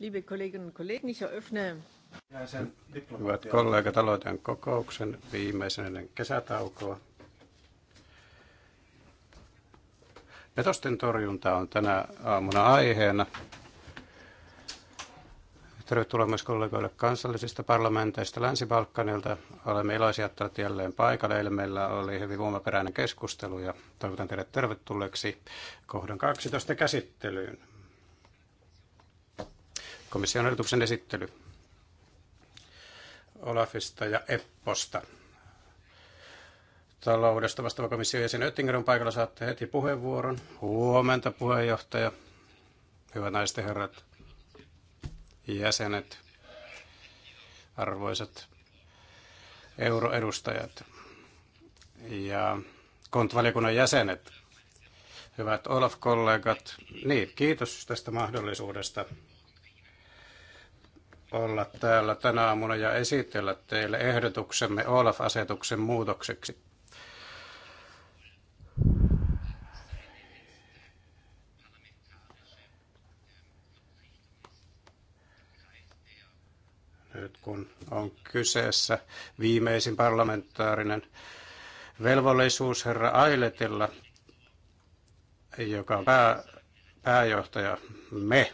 Hyvät kollegat, aloitan kokouksen viimeisenä kesätaukoa. Petosten torjunta on tänä aamuna aiheena. Tervetuloa myös kollegoille kansallisista parlamenteista Länsi-Balkanilta. Olemme iloisia, että olette jälleen paikalla. Eilen meillä oli hyvin voimaperäinen keskustelu ja toivotan teidät tervetulleeksi kohdan 12 käsittelyyn. Komission ehdotuksen esittely Olafista ja Epposta. Taloudesta vastaava komission jäsen Oettinger on paikalla. Saatte heti puheenvuoron. Huomenta puheenjohtaja. Hyvät naiset ja herrat, jäsenet, arvoisat euroedustajat ja kontvaliokunnan jäsenet, hyvät Olaf-kollegat. Niin, kiitos tästä mahdollisuudesta olla täällä tänä aamuna ja esitellä teille ehdotuksemme Olaf-asetuksen muutokseksi. Nyt kun on kyseessä viimeisin parlamentaarinen velvollisuus herra Ailetilla, joka on pää, pääjohtaja, me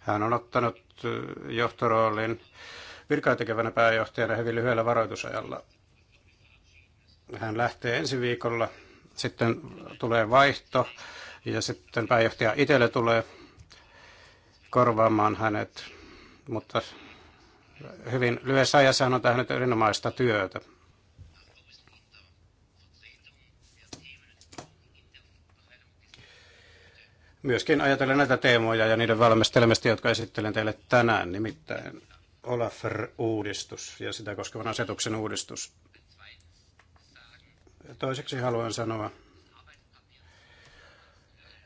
Hän on ottanut eh, johtoroolin virkaa tekevänä pääjohtajana hyvin lyhyellä varoitusajalla. Hän lähtee ensi viikolla, sitten tulee vaihto ja sitten pääjohtaja itselle tulee korvaamaan hänet, mutta hyvin lyhyessä ajassa hän on tehnyt erinomaista työtä. myöskin ajatellen näitä teemoja ja niiden valmistelemista, jotka esittelen teille tänään, nimittäin Olaf-uudistus ja sitä koskevan asetuksen uudistus. Toiseksi haluan sanoa,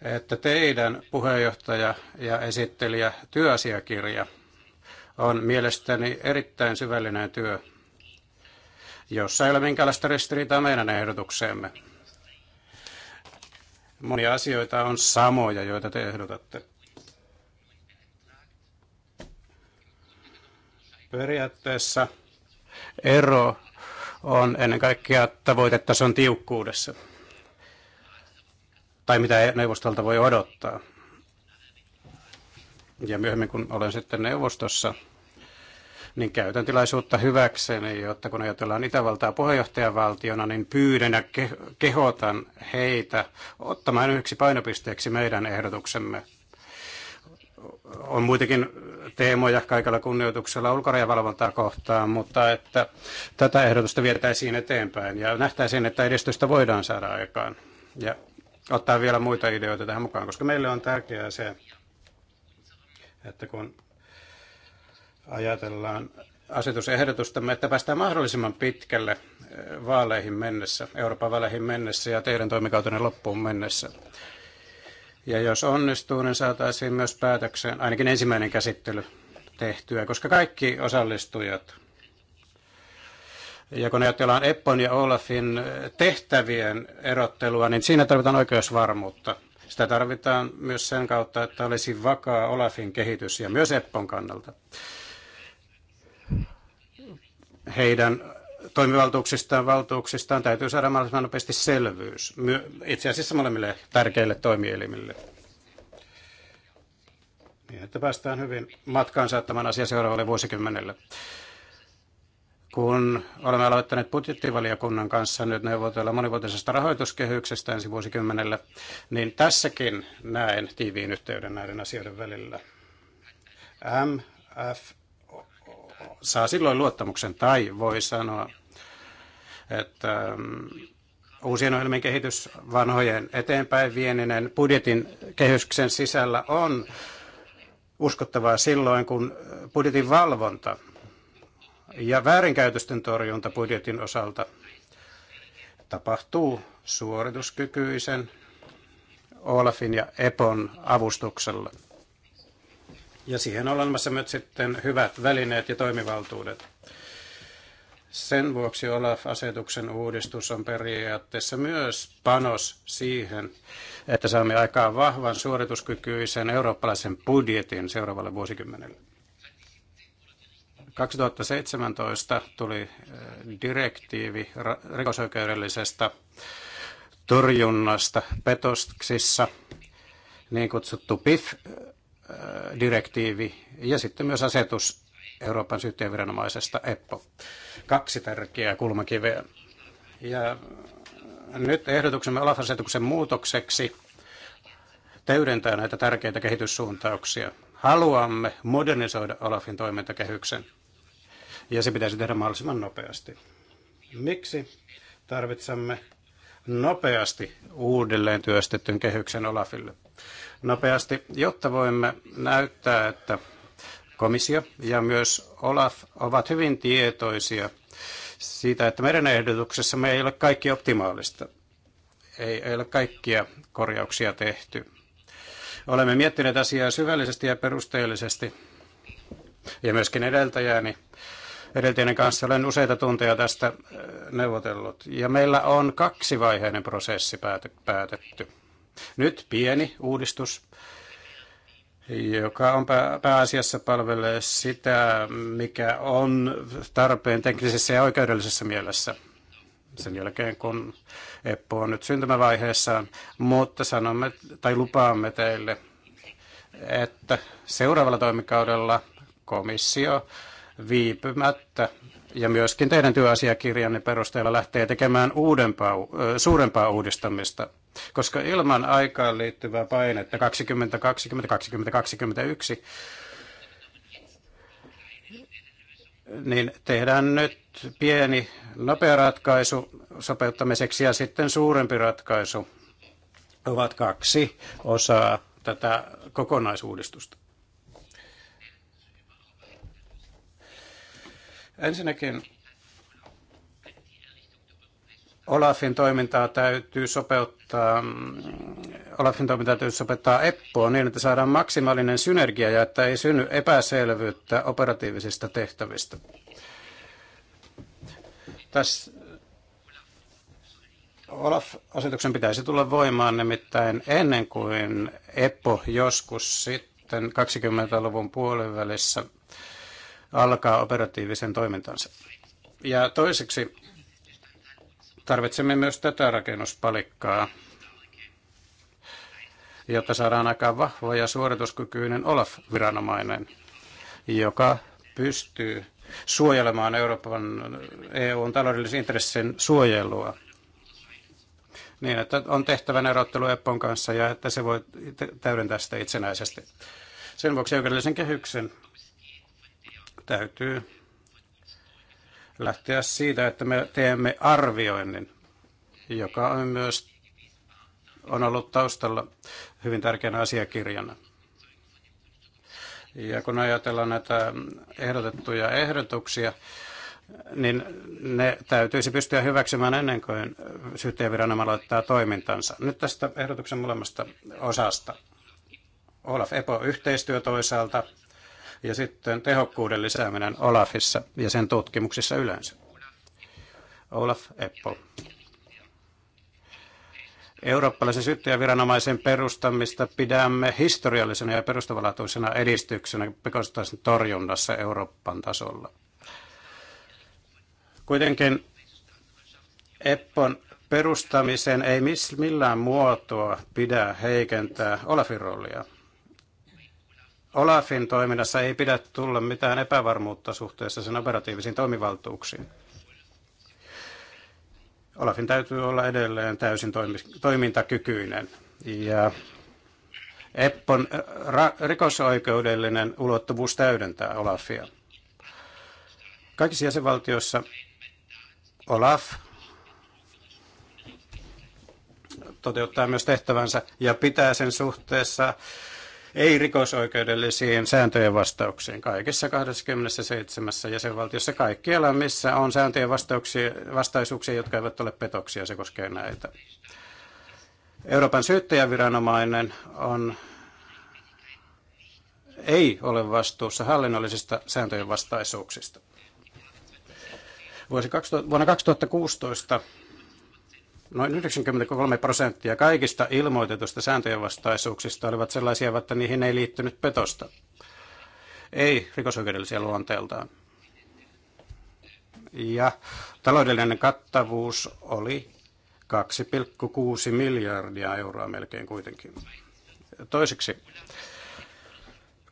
että teidän puheenjohtaja ja esittelijä työasiakirja on mielestäni erittäin syvällinen työ, jossa ei ole minkäänlaista ristiriitaa meidän ehdotukseemme. Monia asioita on samoja, joita te ehdotatte. Periaatteessa ero on ennen kaikkea tavoitetason tiukkuudessa. Tai mitä neuvostolta voi odottaa. Ja myöhemmin kun olen sitten neuvostossa, niin käytän tilaisuutta hyväkseni, jotta kun ajatellaan Itävaltaa puheenjohtajavaltiona, niin pyydän ja kehotan heitä ottamaan yksi painopisteeksi meidän ehdotuksemme. On muitakin teemoja kaikella kunnioituksella ulkorajavalvontaa kohtaan, mutta että tätä ehdotusta vietäisiin eteenpäin ja nähtäisiin, että edistystä voidaan saada aikaan. Ja ottaa vielä muita ideoita tähän mukaan, koska meille on tärkeää se, että kun ajatellaan asetusehdotustamme, että päästään mahdollisimman pitkälle eh, vaaleihin mennessä, Euroopan vaaleihin mennessä ja teidän toimikautenne loppuun mennessä. Ja jos onnistuu, niin saataisiin myös päätökseen ainakin ensimmäinen käsittely tehtyä, koska kaikki osallistujat ja kun ajatellaan Eppon ja Olafin eh, tehtävien erottelua, niin siinä tarvitaan oikeusvarmuutta. Sitä tarvitaan myös sen kautta, että olisi vakaa Olafin kehitys ja myös Eppon kannalta heidän toimivaltuuksistaan valtuuksistaan täytyy saada mahdollisimman nopeasti selvyys, itse asiassa molemmille tärkeille toimielimille. Niin, että päästään hyvin matkaan saattamaan asia seuraavalle vuosikymmenelle. Kun olemme aloittaneet budjettivaliokunnan kanssa nyt neuvotella monivuotisesta rahoituskehyksestä ensi vuosikymmenellä, niin tässäkin näen tiiviin yhteyden näiden asioiden välillä. MF saa silloin luottamuksen tai voi sanoa, että mm, uusien ohjelmien kehitys vanhojen eteenpäin vieninen budjetin kehyksen sisällä on uskottavaa silloin, kun budjetin valvonta ja väärinkäytösten torjunta budjetin osalta tapahtuu suorituskykyisen Olafin ja Epon avustuksella. Ja siihen on olemassa myös sitten hyvät välineet ja toimivaltuudet. Sen vuoksi Olaf-asetuksen uudistus on periaatteessa myös panos siihen, että saamme aikaan vahvan suorituskykyisen eurooppalaisen budjetin seuraavalle vuosikymmenelle. 2017 tuli eh, direktiivi rikosoikeudellisesta torjunnasta petoksissa, niin kutsuttu PIF eh, direktiivi ja sitten myös asetus Euroopan syyttäjäviranomaisesta EPPO. Kaksi tärkeää kulmakiveä. Ja nyt ehdotuksemme Olaf-asetuksen muutokseksi täydentää näitä tärkeitä kehityssuuntauksia. Haluamme modernisoida Olafin toimintakehyksen ja se pitäisi tehdä mahdollisimman nopeasti. Miksi tarvitsemme nopeasti uudelleen työstettyn kehyksen Olafille? nopeasti, jotta voimme näyttää, että komissio ja myös Olaf ovat hyvin tietoisia siitä, että meidän ehdotuksessa me ei ole kaikki optimaalista. Ei, ei ole kaikkia korjauksia tehty. Olemme miettineet asiaa syvällisesti ja perusteellisesti. Ja myöskin edeltäjäni, edeltäjäni kanssa olen useita tunteja tästä äh, neuvotellut. Ja meillä on kaksivaiheinen prosessi päätetty nyt pieni uudistus, joka on pääasiassa palvelee sitä, mikä on tarpeen teknisessä ja oikeudellisessa mielessä sen jälkeen, kun Eppo on nyt syntymävaiheessaan, mutta sanomme tai lupaamme teille, että seuraavalla toimikaudella komissio viipymättä ja myöskin teidän työasiakirjanne perusteella lähtee tekemään uudempaa, suurempaa uudistamista – koska ilman aikaan liittyvää painetta 2020, 2021 niin tehdään nyt pieni nopea ratkaisu sopeuttamiseksi ja sitten suurempi ratkaisu ovat kaksi osaa tätä kokonaisuudistusta. Ensinnäkin Olafin toimintaa täytyy sopeuttaa, mm, Olafin toimintaa täytyy sopeuttaa EPPOon niin, että saadaan maksimaalinen synergia ja että ei synny epäselvyyttä operatiivisista tehtävistä. Tässä Olaf-asetuksen pitäisi tulla voimaan nimittäin ennen kuin EPPO joskus sitten 20-luvun puolivälissä alkaa operatiivisen toimintansa. Ja toiseksi Tarvitsemme myös tätä rakennuspalikkaa, jotta saadaan aika vahva ja suorituskykyinen Olaf-viranomainen, joka pystyy suojelemaan Euroopan EUn taloudellisen intressin suojelua niin, että on tehtävän erottelu Eppon kanssa ja että se voi täydentää sitä itsenäisesti. Sen vuoksi oikeudellisen kehyksen täytyy lähteä siitä, että me teemme arvioinnin, joka on myös on ollut taustalla hyvin tärkeänä asiakirjana. Ja kun ajatellaan näitä ehdotettuja ehdotuksia, niin ne täytyisi pystyä hyväksymään ennen kuin syyttäjäviranomainen aloittaa toimintansa. Nyt tästä ehdotuksen molemmasta osasta. Olaf Epo yhteistyö toisaalta ja sitten tehokkuuden lisääminen Olafissa ja sen tutkimuksissa yleensä. Olaf Eppo. Eurooppalaisen syyttäjäviranomaisen perustamista pidämme historiallisena ja perustavanlaatuisena edistyksenä pikostaisen torjunnassa Euroopan tasolla. Kuitenkin Eppon perustamisen ei millään muotoa pidä heikentää Olafin roolia. Olafin toiminnassa ei pidä tulla mitään epävarmuutta suhteessa sen operatiivisiin toimivaltuuksiin. Olafin täytyy olla edelleen täysin toimintakykyinen. Ja Eppon äh, ra- rikosoikeudellinen ulottuvuus täydentää Olafia. Kaikissa jäsenvaltioissa Olaf toteuttaa myös tehtävänsä ja pitää sen suhteessa ei rikosoikeudellisiin sääntöjen vastauksiin kaikissa 27 jäsenvaltiossa kaikkialla, missä on sääntöjen vastaisuuksia, jotka eivät ole petoksia, se koskee näitä. Euroopan syyttäjäviranomainen on ei ole vastuussa hallinnollisista sääntöjen vastaisuuksista. Vuosi vuonna 2016 Noin 93 prosenttia kaikista ilmoitetusta sääntöjen vastaisuuksista olivat sellaisia, että niihin ei liittynyt petosta. Ei rikosoikeudellisia luonteeltaan. Ja taloudellinen kattavuus oli 2,6 miljardia euroa melkein kuitenkin. Toiseksi,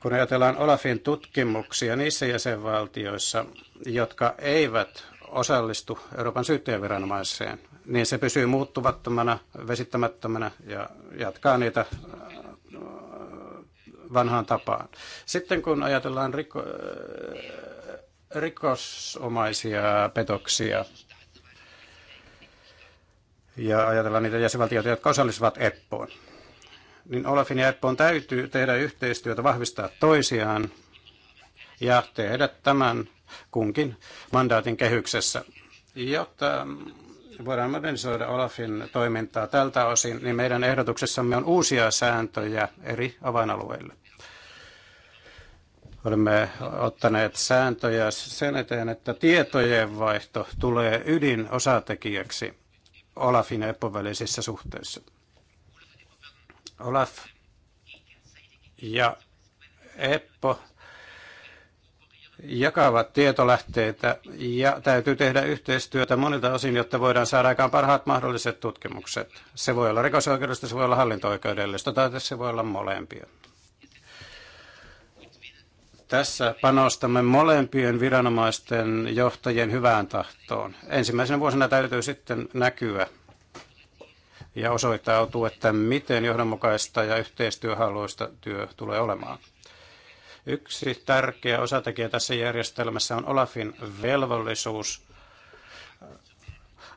kun ajatellaan Olafin tutkimuksia niissä jäsenvaltioissa, jotka eivät osallistu Euroopan syyttäjäviranomaiseen, niin se pysyy muuttuvattomana, vesittämättömänä ja jatkaa niitä äh, vanhaan tapaan. Sitten kun ajatellaan riko, äh, rikosomaisia petoksia ja ajatellaan niitä jäsenvaltioita, jotka osallisivat EPPOon, niin Olafin ja Eppoon täytyy tehdä yhteistyötä, vahvistaa toisiaan ja tehdä tämän kunkin mandaatin kehyksessä, jotta voidaan modernisoida Olafin toimintaa tältä osin, niin meidän ehdotuksessamme on uusia sääntöjä eri avainalueille. Olemme ottaneet sääntöjä sen eteen, että tietojen vaihto tulee ydinosatekijäksi Olafin EPPO suhteissa. Olaf ja EPPO jakavat tietolähteitä ja täytyy tehdä yhteistyötä monilta osin, jotta voidaan saada aikaan parhaat mahdolliset tutkimukset. Se voi olla rikosoikeudellista, se voi olla hallinto-oikeudellista tai se voi olla molempia. Tässä panostamme molempien viranomaisten johtajien hyvään tahtoon. Ensimmäisenä vuosina täytyy sitten näkyä ja osoittautuu, että miten johdonmukaista ja yhteistyöhaluista työ tulee olemaan. Yksi tärkeä osatekijä tässä järjestelmässä on Olafin velvollisuus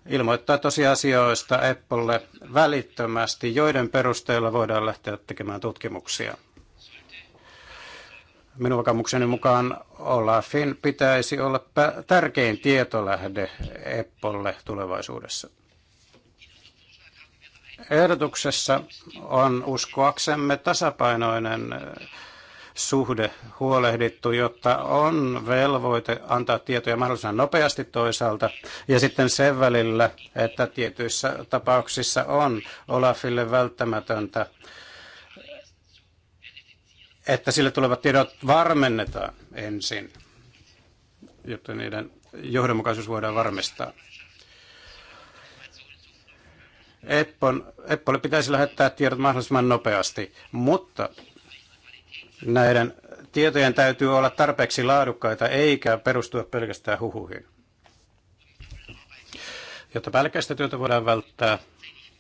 ilmoittaa tosiasioista Applelle välittömästi, joiden perusteella voidaan lähteä tekemään tutkimuksia. Minun vakamukseni mukaan Olafin pitäisi olla tärkein tietolähde Applelle tulevaisuudessa. Ehdotuksessa on uskoaksemme tasapainoinen suhde huolehdittu, jotta on velvoite antaa tietoja mahdollisimman nopeasti toisaalta ja sitten sen välillä, että tietyissä tapauksissa on Olafille välttämätöntä että sille tulevat tiedot varmennetaan ensin, jotta niiden johdonmukaisuus voidaan varmistaa. Eppon, Eppolle pitäisi lähettää tiedot mahdollisimman nopeasti, mutta Näiden tietojen täytyy olla tarpeeksi laadukkaita eikä perustua pelkästään huhuihin. Jotta pälkäistä työtä voidaan välttää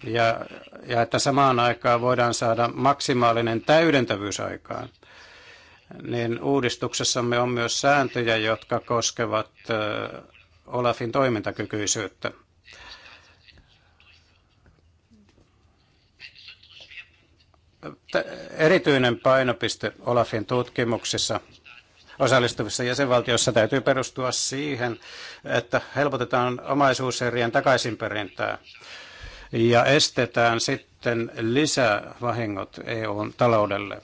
ja, ja että samaan aikaan voidaan saada maksimaalinen täydentävyys aikaan, niin uudistuksessamme on myös sääntöjä, jotka koskevat Olafin toimintakykyisyyttä. erityinen painopiste Olafin tutkimuksissa osallistuvissa jäsenvaltioissa täytyy perustua siihen, että helpotetaan omaisuuserien takaisinperintää ja estetään sitten lisävahingot EUn taloudelle.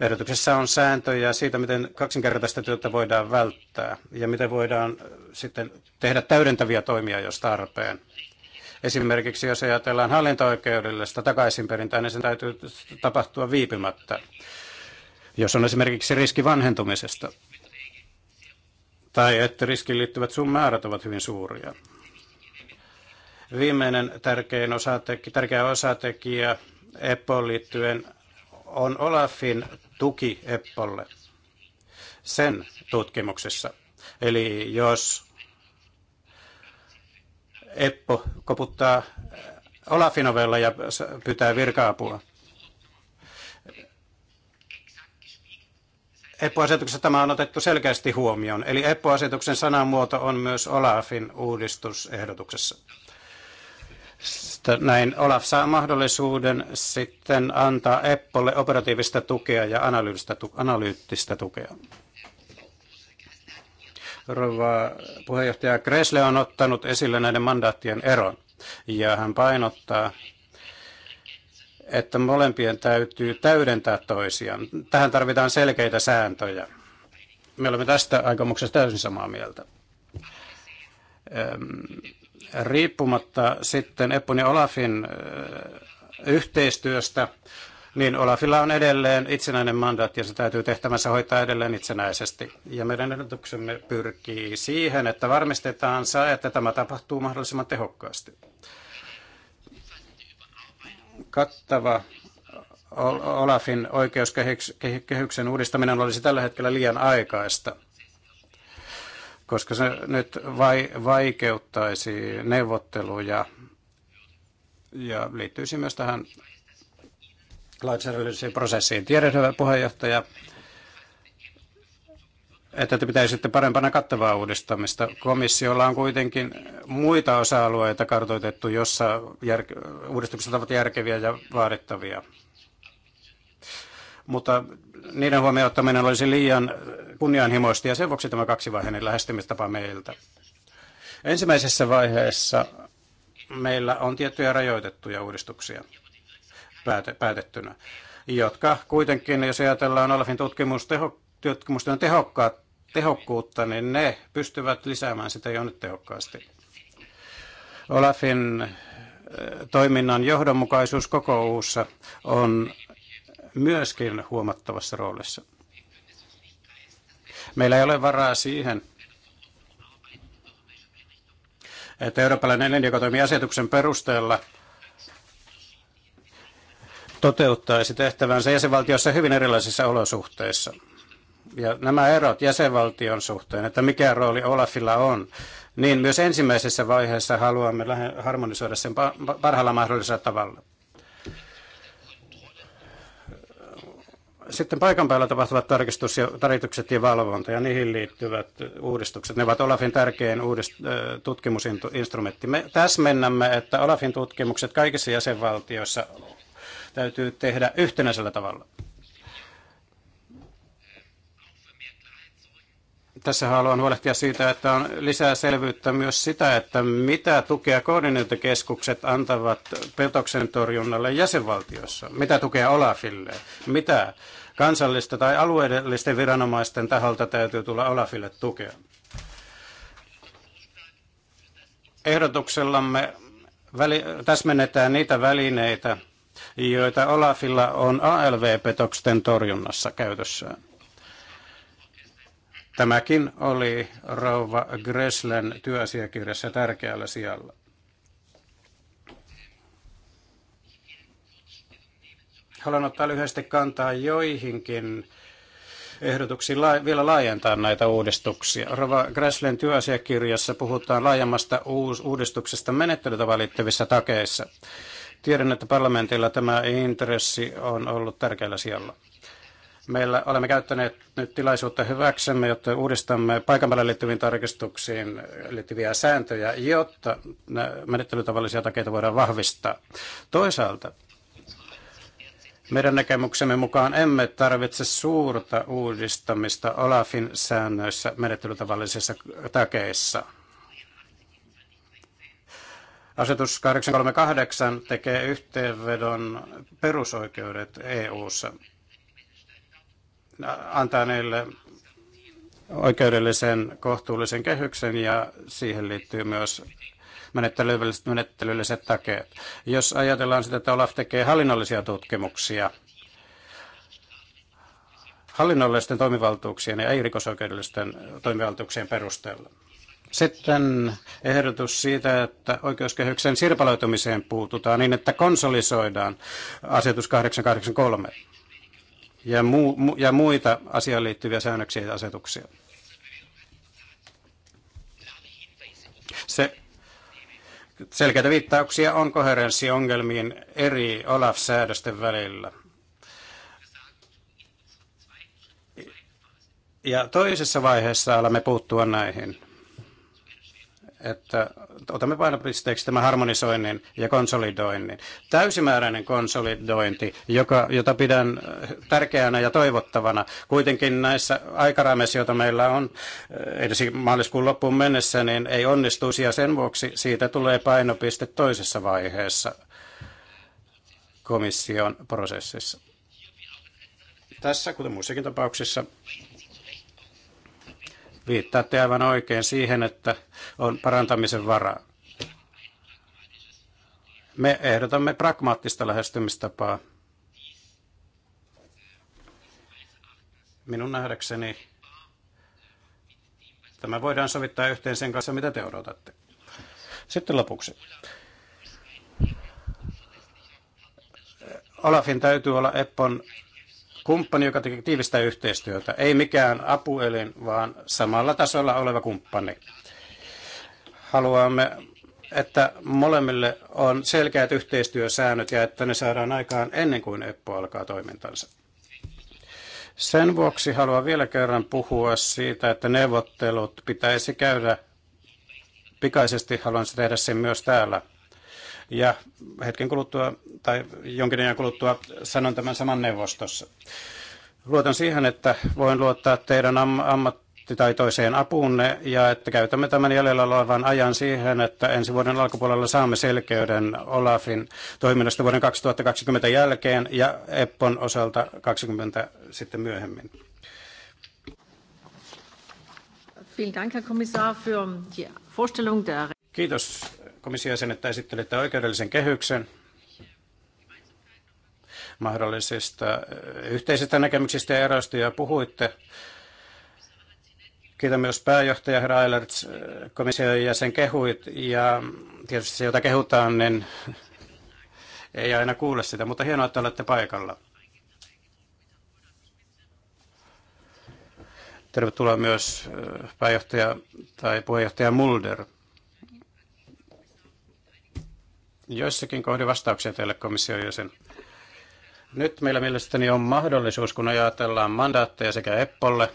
Ehdotuksessa on sääntöjä siitä, miten kaksinkertaista työtä voidaan välttää ja miten voidaan sitten tehdä täydentäviä toimia, jos tarpeen. Esimerkiksi jos ajatellaan hallinto-oikeudellista takaisinperintää, niin sen täytyy tapahtua viipymättä. Jos on esimerkiksi riski vanhentumisesta tai että riskiin liittyvät sun määrät ovat hyvin suuria. Viimeinen tärkein osatekijä, tärkeä osatekijä EPPOon liittyen on Olafin tuki EPPOlle sen tutkimuksessa. Eli jos Eppo koputtaa äh, Olafin ovella ja pyytää virka-apua. EPPO-asetuksessa tämä on otettu selkeästi huomioon, eli EPPO-asetuksen sanamuoto on myös Olafin uudistusehdotuksessa. Näin Olaf saa mahdollisuuden sitten antaa EPPOlle operatiivista tukea ja analyyttistä tukea. Rova puheenjohtaja Kresle on ottanut esille näiden mandaattien eron ja hän painottaa, että molempien täytyy täydentää toisiaan. Tähän tarvitaan selkeitä sääntöjä. Me olemme tästä aikomuksesta täysin samaa mieltä. Ehm, riippumatta sitten Eppun ja Olafin yhteistyöstä niin Olafilla on edelleen itsenäinen mandaatti ja se täytyy tehtävänsä hoitaa edelleen itsenäisesti. Ja meidän ehdotuksemme pyrkii siihen, että varmistetaan se, että tämä tapahtuu mahdollisimman tehokkaasti. Kattava Olafin oikeuskehyksen uudistaminen olisi tällä hetkellä liian aikaista, koska se nyt vai, vaikeuttaisi neuvotteluja ja liittyisi myös tähän lainsäädännölliseen prosessiin. Tiedän, hyvä puheenjohtaja, että te pitäisitte parempana kattavaa uudistamista. Komissiolla on kuitenkin muita osa-alueita kartoitettu, jossa uudistukset ovat järkeviä ja vaadittavia. Mutta niiden huomioittaminen olisi liian kunnianhimoista ja sen vuoksi tämä kaksivaiheinen lähestymistapa meiltä. Ensimmäisessä vaiheessa meillä on tiettyjä rajoitettuja uudistuksia päätettynä, jotka kuitenkin, jos ajatellaan Olafin tutkimusten tehokkaat, tehokkuutta, niin ne pystyvät lisäämään sitä jo nyt tehokkaasti. Olafin eh, toiminnan johdonmukaisuus koko uussa on myöskin huomattavassa roolissa. Meillä ei ole varaa siihen, että eurooppalainen asetuksen perusteella toteuttaisi tehtävänsä jäsenvaltiossa hyvin erilaisissa olosuhteissa. Ja nämä erot jäsenvaltion suhteen, että mikä rooli Olafilla on, niin myös ensimmäisessä vaiheessa haluamme harmonisoida sen parhaalla mahdollisella tavalla. Sitten paikan päällä tapahtuvat tarkistus ja, tarjotukset ja valvonta ja niihin liittyvät uudistukset, ne ovat Olafin tärkein uudist- tutkimusinstrumentti. Me täsmennämme, että Olafin tutkimukset kaikissa jäsenvaltioissa täytyy tehdä yhtenäisellä tavalla. Tässä haluan huolehtia siitä, että on lisää selvyyttä myös sitä, että mitä tukea koordinointikeskukset antavat petoksen torjunnalle jäsenvaltiossa, mitä tukea Olafille, mitä kansallista tai alueellisten viranomaisten taholta täytyy tulla Olafille tukea. Ehdotuksellamme väli, täsmennetään niitä välineitä, joita Olafilla on ALV-petoksen torjunnassa käytössään. Tämäkin oli rouva Greslen työasiakirjassa tärkeällä sijalla. Haluan ottaa lyhyesti kantaa joihinkin ehdotuksiin vielä laajentaa näitä uudistuksia. Rova Gräslen työasiakirjassa puhutaan laajemmasta uudistuksesta menettelytavaan liittyvissä takeissa. Tiedän, että parlamentilla tämä intressi on ollut tärkeällä sijalla. Meillä olemme käyttäneet nyt tilaisuutta hyväksemme, jotta uudistamme paikan päälle liittyviin tarkistuksiin liittyviä sääntöjä, jotta menettelytavallisia takeita voidaan vahvistaa. Toisaalta meidän näkemyksemme mukaan emme tarvitse suurta uudistamista Olafin säännöissä menettelytavallisissa takeissa. Asetus 838 tekee yhteenvedon perusoikeudet EU:ssa, antaa niille oikeudellisen kohtuullisen kehyksen ja siihen liittyy myös menettelylliset, menettelylliset takeet. Jos ajatellaan sitä, että Olaf tekee hallinnollisia tutkimuksia, hallinnollisten toimivaltuuksien ja ei-rikosoikeudellisten toimivaltuuksien perusteella. Sitten ehdotus siitä, että oikeuskehyksen sirpaloitumiseen puututaan niin, että konsolisoidaan asetus 883 ja, mu- mu- ja muita asiaan liittyviä säännöksiä ja asetuksia. Se selkeitä viittauksia on koherenssiongelmiin eri OLAF-säädösten välillä. Ja toisessa vaiheessa alamme puuttua näihin että otamme painopisteeksi tämän harmonisoinnin ja konsolidoinnin. Täysimääräinen konsolidointi, joka, jota pidän tärkeänä ja toivottavana. Kuitenkin näissä aikaraameissa, joita meillä on eh, edes maaliskuun loppuun mennessä, niin ei onnistuisi ja sen vuoksi siitä tulee painopiste toisessa vaiheessa komission prosessissa. Tässä, kuten muissakin tapauksissa, Viittaatte aivan oikein siihen, että on parantamisen varaa. Me ehdotamme pragmaattista lähestymistapaa. Minun nähdäkseni tämä voidaan sovittaa yhteen sen kanssa, mitä te odotatte. Sitten lopuksi. Olafin täytyy olla Eppon kumppani, joka tekee tiivistä yhteistyötä. Ei mikään apuelin, vaan samalla tasolla oleva kumppani. Haluamme, että molemmille on selkeät yhteistyösäännöt ja että ne saadaan aikaan ennen kuin EPPO alkaa toimintansa. Sen vuoksi haluan vielä kerran puhua siitä, että neuvottelut pitäisi käydä pikaisesti. Haluan tehdä sen myös täällä ja hetken kuluttua tai jonkin ajan kuluttua sanon tämän saman neuvostossa. Luotan siihen, että voin luottaa teidän am- ammattitaitoiseen apuunne ja että käytämme tämän jäljellä olevan ajan siihen, että ensi vuoden alkupuolella saamme selkeyden Olafin toiminnasta vuoden 2020 jälkeen ja Eppon osalta 20 sitten myöhemmin. Vielen Dank, Herr Kommissar, für die Vorstellung der Kiitos komission jäsenet esittelitte oikeudellisen kehyksen mahdollisista yhteisistä näkemyksistä ja eroista ja puhuitte. Kiitän myös pääjohtaja herra Eilerts, komission jäsen kehuit ja tietysti se, jota kehutaan, niin ei aina kuule sitä, mutta hienoa, että olette paikalla. Tervetuloa myös pääjohtaja tai puheenjohtaja Mulder. Joissakin kohdin vastauksia teille komission jäsen. Nyt meillä mielestäni on mahdollisuus, kun ajatellaan mandaatteja sekä Eppolle,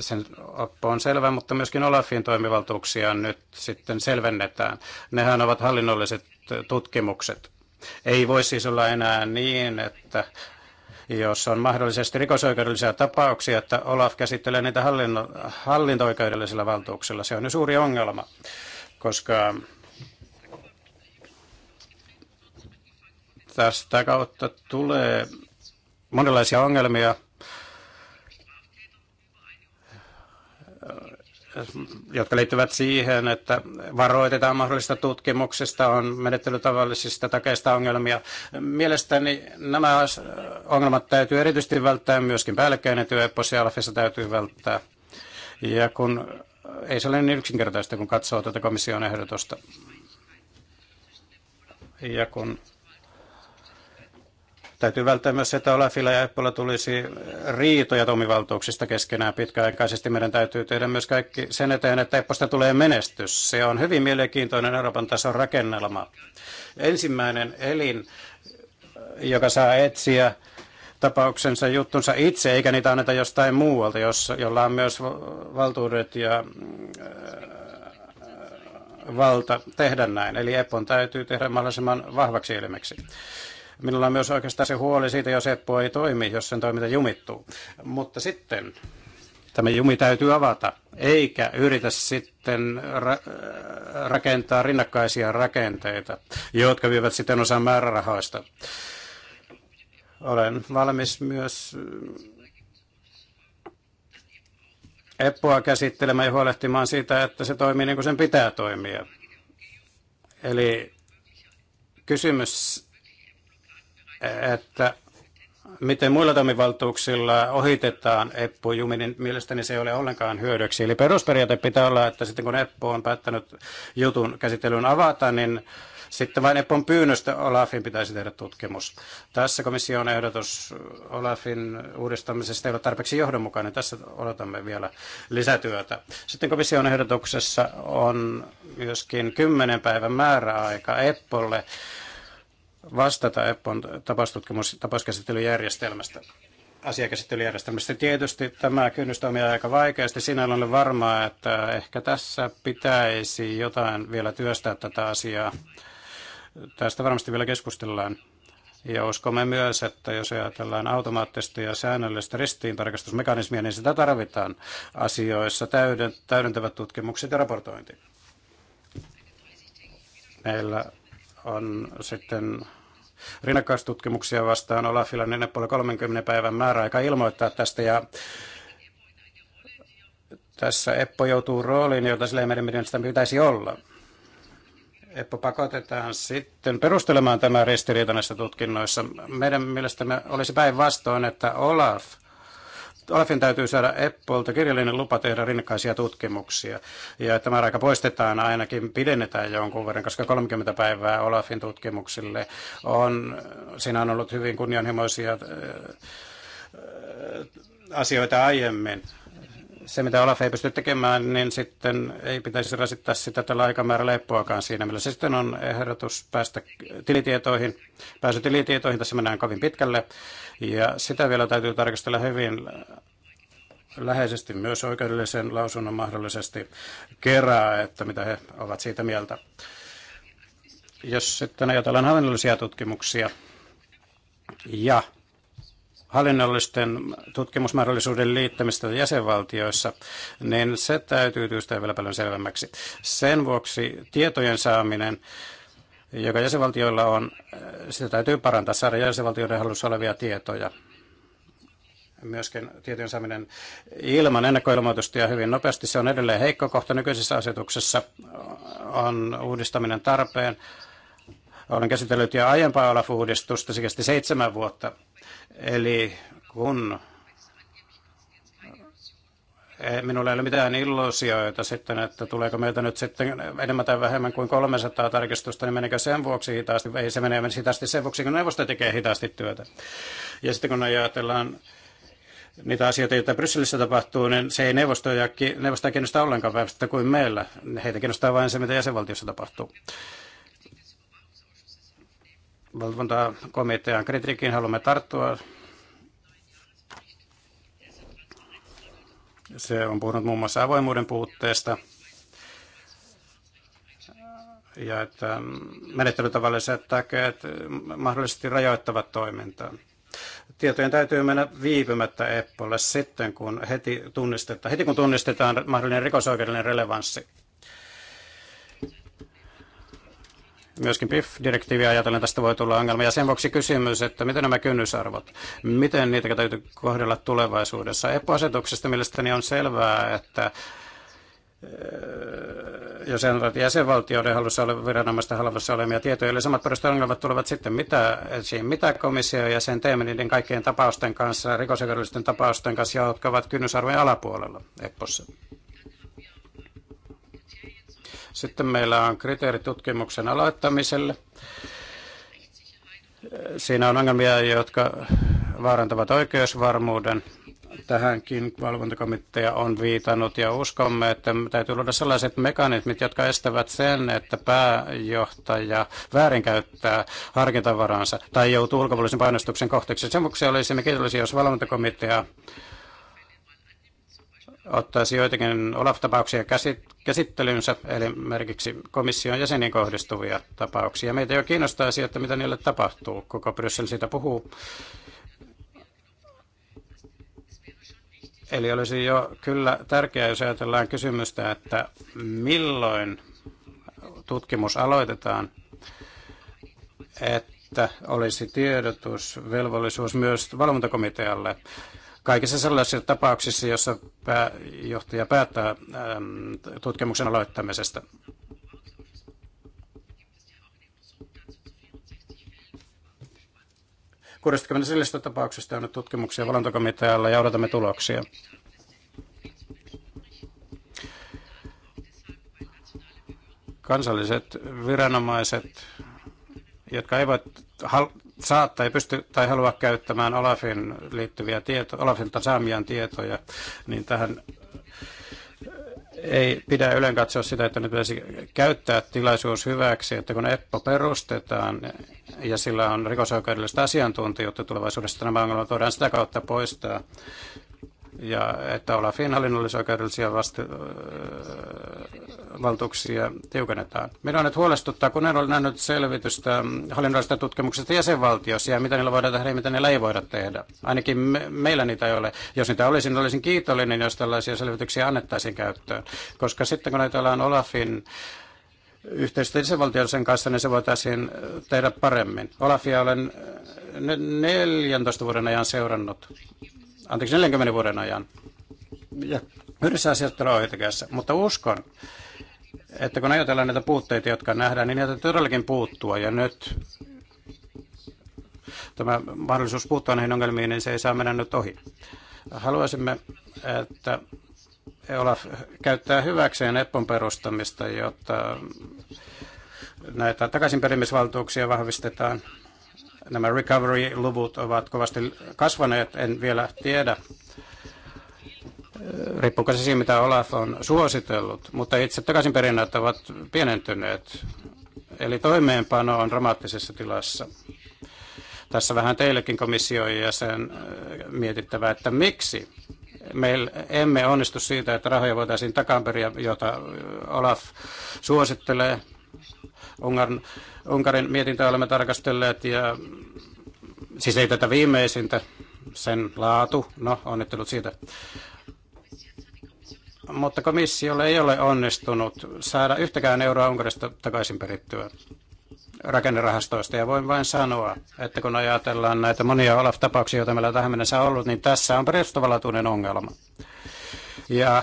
sen oppo on selvä, mutta myöskin Olafin toimivaltuuksia nyt sitten selvennetään. Nehän ovat hallinnolliset tutkimukset. Ei voi siis olla enää niin, että jos on mahdollisesti rikosoikeudellisia tapauksia, että Olaf käsittelee niitä hallinto- hallinto-oikeudellisilla valtuuksilla. Se on jo suuri ongelma, koska Tästä kautta tulee monenlaisia ongelmia. jotka liittyvät siihen, että varoitetaan mahdollisista tutkimuksista, on menettelytavallisista takeista ongelmia. Mielestäni nämä ongelmat täytyy erityisesti välttää, myöskin päällekkäinen työ Alfissa täytyy välttää. Ja kun ei se ole niin yksinkertaista, kun katsoo tätä komission ehdotusta. Ja kun Täytyy välttää myös se, että Olafilla ja Eppolla tulisi riitoja toimivaltuuksista keskenään pitkäaikaisesti. Meidän täytyy tehdä myös kaikki sen eteen, että Epposta tulee menestys. Se on hyvin mielenkiintoinen Euroopan tason rakennelma. Ensimmäinen elin, joka saa etsiä tapauksensa juttunsa itse, eikä niitä anneta jostain muualta, jos, jolla on myös valtuudet ja valta tehdä näin. Eli Epon täytyy tehdä mahdollisimman vahvaksi elimeksi. Minulla on myös oikeastaan se huoli siitä, jos EPPO ei toimi, jos sen toiminta jumittuu. Mutta sitten tämä jumi täytyy avata, eikä yritä sitten ra- rakentaa rinnakkaisia rakenteita, jotka vievät sitten osan määrärahoista. Olen valmis myös EPPOa käsittelemään ja huolehtimaan siitä, että se toimii niin kuin sen pitää toimia. Eli kysymys että miten muilla toimivaltuuksilla ohitetaan Eppu Jumi, niin mielestäni se ei ole ollenkaan hyödyksi. Eli perusperiaate pitää olla, että sitten kun Eppu on päättänyt jutun käsittelyn avata, niin sitten vain Eppon pyynnöstä Olafin pitäisi tehdä tutkimus. Tässä komission ehdotus Olafin uudistamisesta ei ole tarpeeksi johdonmukainen. Tässä odotamme vielä lisätyötä. Sitten komission ehdotuksessa on myöskin 10 päivän määräaika Eppolle vastata EPPOn tapauskäsittelyjärjestelmästä asiakäsittelyjärjestelmästä. Tietysti tämä kynnys toimii aika vaikeasti. Siinä ollut varmaa, että ehkä tässä pitäisi jotain vielä työstää tätä asiaa. Tästä varmasti vielä keskustellaan. Ja uskomme myös, että jos ajatellaan automaattista ja säännöllistä ristiintarkastusmekanismia, niin sitä tarvitaan asioissa täydentävät tutkimukset ja raportointi. Meillä on sitten rinnakkaistutkimuksia vastaan Olafilla 4,30 päivän määräaika ilmoittaa tästä ja tässä Eppo joutuu rooliin, jota sillä ei meidän mielestä pitäisi olla. Eppo pakotetaan sitten perustelemaan tämä ristiriita näissä tutkinnoissa. Meidän mielestämme olisi päinvastoin, että Olaf Olafin täytyy saada Eppolta kirjallinen lupa tehdä rinnakkaisia tutkimuksia. Ja tämä aika poistetaan ainakin, pidennetään jonkun verran, koska 30 päivää Olafin tutkimuksille on, siinä on ollut hyvin kunnianhimoisia äh, äh, asioita aiemmin se, mitä Olaf ei pysty tekemään, niin sitten ei pitäisi rasittaa sitä tällä aikamäärällä leppoakaan siinä, millä se sitten on ehdotus päästä tilitietoihin, pääsy tilitietoihin, tässä mennään kovin pitkälle, ja sitä vielä täytyy tarkastella hyvin läheisesti myös oikeudellisen lausunnon mahdollisesti kerää, että mitä he ovat siitä mieltä. Jos sitten ajatellaan hallinnollisia tutkimuksia ja hallinnollisten tutkimusmahdollisuuden liittämistä jäsenvaltioissa, niin se täytyy tyystää vielä paljon selvemmäksi. Sen vuoksi tietojen saaminen joka jäsenvaltioilla on, sitä täytyy parantaa, saada jäsenvaltioiden hallussa olevia tietoja. Myöskin tietojen saaminen ilman ennakkoilmoitusta ja hyvin nopeasti, se on edelleen heikko kohta nykyisessä asetuksessa, on uudistaminen tarpeen. Olen käsitellyt jo aiempaa Olaf-uudistusta, se kesti seitsemän vuotta Eli kun eh, minulla ei ole mitään illuusioita sitten, että tuleeko meiltä nyt sitten enemmän tai vähemmän kuin 300 tarkistusta, niin menikö sen vuoksi hitaasti, ei se menee niin hitaasti sen vuoksi, kun neuvosto tekee hitaasti työtä. Ja sitten kun ajatellaan niitä asioita, joita Brysselissä tapahtuu, niin se ei neuvostoja, neuvostoja kiinnostaa ollenkaan päivästä kuin meillä. Heitä kiinnostaa vain se, mitä jäsenvaltiossa tapahtuu valvontakomitean kritiikin haluamme tarttua. Se on puhunut muun muassa avoimuuden puutteesta ja että menettelytavalliset takeet mahdollisesti rajoittavat toimintaa. Tietojen täytyy mennä viipymättä Eppolle sitten, kun heti, tunnistetaan, heti kun tunnistetaan mahdollinen rikosoikeudellinen relevanssi. myöskin PIF-direktiiviä ajatellen tästä voi tulla ongelma. Ja sen vuoksi kysymys, että miten nämä kynnysarvot, miten niitä täytyy kohdella tulevaisuudessa. EPO-asetuksesta mielestäni on selvää, että äh, jos en ole jäsenvaltioiden halussa ole, viranomaisten halussa olemia tietoja, eli samat ongelmat tulevat sitten, mitä, siihen, mitä komissio ja sen teemme niiden kaikkien tapausten kanssa, rikosoikeudellisten tapausten kanssa, jotka ovat kynnysarvojen alapuolella EPOssa. Sitten meillä on kriteerit tutkimuksen aloittamiselle. Siinä on ongelmia, jotka vaarantavat oikeusvarmuuden. Tähänkin valvontakomitea on viitannut ja uskomme, että täytyy luoda sellaiset mekanismit, jotka estävät sen, että pääjohtaja väärinkäyttää harkintavaransa tai joutuu ulkopuolisen painostuksen kohteeksi. Sen vuoksi olisimme kiitollisia, jos valvontakomitea ottaisi joitakin Olaf-tapauksia käsittelynsä, eli merkiksi komission jäseniin kohdistuvia tapauksia. Meitä jo kiinnostaisi, että mitä niille tapahtuu. Koko Bryssel siitä puhuu. Eli olisi jo kyllä tärkeää, jos ajatellaan kysymystä, että milloin tutkimus aloitetaan, että olisi tiedotusvelvollisuus myös valvontakomitealle Kaikissa sellaisissa tapauksissa, jossa johtaja päättää tutkimuksen aloittamisesta. sellaisesta tapauksesta on nyt tutkimuksia valintakomitealla ja odotamme tuloksia. Kansalliset viranomaiset, jotka eivät saa tai pysty tai halua käyttämään Olafin liittyviä tietoja, Olafilta saamiaan tietoja, niin tähän ei pidä ylen katsoa sitä, että nyt pitäisi käyttää tilaisuus hyväksi, että kun EPPO perustetaan ja sillä on rikosoikeudellista asiantuntijuutta tulevaisuudessa, nämä ongelmat voidaan sitä kautta poistaa ja että Olafin hallinnollisoikeudellisia vastu- valtuuksia tiukennetaan. Minua nyt huolestuttaa, kun en ole nähnyt selvitystä hallinnollisesta tutkimuksesta jäsenvaltiossa ja mitä niillä voidaan tehdä ja mitä niillä ei voida tehdä. Ainakin me, meillä niitä ei ole. Jos niitä olisi, niin olisin kiitollinen, jos tällaisia selvityksiä annettaisiin käyttöön, koska sitten kun näitä ollaan Olafin yhteistyötä jäsenvaltioiden kanssa, niin se voitaisiin tehdä paremmin. Olafia olen 14 vuoden ajan seurannut anteeksi 40 vuoden ajan. Ja yhdessä asiassa tulee mutta uskon, että kun ajatellaan näitä puutteita, jotka nähdään, niin niitä todellakin puuttua. Ja nyt tämä mahdollisuus puuttua näihin ongelmiin, niin se ei saa mennä nyt ohi. Haluaisimme, että Olaf käyttää hyväkseen EPPON perustamista, jotta näitä takaisinperimisvaltuuksia vahvistetaan Nämä recovery-luvut ovat kovasti kasvaneet, en vielä tiedä. Riippuuko se siitä, mitä Olaf on suositellut, mutta itse takaisinperinnät ovat pienentyneet. Eli toimeenpano on dramaattisessa tilassa. Tässä vähän teillekin komission jäsen äh, mietittävä, että miksi me emme onnistu siitä, että rahoja voitaisiin takaperia, jota äh, Olaf suosittelee. Unkarin, Unkarin mietintöä olemme tarkastelleet ja siis ei tätä viimeisintä, sen laatu, no onnittelut siitä. Mutta komissiolle ei ole onnistunut saada yhtäkään euroa Unkarista takaisin perittyä rakennerahastoista. Ja voin vain sanoa, että kun ajatellaan näitä monia Olaf-tapauksia, joita meillä tähän mennessä on ollut, niin tässä on perustavanlaatuinen ongelma. Ja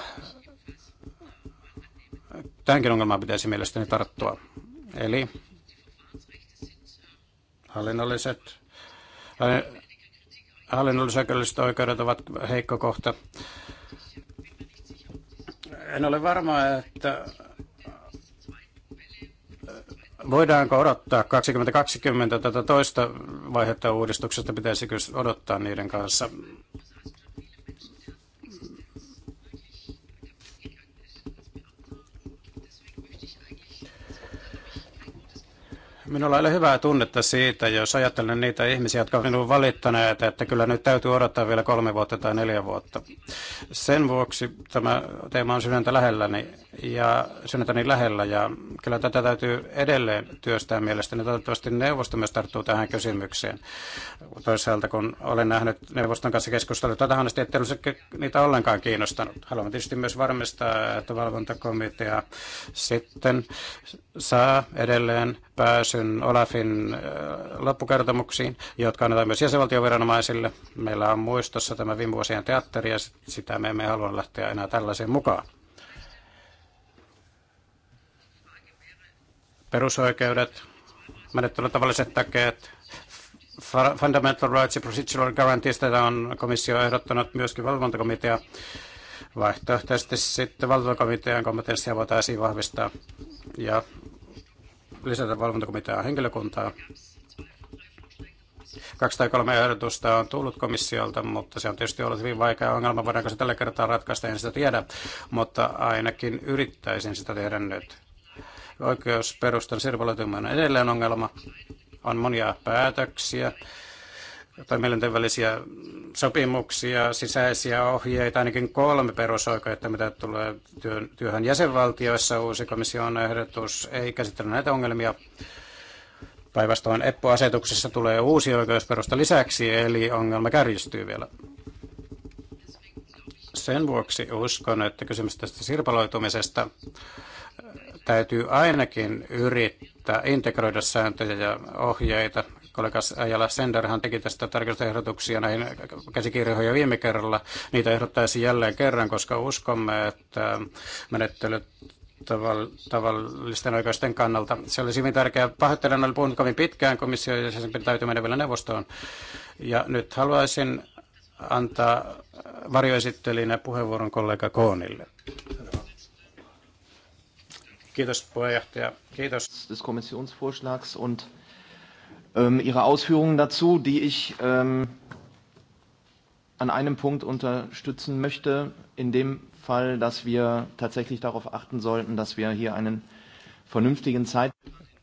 tähänkin ongelmaan pitäisi mielestäni tarttua. Eli hallinnolliset, äh, hallinnollisoikeudelliset oikeudet ovat heikko kohta. En ole varma, että äh, voidaanko odottaa 2020 tätä toista vaihetta uudistuksesta, pitäisikö odottaa niiden kanssa Minulla ei ole hyvää tunnetta siitä, jos ajattelen niitä ihmisiä, jotka ovat minun valittaneet, että kyllä nyt täytyy odottaa vielä kolme vuotta tai neljä vuotta. Sen vuoksi tämä teema on sydäntä lähelläni ja sydäntäni lähellä ja kyllä tätä täytyy edelleen työstää mielestäni. Toivottavasti neuvosto myös tarttuu tähän kysymykseen. Toisaalta kun olen nähnyt neuvoston kanssa keskustelua, tätä on ettei niitä ollenkaan kiinnostanut. Haluan tietysti myös varmistaa, että valvontakomitea sitten saa edelleen pääsyn Olafin loppukertomuksiin, jotka annetaan myös jäsenvaltioviranomaisille. Meillä on muistossa tämä viime vuosien teatteri ja sitä me emme halua lähteä enää tällaiseen mukaan. Perusoikeudet, tavalliset takeet, Fundamental Rights ja Procedural Guarantees, tätä on komissio ehdottanut myöskin valvontakomitea. Vaihtoehtoisesti sitten valvontakomitean kompetenssia voitaisiin vahvistaa ja lisätä valvontakomitean henkilökuntaa. 203 ehdotusta on tullut komissiolta, mutta se on tietysti ollut hyvin vaikea ongelma. Voidaanko se tällä kertaa ratkaista, en sitä tiedä, mutta ainakin yrittäisin sitä tehdä nyt. Oikeusperustan sirvaloituminen on edelleen ongelma. On monia päätöksiä, toimielinten välisiä sopimuksia, sisäisiä ohjeita, ainakin kolme perusoikeutta, mitä tulee työn, työhön jäsenvaltioissa. Uusi komission ehdotus ei käsittele näitä ongelmia. Päinvastoin EPPO-asetuksessa tulee uusi oikeusperusta lisäksi, eli ongelma kärjistyy vielä. Sen vuoksi uskon, että kysymys tästä sirpaloitumisesta täytyy ainakin yrittää integroida sääntöjä ja ohjeita kollega Ajala Senderhan teki tästä tarkistusehdotuksia näihin käsikirjoihin jo viime kerralla. Niitä ehdottaisi jälleen kerran, koska uskomme, että menettelyt tavallisten oikeusten kannalta. Se olisi hyvin tärkeää. Pahoittelen, olen puhunut kovin pitkään komissioon ja sen täytyy mennä vielä neuvostoon. Ja nyt haluaisin antaa varjoesittelijänä puheenvuoron kollega Koonille. Kiitos puheenjohtaja. Kiitos. Des Kommissionsvorschlags und ähm, Ihre Ausführungen dazu, die ich ähm, an einem Punkt unterstützen möchte, in dem Fall, dass wir tatsächlich darauf achten sollten, dass wir hier einen vernünftigen Zeit...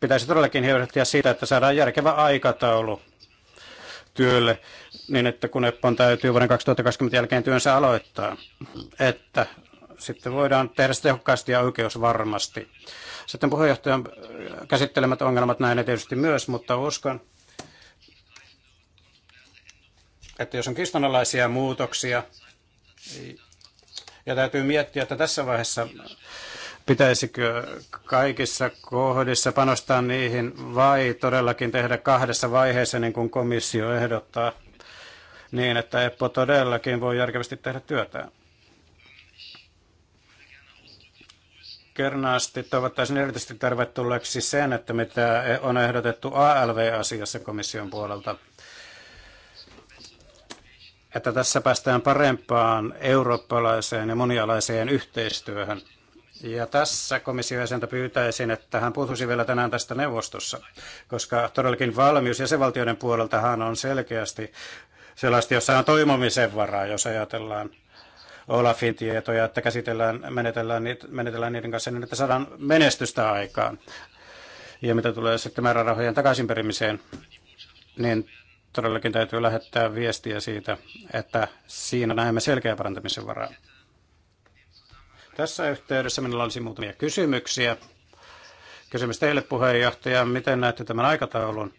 Pitäisi todellakin huolehtia siitä, että saadaan järkevä aikataulu työlle, niin että kun Eppon täytyy vuoden 2020 jälkeen työnsä aloittaa, että sitten voidaan tehdä se tehokkaasti ja oikeusvarmasti. Sitten puheenjohtajan käsittelemät ongelmat näin tietysti myös, mutta uskon, että jos on kiistanalaisia muutoksia, ja täytyy miettiä, että tässä vaiheessa pitäisikö kaikissa kohdissa panostaa niihin vai todellakin tehdä kahdessa vaiheessa, niin kuin komissio ehdottaa, niin että EPPO todellakin voi järkevästi tehdä työtään. Kernaasti toivottaisin erityisesti tervetulleeksi sen, että mitä on ehdotettu ALV-asiassa komission puolelta – että tässä päästään parempaan eurooppalaiseen ja monialaiseen yhteistyöhön. Ja tässä komission jäsentä pyytäisin, että hän puhuisi vielä tänään tästä neuvostossa, koska todellakin valmius jäsenvaltioiden puoleltahan on selkeästi sellaista, jossa on toimomisen varaa, jos ajatellaan Olafin tietoja, että käsitellään, menetellään, menetellään niiden kanssa niin, että saadaan menestystä aikaan. Ja mitä tulee sitten määrärahojen takaisinperimiseen, niin todellakin täytyy lähettää viestiä siitä, että siinä näemme selkeä parantamisen varaa. Tässä yhteydessä minulla olisi muutamia kysymyksiä. Kysymys teille puheenjohtaja, miten näette tämän aikataulun,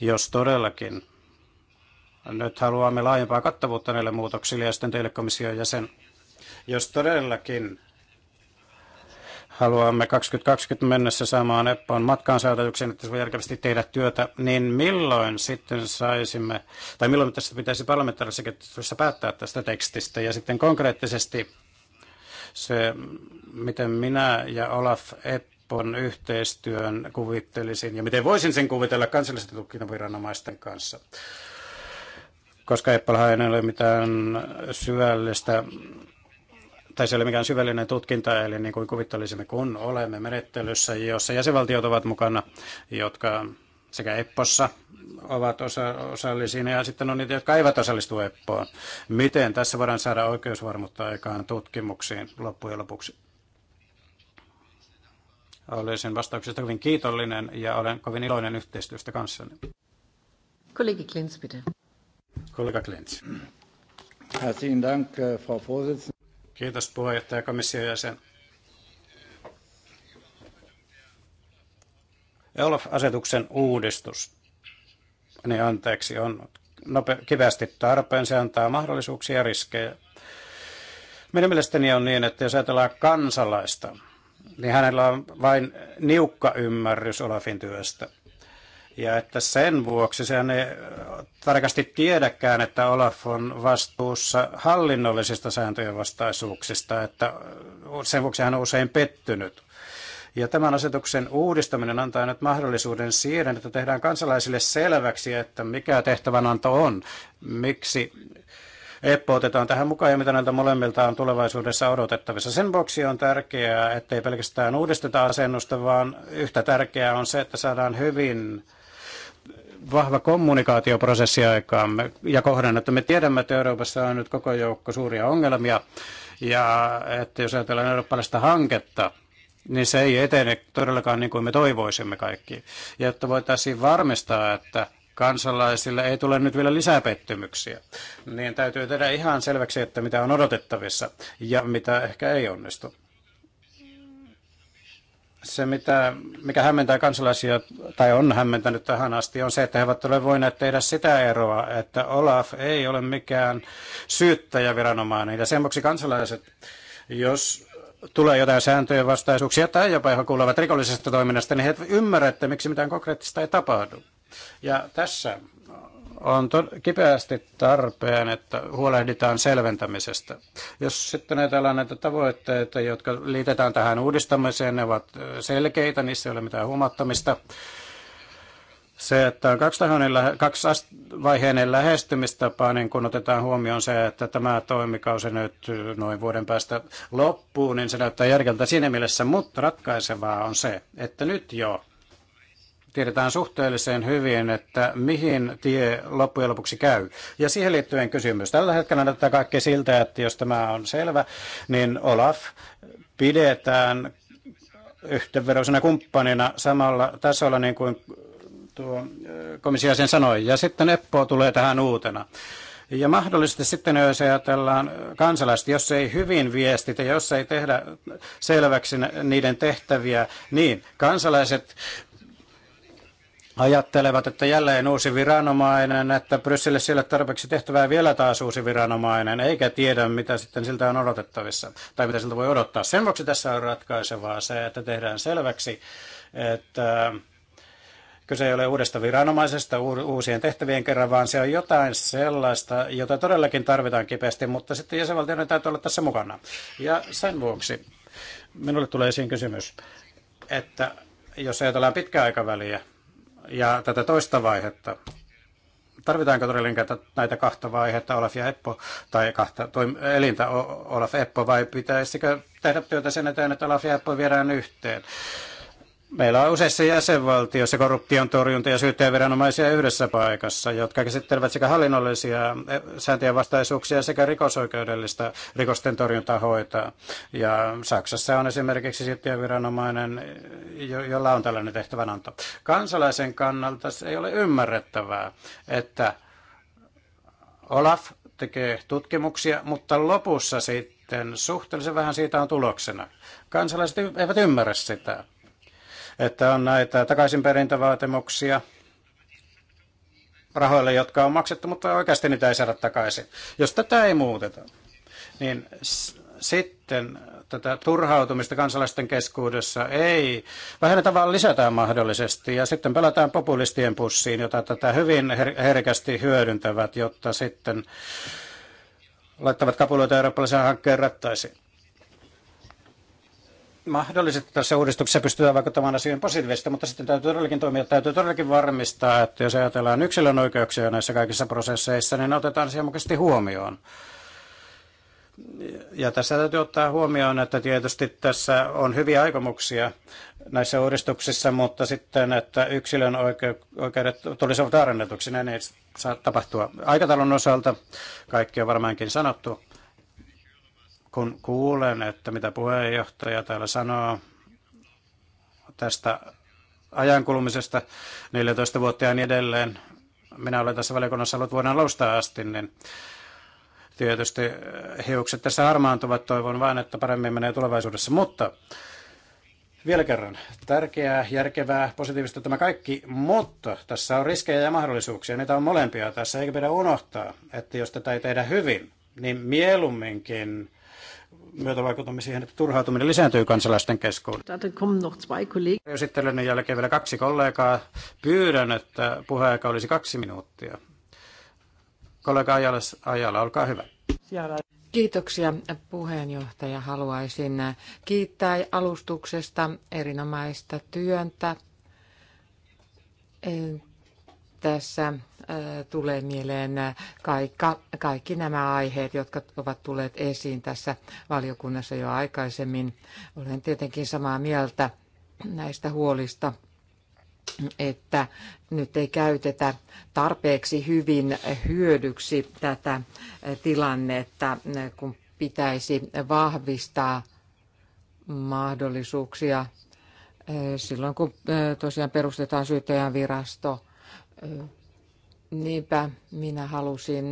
jos todellakin nyt haluamme laajempaa kattavuutta näille muutoksille ja sitten teille komission jäsen, jos todellakin haluamme 2020 mennessä saamaan Eppoon matkaan että se voi järkevästi tehdä työtä, niin milloin sitten saisimme, tai milloin tässä pitäisi parlamentaarisessa keskustelussa päättää tästä tekstistä, ja sitten konkreettisesti se, miten minä ja Olaf Eppon yhteistyön kuvittelisin, ja miten voisin sen kuvitella kansallisten tutkintaviranomaisten kanssa koska Applehan ei ole mitään syvällistä tai se ei ole mikään syvällinen tutkinta, eli niin kuin kuvittelisimme, kun olemme menettelyssä, jossa jäsenvaltiot ovat mukana, jotka sekä EPPOssa ovat osa, osallisina ja sitten on niitä, jotka eivät osallistu EPPOon. Miten tässä voidaan saada oikeusvarmuutta aikaan tutkimuksiin loppujen lopuksi? Olisin vastauksesta hyvin kiitollinen ja olen kovin iloinen yhteistyöstä kanssanne. Kollegi Klintz, bitte. Kollega Klintz. Herzlichen Dank, äh, Frau Vorsitzende. Kiitos puheenjohtaja komission jäsen. Olaf-asetuksen uudistus niin anteeksi, on nope- kivästi tarpeen. Se antaa mahdollisuuksia ja riskejä. Minun mielestäni on niin, että jos ajatellaan kansalaista, niin hänellä on vain niukka ymmärrys Olafin työstä – ja että sen vuoksi sehän ei tarkasti tiedäkään, että Olaf on vastuussa hallinnollisista sääntöjen vastaisuuksista, että sen vuoksi hän on usein pettynyt. Ja tämän asetuksen uudistaminen antaa nyt mahdollisuuden siihen, että tehdään kansalaisille selväksi, että mikä tehtävänanto on, miksi Eppo otetaan tähän mukaan ja mitä näiltä molemmilta on tulevaisuudessa odotettavissa. Sen vuoksi on tärkeää, ettei pelkästään uudisteta asennusta, vaan yhtä tärkeää on se, että saadaan hyvin vahva kommunikaatioprosessi aikaan ja kohdan, että me tiedämme, että Euroopassa on nyt koko joukko suuria ongelmia ja että jos ajatellaan eurooppalaista hanketta, niin se ei etene todellakaan niin kuin me toivoisimme kaikki. Ja että voitaisiin varmistaa, että kansalaisille ei tule nyt vielä lisää pettymyksiä, niin täytyy tehdä ihan selväksi, että mitä on odotettavissa ja mitä ehkä ei onnistu se, mitä, mikä hämmentää kansalaisia tai on hämmentänyt tähän asti, on se, että he ovat ole voineet tehdä sitä eroa, että Olaf ei ole mikään syyttäjäviranomainen. Ja sen vuoksi kansalaiset, jos tulee jotain sääntöjen vastaisuuksia tai jopa johon kuuluvat rikollisesta toiminnasta, niin he ymmärrät, että miksi mitään konkreettista ei tapahdu. Ja tässä on to- kipeästi tarpeen, että huolehditaan selventämisestä. Jos sitten ajatellaan näitä tavoitteita, jotka liitetään tähän uudistamiseen, ne ovat selkeitä, niissä ei ole mitään huomattamista. Se, että on kaksivaiheinen lähestymistapa, niin kun otetaan huomioon se, että tämä toimikausi nyt noin vuoden päästä loppuu, niin se näyttää järkeltä siinä mielessä, mutta ratkaisevaa on se, että nyt jo tiedetään suhteellisen hyvin, että mihin tie loppujen lopuksi käy. Ja siihen liittyen kysymys. Tällä hetkellä näyttää kaikki siltä, että jos tämä on selvä, niin Olaf pidetään yhteenveroisena kumppanina samalla tasolla niin kuin tuo komissio sen sanoi. Ja sitten Eppo tulee tähän uutena. Ja mahdollisesti sitten, jos ajatellaan kansalaiset, jos ei hyvin viestitä, jos ei tehdä selväksi niiden tehtäviä, niin kansalaiset ajattelevat, että jälleen uusi viranomainen, että Brysselissä siellä tarpeeksi tehtävää vielä taas uusi viranomainen, eikä tiedä, mitä sitten siltä on odotettavissa tai mitä siltä voi odottaa. Sen vuoksi tässä on ratkaisevaa se, että tehdään selväksi, että kyse ei ole uudesta viranomaisesta uusien tehtävien kerran, vaan se on jotain sellaista, jota todellakin tarvitaan kipeästi, mutta sitten jäsenvaltioiden täytyy olla tässä mukana. Ja sen vuoksi minulle tulee esiin kysymys, että jos ajatellaan pitkäaikaväliä, ja tätä toista vaihetta. Tarvitaanko todellakin näitä kahta vaihetta, Olaf ja Eppo, tai kahta toim- elintä Olaf Eppo, vai pitäisikö tehdä työtä sen eteen, että Olaf ja Eppo viedään yhteen? Meillä on useissa jäsenvaltioissa korruption torjunta ja syyttäjäviranomaisia yhdessä paikassa, jotka käsittelevät sekä hallinnollisia eh, sääntöjen vastaisuuksia sekä rikosoikeudellista rikosten torjuntaa hoitaa. Ja Saksassa on esimerkiksi syyttäjäviranomainen, jo- jolla on tällainen tehtävänanto. Kansalaisen kannalta se ei ole ymmärrettävää, että Olaf tekee tutkimuksia, mutta lopussa sitten suhteellisen vähän siitä on tuloksena. Kansalaiset eivät ymmärrä sitä että on näitä takaisinperintävaatimuksia rahoille, jotka on maksettu, mutta oikeasti niitä ei saada takaisin. Jos tätä ei muuteta, niin sitten tätä turhautumista kansalaisten keskuudessa ei vähennetä, vaan lisätään mahdollisesti. Ja sitten pelataan populistien pussiin, jota tätä hyvin her- herkästi hyödyntävät, jotta sitten laittavat kapuloita eurooppalaisen hankkeen rattaisiin mahdollisesti tässä uudistuksessa pystytään vaikuttamaan asioihin positiivisesti, mutta sitten täytyy todellakin toimia, täytyy todellakin varmistaa, että jos ajatellaan yksilön oikeuksia näissä kaikissa prosesseissa, niin ne otetaan asianmukaisesti huomioon. Ja tässä täytyy ottaa huomioon, että tietysti tässä on hyviä aikomuksia näissä uudistuksissa, mutta sitten, että yksilön oikeudet tulisivat arennetuksi, näin ei saa tapahtua. Aikataulun osalta kaikki on varmaankin sanottu kun kuulen, että mitä puheenjohtaja täällä sanoo tästä ajankulumisesta 14 vuotta ja niin edelleen, minä olen tässä valiokunnassa ollut vuoden alusta asti, niin tietysti hiukset tässä harmaantuvat, toivon vain, että paremmin menee tulevaisuudessa. Mutta vielä kerran, tärkeää, järkevää, positiivista tämä kaikki, mutta tässä on riskejä ja mahdollisuuksia, niitä on molempia tässä, eikä pidä unohtaa, että jos tätä ei tehdä hyvin, niin mieluumminkin myötävaikutamme siihen, että turhautuminen lisääntyy kansalaisten keskuudessa. Esittelyn jälkeen vielä kaksi kollegaa. Pyydän, että puheaika olisi kaksi minuuttia. Kollega Ajala, Ajala olkaa hyvä. Kiitoksia puheenjohtaja. Haluaisin kiittää alustuksesta erinomaista työntä tässä äh, tulee mieleen äh, kaikki nämä aiheet, jotka ovat tulleet esiin tässä valiokunnassa jo aikaisemmin. Olen tietenkin samaa mieltä näistä huolista, että nyt ei käytetä tarpeeksi hyvin hyödyksi tätä äh, tilannetta, kun pitäisi vahvistaa mahdollisuuksia silloin, kun tosiaan perustetaan syyttäjän virasto – Niinpä minä halusin,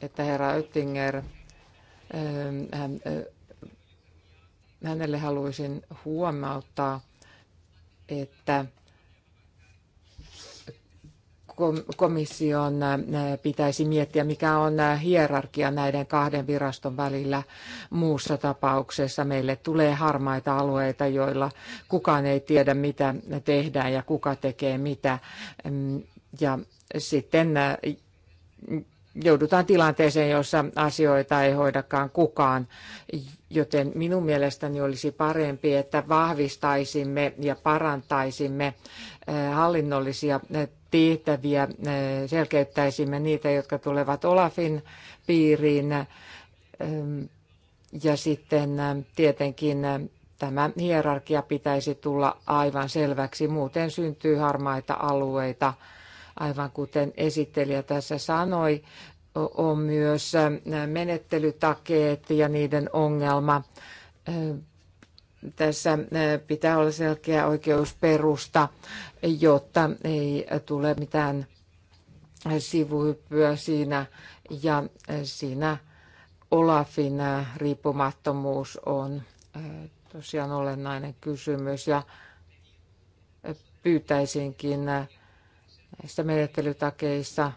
että herra Oettinger, ähm, äh, hänelle haluaisin huomauttaa, että komission pitäisi miettiä, mikä on hierarkia näiden kahden viraston välillä. Muussa tapauksessa meille tulee harmaita alueita, joilla kukaan ei tiedä, mitä tehdään ja kuka tekee mitä. Mm, ja sitten joudutaan tilanteeseen, jossa asioita ei hoidakaan kukaan. Joten minun mielestäni olisi parempi, että vahvistaisimme ja parantaisimme hallinnollisia tehtäviä, selkeyttäisimme niitä, jotka tulevat Olafin piiriin. Ja sitten tietenkin tämä hierarkia pitäisi tulla aivan selväksi, muuten syntyy harmaita alueita. Aivan kuten esittelijä tässä sanoi, on myös menettelytakeet ja niiden ongelma tässä äh, pitää olla selkeä oikeusperusta, jotta ei tule mitään sivuhyppyä siinä ja äh, siinä Olafin äh, riippumattomuus on tosiaan olennainen kysymys ja pyytäisinkin näistä menettelytakeista,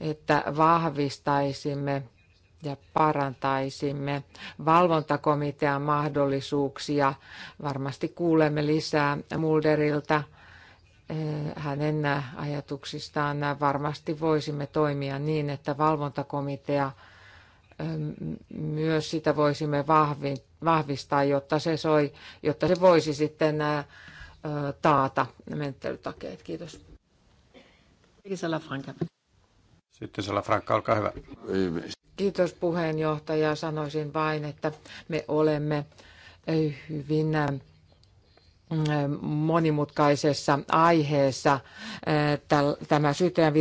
että vahvistaisimme ja parantaisimme valvontakomitean mahdollisuuksia. Varmasti kuulemme lisää Mulderilta eh, hänen ajatuksistaan. Varmasti voisimme toimia niin, että valvontakomitea eh, myös sitä voisimme vahvistaa, jotta se, soi, jotta se voisi sitten eh, taata menettelytakeet. Kiitos. Isala Franka. Sitten Sala Frank, olkaa hyvä. Kiitos puheenjohtaja. Sanoisin vain, että me olemme eh, hyvin eh, monimutkaisessa aiheessa eh, tämä syyttäjän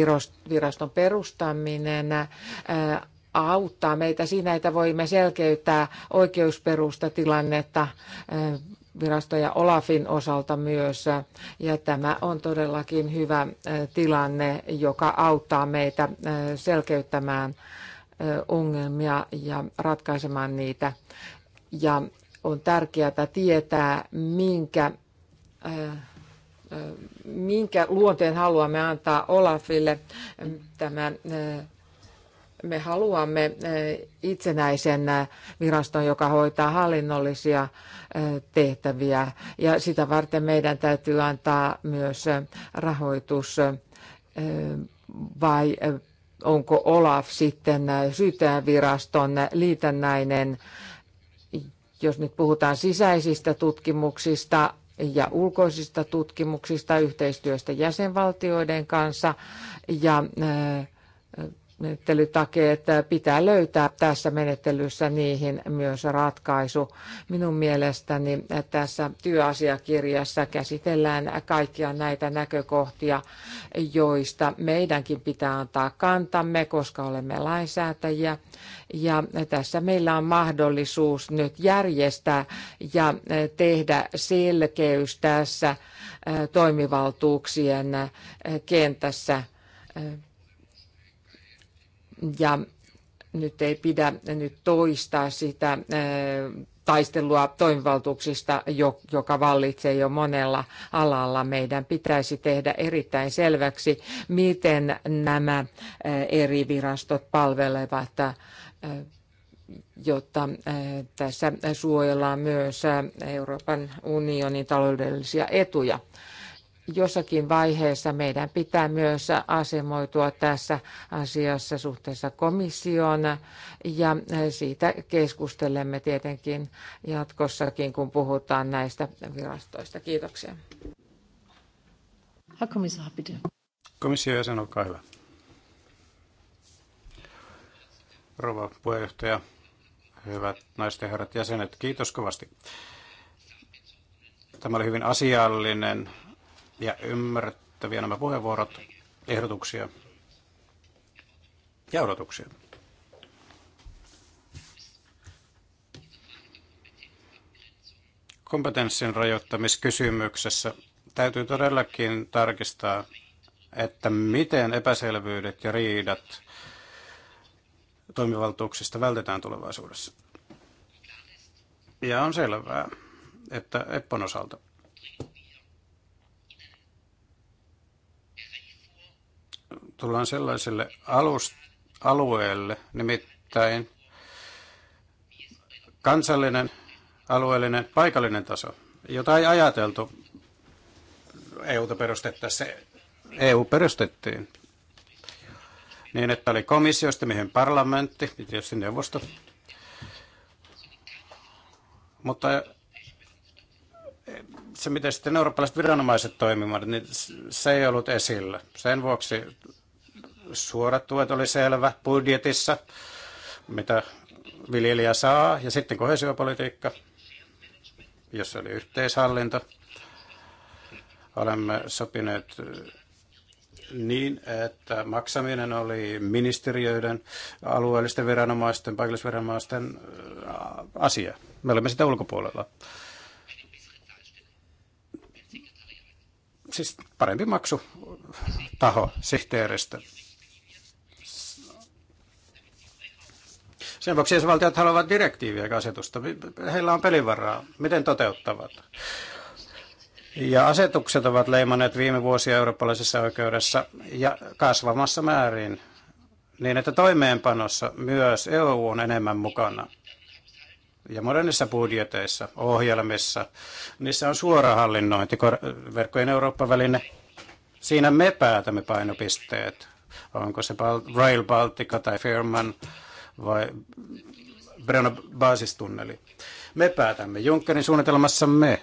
viraston perustaminen auttaa meitä siinä, että voimme selkeyttää oikeusperusta virasto ja Olafin osalta myös. Ja tämä on todellakin hyvä äh, tilanne, joka auttaa meitä äh, selkeyttämään äh, ongelmia ja ratkaisemaan niitä. Ja on tärkeää tietää, minkä, minkä luonteen haluamme antaa Olafille tämän me haluamme eh, itsenäisen eh, viraston, joka hoitaa hallinnollisia eh, tehtäviä ja sitä varten meidän täytyy antaa myös rahoitus vai onko Olaf sitten viraston liitännäinen, jos nyt puhutaan sisäisistä tutkimuksista ja ulkoisista tutkimuksista, yhteistyöstä jäsenvaltioiden kanssa ja menettelytakeet pitää löytää tässä menettelyssä niihin myös ratkaisu. Minun mielestäni tässä työasiakirjassa käsitellään kaikkia näitä näkökohtia, joista meidänkin pitää antaa kantamme, koska olemme lainsäätäjiä. Ja tässä meillä on mahdollisuus nyt järjestää ja tehdä selkeys tässä toimivaltuuksien kentässä ja nyt ei pidä nyt toistaa sitä äh, taistelua toimivaltuuksista, joka vallitsee jo monella alalla. Meidän pitäisi tehdä erittäin selväksi, miten nämä äh, eri virastot palvelevat, äh, jotta tässä suojellaan myös Euroopan unionin taloudellisia etuja jossakin vaiheessa meidän pitää myös asemoitua tässä asiassa suhteessa komissioon ja siitä keskustelemme tietenkin jatkossakin, kun puhutaan näistä virastoista. Kiitoksia. Komissio jäsen, olkaa hyvä. Rouva puheenjohtaja, hyvät naiset ja herrat jäsenet, kiitos kovasti. Tämä oli hyvin asiallinen ja ymmärrettäviä nämä puheenvuorot, ehdotuksia ja odotuksia. Kompetenssin rajoittamiskysymyksessä täytyy todellakin tarkistaa, että miten epäselvyydet ja riidat toimivaltuuksista vältetään tulevaisuudessa. Ja on selvää, että Eppon osalta tullaan sellaiselle alust, alueelle, nimittäin kansallinen, alueellinen, paikallinen taso, jota ei ajateltu EUta perustettaessa. EU perustettiin niin, että oli komissiosta, mihin parlamentti, tietysti neuvosto. Mutta se, miten sitten eurooppalaiset viranomaiset toimivat, niin se ei ollut esillä. Sen vuoksi Suorat tuet oli selvä budjetissa, mitä viljelijä saa, ja sitten kohesiopolitiikka, jossa oli yhteishallinto. Olemme sopineet niin, että maksaminen oli ministeriöiden, alueellisten viranomaisten, paikallisviranomaisten äh, asia. Me olemme sitä ulkopuolella. Siis parempi maksu taho sihteeristä. Sen vuoksi jäsenvaltiot haluavat direktiiviä ja asetusta. Heillä on pelivaraa. Miten toteuttavat? Ja asetukset ovat leimanneet viime vuosia eurooppalaisessa oikeudessa ja kasvamassa määrin niin, että toimeenpanossa myös EU on enemmän mukana. Ja modernissa budjeteissa, ohjelmissa, niissä on suora hallinnointi, verkkojen Eurooppa-väline. Siinä me päätämme painopisteet. Onko se Rail Baltica tai Firman vai Breno Basistunneli. Me päätämme. Junckerin suunnitelmassa me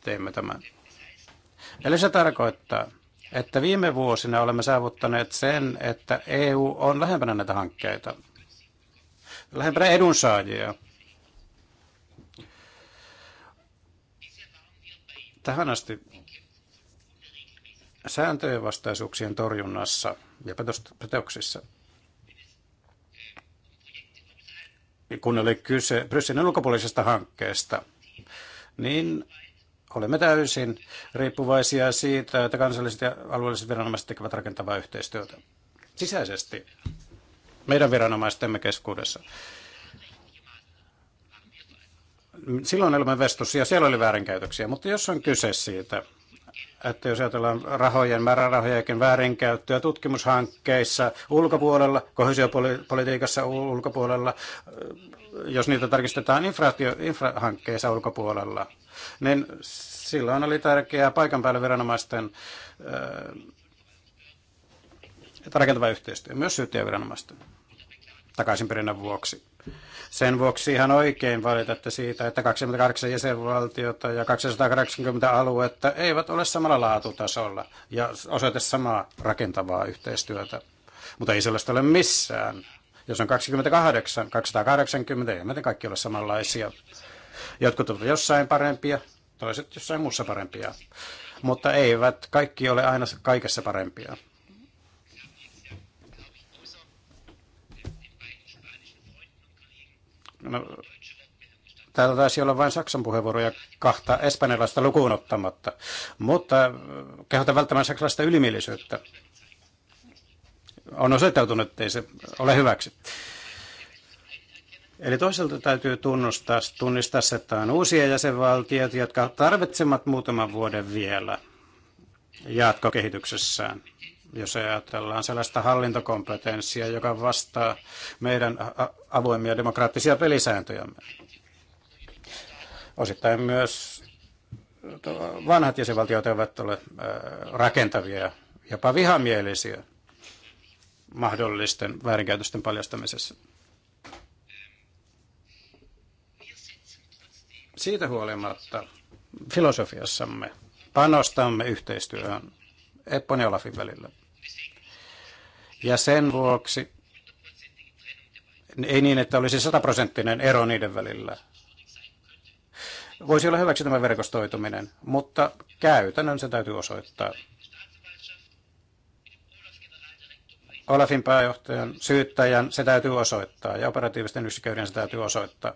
teemme tämän. Eli se tarkoittaa, että viime vuosina olemme saavuttaneet sen, että EU on lähempänä näitä hankkeita, lähempänä edunsaajia. Tähän asti sääntöjen vastaisuuksien torjunnassa ja petoksissa kun oli kyse Brysselin ulkopuolisesta hankkeesta, niin olemme täysin riippuvaisia siitä, että kansalliset ja alueelliset viranomaiset tekevät rakentavaa yhteistyötä sisäisesti meidän viranomaistemme keskuudessa. Silloin elämän vestus ja siellä oli väärinkäytöksiä, mutta jos on kyse siitä, että jos ajatellaan rahojen, määrärahojenkin väärinkäyttöä tutkimushankkeissa ulkopuolella, kohesiopolitiikassa ulkopuolella, jos niitä tarkistetaan infratio, infrahankkeissa ulkopuolella, niin silloin oli tärkeää paikan päällä viranomaisten äh, rakentava yhteistyö, myös syyttäjäviranomaisten takaisinperinnän vuoksi. Sen vuoksi ihan oikein valitatte siitä, että 28 jäsenvaltiota ja 280 aluetta eivät ole samalla laatutasolla ja osoite samaa rakentavaa yhteistyötä. Mutta ei sellaista ole missään. Jos on 28, 280, eivät ne kaikki ole samanlaisia. Jotkut ovat jossain parempia, toiset jossain muussa parempia. Mutta eivät kaikki ole aina kaikessa parempia. No, täällä taisi olla vain Saksan puheenvuoroja kahta espanjalaista lukuun ottamatta, mutta äh, kehotan välttämään saksalaista ylimielisyyttä. On osoittautunut, että ei se ole hyväksi. Eli toisaalta täytyy tunnustaa, tunnistaa, että on uusia jäsenvaltioita, jotka tarvitsevat muutaman vuoden vielä jatkokehityksessään jos ajatellaan sellaista hallintokompetenssia, joka vastaa meidän avoimia demokraattisia pelisääntöjämme. Osittain myös vanhat jäsenvaltiot ovat olleet rakentavia, jopa vihamielisiä mahdollisten väärinkäytösten paljastamisessa. Siitä huolimatta filosofiassamme panostamme yhteistyöhön Eppon ja Olafin välillä. Ja sen vuoksi ei niin, että olisi sataprosenttinen ero niiden välillä. Voisi olla hyväksi tämä verkostoituminen, mutta käytännön se täytyy osoittaa. Olafin pääjohtajan, syyttäjän, se täytyy osoittaa ja operatiivisten yksiköiden se täytyy osoittaa.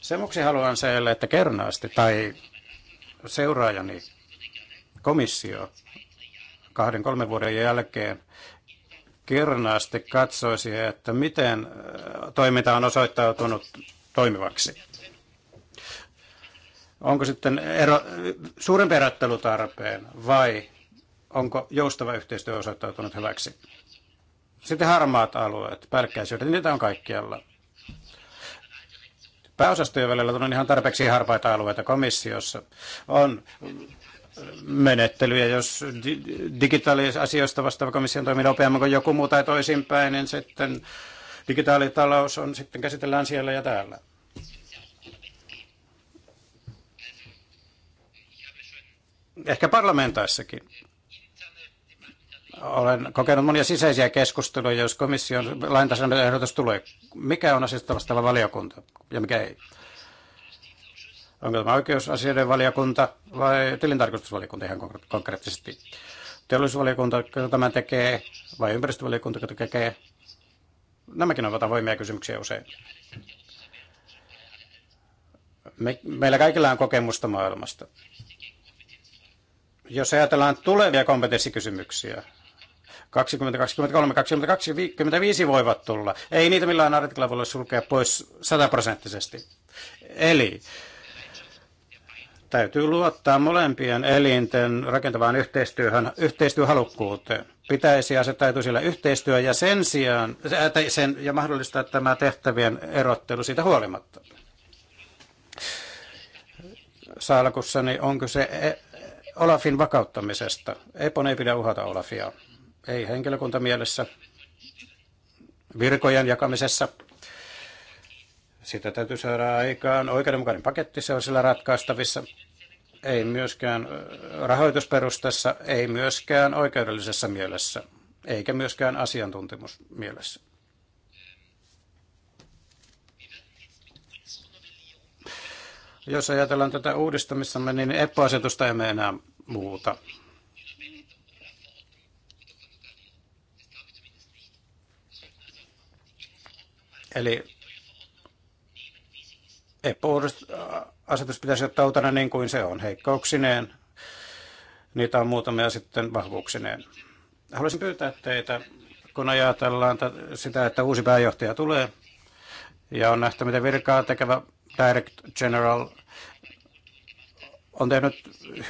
Sen vuoksi haluan se, että kernaasti tai seuraajani komissio kahden, kolmen vuoden jälkeen kernaasti katsoisi, että miten toiminta on osoittautunut toimivaksi. Onko sitten ero, suurempi erottelu tarpeen vai onko joustava yhteistyö osoittautunut hyväksi? Sitten harmaat alueet, pälkkäisyydet, niitä on kaikkialla. Pääosastojen välillä on ihan tarpeeksi harpaita alueita komissiossa. On menettelyjä. Jos digitaaliasioista vastaava komission toimii nopeammin kuin joku muu tai toisinpäin, niin sitten digitaalitalous on sitten käsitellään siellä ja täällä. Ehkä parlamentaissakin. Olen kokenut monia sisäisiä keskusteluja, jos komission laintasäännön ehdotus tulee. Mikä on asiasta vastaava valiokunta ja mikä ei? tämä oikeusasioiden valiokunta vai tilintarkastusvaliokunta ihan konkreettisesti? Teollisuusvaliokunta tämän tekee vai ympäristövaliokunta joka tekee? Nämäkin ovat avoimia kysymyksiä usein. Me, meillä kaikilla on kokemusta maailmasta. Jos ajatellaan tulevia kompetenssikysymyksiä, 20, 23, 22, 25 voivat tulla. Ei niitä millään artikla voi sulkea pois sataprosenttisesti. Eli Täytyy luottaa molempien elinten rakentavaan yhteistyöhön, yhteistyöhalukkuuteen. Pitäisi asettaa etusillä yhteistyö ja sen sijaan, tai sen, ja mahdollistaa tämä tehtävien erottelu siitä huolimatta. Salkussani on kyse e, Olafin vakauttamisesta. Epon ei pidä uhata Olafia. Ei henkilökunta mielessä. Virkojen jakamisessa sitä täytyy saada aikaan. Oikeudenmukainen paketti, se on sillä ratkaistavissa. Ei myöskään rahoitusperustassa, ei myöskään oikeudellisessa mielessä, eikä myöskään asiantuntemusmielessä. Jos ajatellaan tätä uudistamista, niin EPPO-asetusta emme enää muuta. Eli EPO-asetus äh, pitäisi ottaa uutena niin kuin se on, heikkouksineen. Niitä on muutamia sitten vahvuuksineen. Haluaisin pyytää teitä, kun ajatellaan sitä, että uusi pääjohtaja tulee ja on nähty, miten virkaa tekevä Direct General on tehnyt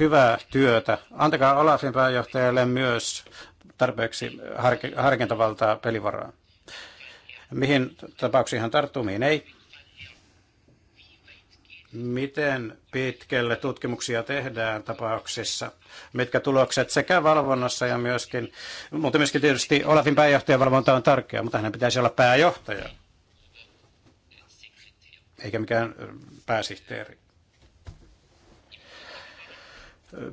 hyvää työtä. Antakaa Olafin pääjohtajalle myös tarpeeksi harkintavaltaa pelivaraa. Mihin tapauksiin hän tarttuu, mihin ei miten pitkälle tutkimuksia tehdään tapauksissa, mitkä tulokset sekä valvonnassa ja myöskin, mutta myöskin tietysti Olafin pääjohtajan valvonta on tärkeää, mutta hänen pitäisi olla pääjohtaja, eikä mikään pääsihteeri.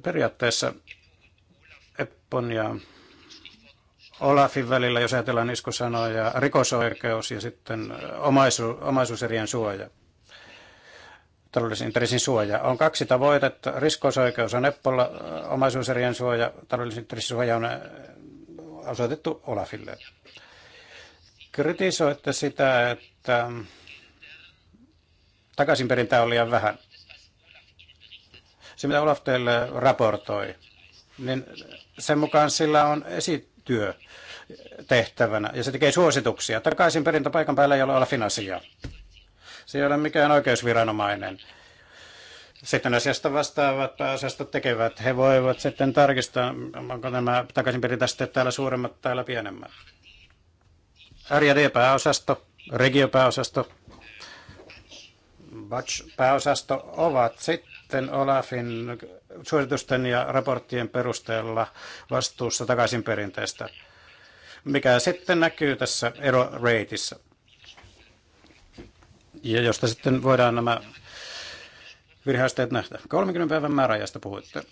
Periaatteessa Eppon ja Olafin välillä, jos ajatellaan iskusanoja, rikosoikeus ja sitten omaisu, omaisuuserien suoja taloudellisen intressin suoja. On kaksi tavoitetta. Riskoisoikeus on Eppolla, omaisuuserien suoja, taloudellisen intressin suoja on osoitettu Olafille. Kritisoitte sitä, että takaisinperintää on liian vähän. Se, mitä Olaf teille raportoi, niin sen mukaan sillä on esityö tehtävänä ja se tekee suosituksia. Takaisin perintä paikan päällä ei ole Olafin asiaa. Se ei ole mikään oikeusviranomainen. Sitten asiasta vastaavat pääosastot tekevät. He voivat sitten tarkistaa, onko nämä takaisinperintästeet täällä suuremmat tai pienemmät. rjd ja D-pääosasto, regiopääosasto, Batch-pääosasto ovat sitten Olafin suositusten ja raporttien perusteella vastuussa takaisinperinteestä, mikä sitten näkyy tässä ero reitissä? ja josta sitten voidaan nämä virheasteet nähdä. 30 päivän määräajasta puhuitte.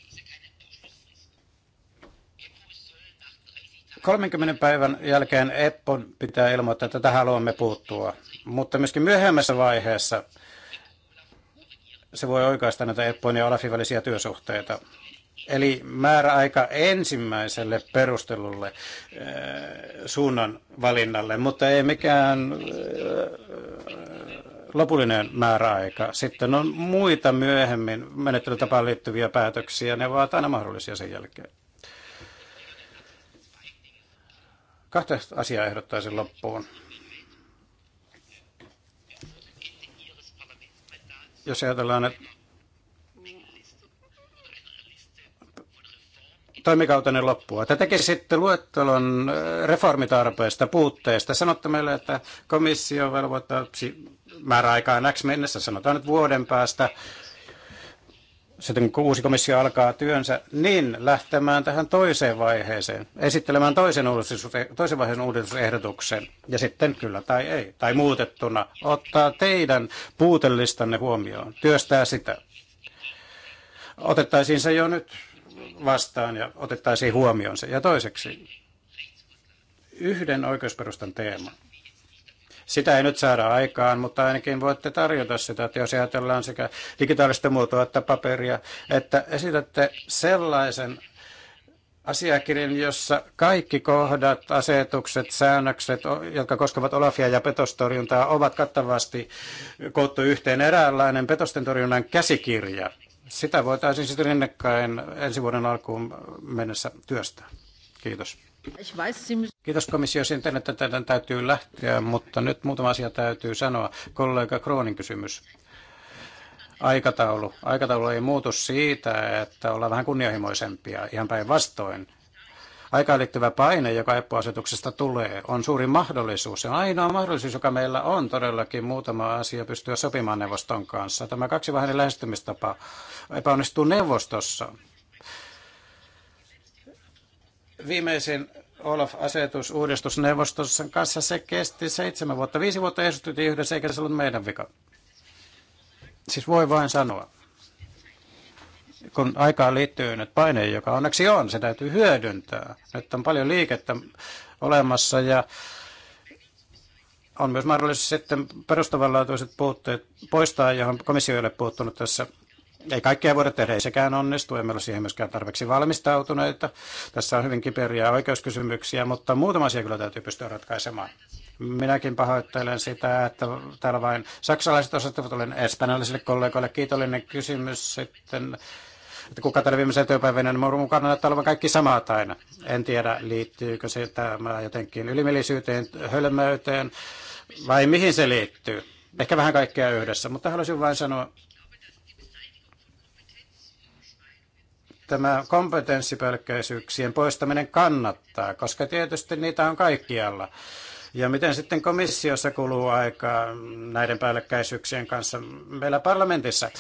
30 päivän jälkeen Eppon pitää ilmoittaa, että tähän haluamme puuttua. Mutta myöskin myöhemmässä vaiheessa se voi oikaista näitä Eppon ja Olafin välisiä työsuhteita. Eli määräaika ensimmäiselle perustelulle äh, suunnan valinnalle, mutta ei mikään äh, lopullinen määräaika. Sitten on muita myöhemmin menettelytapaan liittyviä päätöksiä, ne ovat aina mahdollisia sen jälkeen. Kahta asiaa ehdottaisin loppuun. Jos ajatellaan, että toimikautenne loppua. Te sitten luettelon äh, reformitarpeesta, puutteista. Sanotte meille, että komissio velvoittaa määräaikaan X mennessä, sanotaan nyt vuoden päästä, sitten kun uusi komissio alkaa työnsä, niin lähtemään tähän toiseen vaiheeseen, esittelemään toisen, uudistus, toisen vaiheen uudistusehdotuksen, ja sitten kyllä tai ei, tai muutettuna, ottaa teidän puutellistanne huomioon, työstää sitä. Otettaisiin se jo nyt vastaan ja otettaisiin huomioon se. Ja toiseksi, yhden oikeusperustan teema. Sitä ei nyt saada aikaan, mutta ainakin voitte tarjota sitä, että jos ajatellaan sekä digitaalista muotoa että paperia, että esitätte sellaisen asiakirjan, jossa kaikki kohdat, asetukset, säännökset, jotka koskevat Olafia ja petostorjuntaa, ovat kattavasti koottu yhteen eräänlainen petosten torjunnan käsikirja. Sitä voitaisiin sitten rinnakkain ensi vuoden alkuun mennessä työstää. Kiitos. Kiitos komissio siitä, että teidän täytyy lähteä, mutta nyt muutama asia täytyy sanoa. Kollega Kroonin kysymys. Aikataulu. Aikataulu ei muutu siitä, että ollaan vähän kunnianhimoisempia, ihan päinvastoin. Aikaan liittyvä paine, joka EPPO-asetuksesta tulee, on suuri mahdollisuus. Se on ainoa mahdollisuus, joka meillä on todellakin muutama asia pystyä sopimaan neuvoston kanssa. Tämä kaksivaiheinen lähestymistapa epäonnistuu neuvostossa viimeisin Olaf-asetus uudistusneuvostossa kanssa se kesti seitsemän vuotta. Viisi vuotta ehdotettiin yhdessä, eikä se ollut meidän vika. Siis voi vain sanoa. Kun aikaan liittyy nyt paine, joka onneksi on, se täytyy hyödyntää. Nyt on paljon liikettä olemassa ja on myös mahdollisuus sitten perustavanlaatuiset puutteet poistaa, johon komissio ei ole puuttunut tässä ei kaikkea voida tehdä, ei sekään onnistu, emme ole siihen myöskään tarpeeksi valmistautuneita. Tässä on hyvin kiperiä oikeuskysymyksiä, mutta muutama asia kyllä täytyy pystyä ratkaisemaan. Minäkin pahoittelen sitä, että täällä vain saksalaiset osoittavat, olen espanjalaisille kollegoille kiitollinen kysymys sitten että kuka täällä viimeisen työpäivänä, niin minun mukana näyttää olevan kaikki samaa aina. En tiedä, liittyykö se tämä jotenkin ylimielisyyteen, hölmöyteen vai mihin se liittyy. Ehkä vähän kaikkea yhdessä, mutta haluaisin vain sanoa, tämä kompetenssipelkkäisyyksien poistaminen kannattaa, koska tietysti niitä on kaikkialla. Ja miten sitten komissiossa kuluu aikaa näiden päällekkäisyyksien kanssa meillä parlamentissa?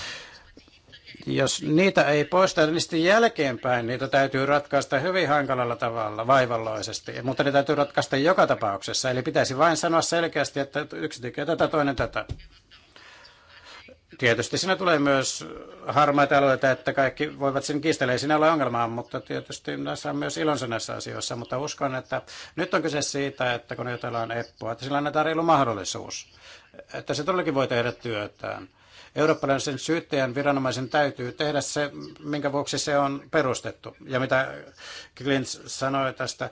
Jos niitä ei poista, niin sitten jälkeenpäin niitä täytyy ratkaista hyvin hankalalla tavalla, vaivalloisesti. Mutta ne täytyy ratkaista joka tapauksessa. Eli pitäisi vain sanoa selkeästi, että yksi tekee tätä, toinen tätä. Tietysti siinä tulee myös harmaita alueita, että kaikki voivat sen kiistellä, ei siinä ole ongelmaa, mutta tietysti näissä on myös ilonsa näissä asioissa. Mutta uskon, että nyt on kyse siitä, että kun jutellaan Eppua, että sillä annetaan reilu mahdollisuus, että se todellakin voi tehdä työtään. Eurooppalaisen syyttäjän viranomaisen täytyy tehdä se, minkä vuoksi se on perustettu. Ja mitä Klins sanoi tästä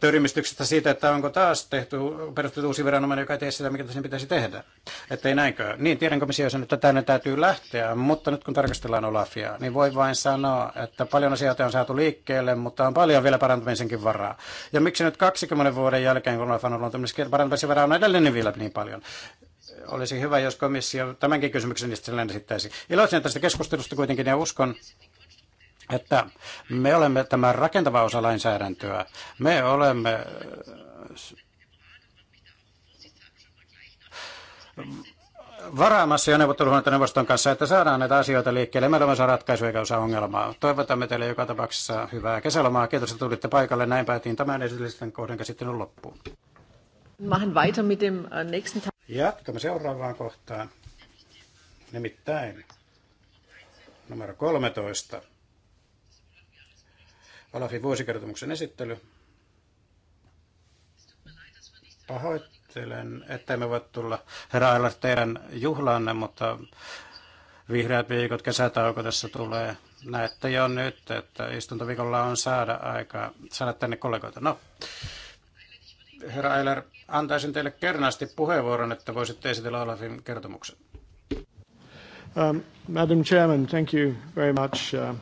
törmistyksestä siitä, että onko taas tehty, perustettu uusi viranomainen, joka ei tee sitä, mikä sen pitäisi tehdä. Että ei näinkö? Niin, tiedän komissio että tänne täytyy lähteä, mutta nyt kun tarkastellaan Olafia, niin voi vain sanoa, että paljon asioita on saatu liikkeelle, mutta on paljon vielä parantamisenkin varaa. Ja miksi nyt 20 vuoden jälkeen, kun Olaf on ollut tämmöisessä parantamisen varaa, on edelleen niin vielä niin paljon olisi hyvä, jos komissio tämänkin kysymyksen itselleen esittäisi. Iloitsen tästä keskustelusta kuitenkin ja uskon, että me olemme tämä rakentava osa lainsäädäntöä. Me olemme äh, varaamassa jo neuvotteluhuoneneuvoston kanssa, että saadaan näitä asioita liikkeelle. Meillä on saa ratkaisuja eikä osaa ongelmaa. Toivotamme teille joka tapauksessa hyvää kesälomaa. Kiitos, että tulitte paikalle. Näin päätiin tämän esitellisten kohdan käsittelyn loppuun. Machen weiter mit dem äh, nächsten Jatkamme seuraavaan kohtaan. Nimittäin numero 13. Olafin vuosikertomuksen esittely. Pahoittelen, että me voi tulla herra teidän juhlaanne, mutta vihreät viikot, kesätauko tässä tulee. Näette jo nyt, että istuntoviikolla on saada aikaa saada tänne kollegoita. No, herra Eiler, antaisin teille kernaasti puheenvuoron, että voisitte esitellä Olafin kertomuksen. Um, Madam Chairman, thank you very much. Uh,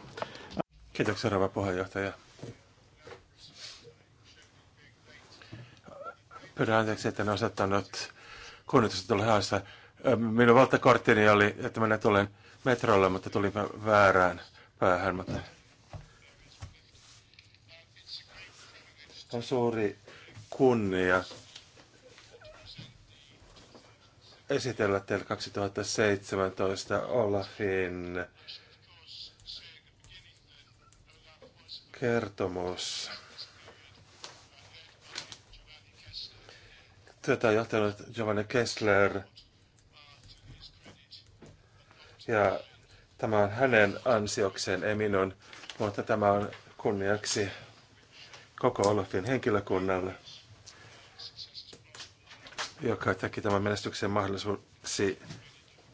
Kiitoksia, rouva puheenjohtaja. Pyydän anteeksi, että en osoittanut kunnitusta tuolla haassa. Um, minun valtakorttini oli, että minä tulen metrolle, mutta tulin väärään päähän. Mutta on suuri kunnia esitellä teille 2017 Olafin kertomus. Tätä on johtanut Giovanni Kessler. Ja tämä on hänen ansiokseen, ei minun, mutta tämä on kunniaksi koko Olafin henkilökunnalle joka teki tämän menestyksen mahdollisuuksi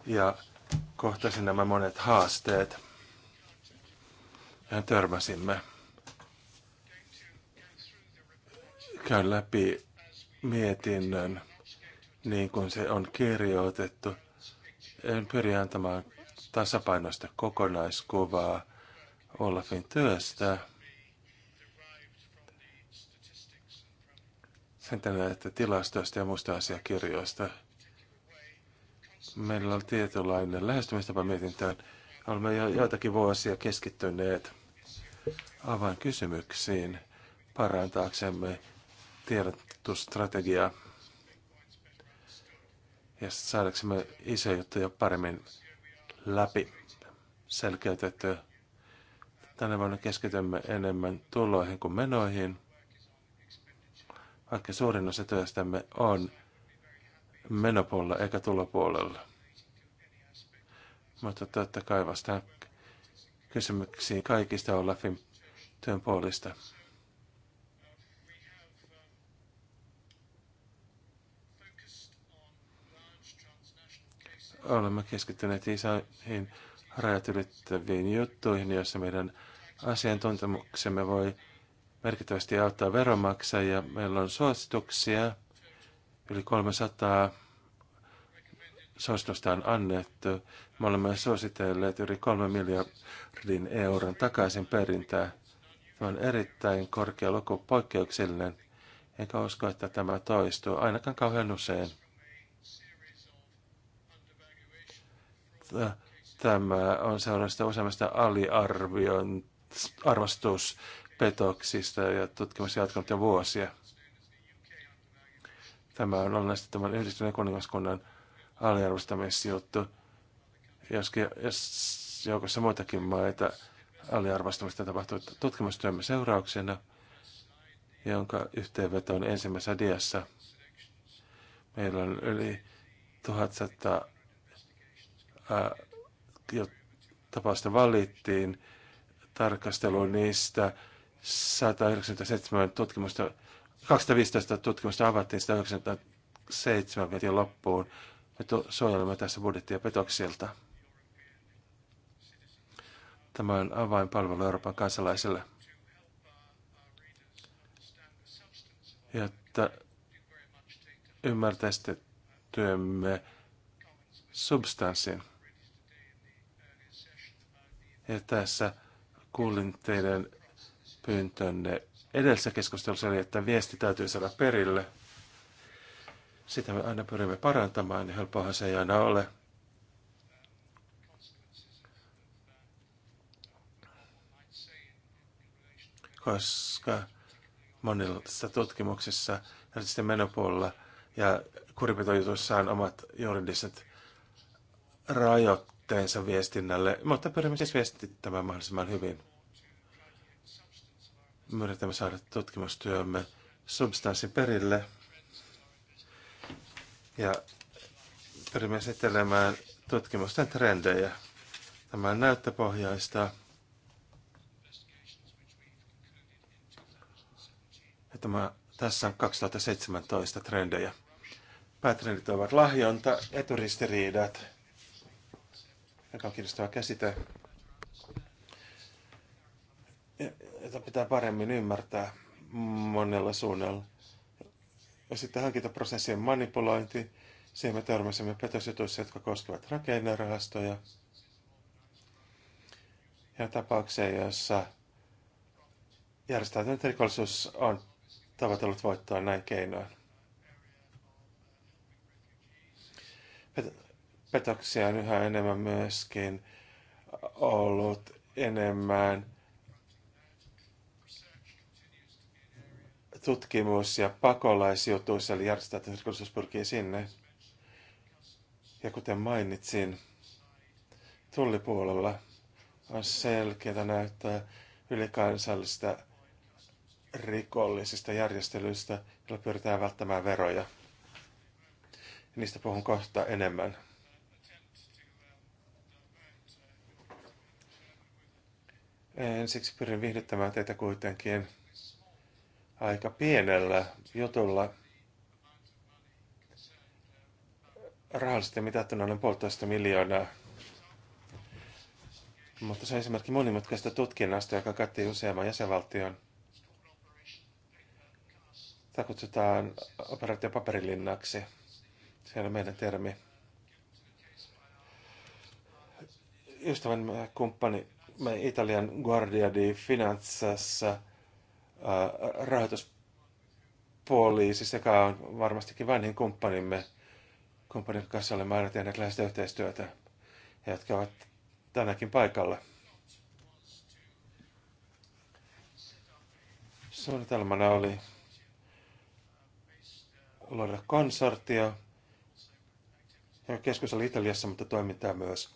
ja kohtasi nämä monet haasteet. Ja törmäsimme. Käyn läpi mietinnön niin kuin se on kirjoitettu. En pyri antamaan tasapainoista kokonaiskuvaa Olafin työstä sen tänään, että tilastoista ja muista asiakirjoista. Meillä on tietynlainen lähestymistapa mietintään. Olemme jo joitakin vuosia keskittyneet kysymyksiin parantaaksemme tiedotusstrategiaa ja saadaksemme isoja juttuja paremmin läpi selkeytettyä. Tänä vuonna keskitymme enemmän tuloihin kuin menoihin – vaikka suurin osa työstämme on menopuolella eikä tulopuolella. Mutta totta kai vastaan kysymyksiin kaikista Olafin työn puolista. Olemme keskittyneet isoihin rajat ylittäviin juttuihin, joissa meidän asiantuntemuksemme voi merkittävästi auttaa veronmaksajia. Meillä on suosituksia, yli 300 suositusta on annettu. Me olemme suositelleet yli 3 miljardin euron takaisin perintää. Tämä on erittäin korkea luku, poikkeuksellinen, enkä usko, että tämä toistuu ainakaan kauhean usein. Tämä on seurausta useammasta aliarvostus petoksista ja tutkimus jatkunut jo vuosia. Tämä on olennaisesti tämän yhdistyneen kuningaskunnan aliarvostamisjuttu. Joskin jos joukossa muitakin maita aliarvostamista tapahtuu tutkimustyömme seurauksena, jonka yhteenveto on ensimmäisessä diassa. Meillä on yli 1100 tapausta valittiin tarkastelu niistä 197 tutkimusta, 215 tutkimusta avattiin, 197 vietiin loppuun. Me suojelemme tässä budjettia petoksilta. Tämä on avainpalvelu Euroopan kansalaisille. Jotta ymmärtäisitte työmme substanssin. Ja tässä kuulin teidän pyyntönne edellisessä keskustelussa oli, että viesti täytyy saada perille. Sitä me aina pyrimme parantamaan, niin helppohan se ei aina ole. Koska monissa tutkimuksissa, erityisesti menopuolella ja kuripitojutuissa on omat juridiset rajoitteensa viestinnälle, mutta pyrimme siis viestittämään mahdollisimman hyvin me yritämme saada tutkimustyömme substanssin perille ja pyrimme esittelemään tutkimusten trendejä. Tämä on näyttöpohjaista. Ja tämä, tässä on 2017 trendejä. Päätrendit ovat lahjonta, eturistiriidat, joka on kiinnostava käsite jota pitää paremmin ymmärtää monella suunnalla. Ja sitten hankintaprosessien manipulointi. Siihen me törmäsimme petosjutuissa, jotka koskevat rakennerahastoja. Ja tapauksia, joissa järjestäytynyt rikollisuus on tavoitellut voittoa näin keinoin. Petoksia on yhä enemmän myöskin ollut enemmän tutkimus- ja pakolaisjutuissa, eli järjestetään rikollisuus pyrkii sinne. Ja kuten mainitsin, tullipuolella on selkeää näyttää ylikansallista rikollisista järjestelyistä, joilla pyritään välttämään veroja. Niistä puhun kohta enemmän. Ensiksi pyrin viihdyttämään teitä kuitenkin aika pienellä jutulla. Rahallisesti mitattuna noin puolitoista miljoonaa. Mutta se on esimerkki monimutkaista tutkinnasta, joka katsoi useamman jäsenvaltion. Tämä kutsutaan operaatio paperilinnaksi. Se on meidän termi. Ystävän kumppani Italian Guardia di Finanzassa – Äh, rahoituspoliisi, sekä on varmastikin vanhin kumppanimme, kumppanin kanssa olemme aina tehneet läheistä yhteistyötä, ja jotka ovat tänäkin paikalla. Suunnitelmana oli luoda konsortio, ja keskus oli Italiassa, mutta toimintaa myös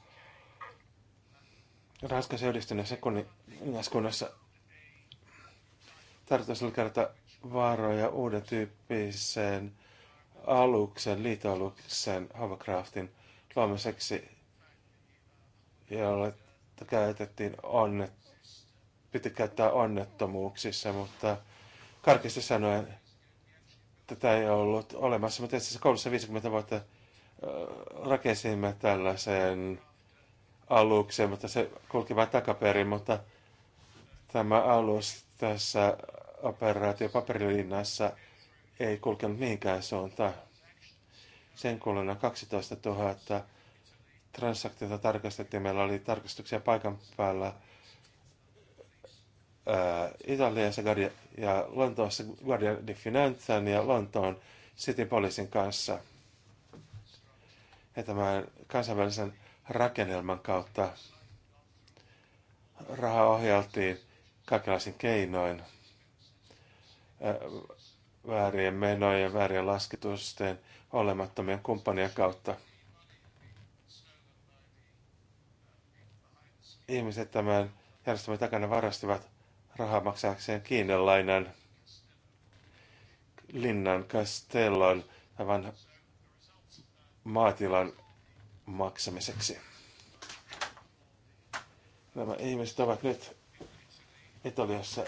Ranskassa yhdistyneessä kuningaskunnassa tarkoitus oli kerätä varoja uuden tyyppiseen aluksen, liitoaluksen hovercraftin luomiseksi, jolle käytettiin onnet, piti käyttää onnettomuuksissa, mutta karkeasti sanoen tätä ei ollut olemassa, mutta itse asiassa koulussa 50 vuotta äh, rakensimme tällaisen aluksen, mutta se kulki vain takaperin, mutta tämä alus tässä operaatio paperilinnassa ei kulkenut mihinkään suuntaan. Sen kuluna 12 000 transaktiota tarkastettiin. Meillä oli tarkastuksia paikan päällä ää, Italiassa Guardia, ja Lontoossa Guardia di Finanzan ja Lontoon City Poliisin kanssa. Ja tämän kansainvälisen rakennelman kautta raha ohjeltiin kaikenlaisin keinoin. Äh, väärien menojen, väärien lasketusten, olemattomien kumppanien kautta. Ihmiset tämän järjestelmän takana varastivat rahaa maksaakseen kiinalainan linnan Kastellon, tämän maatilan maksamiseksi. Nämä ihmiset ovat nyt Italiassa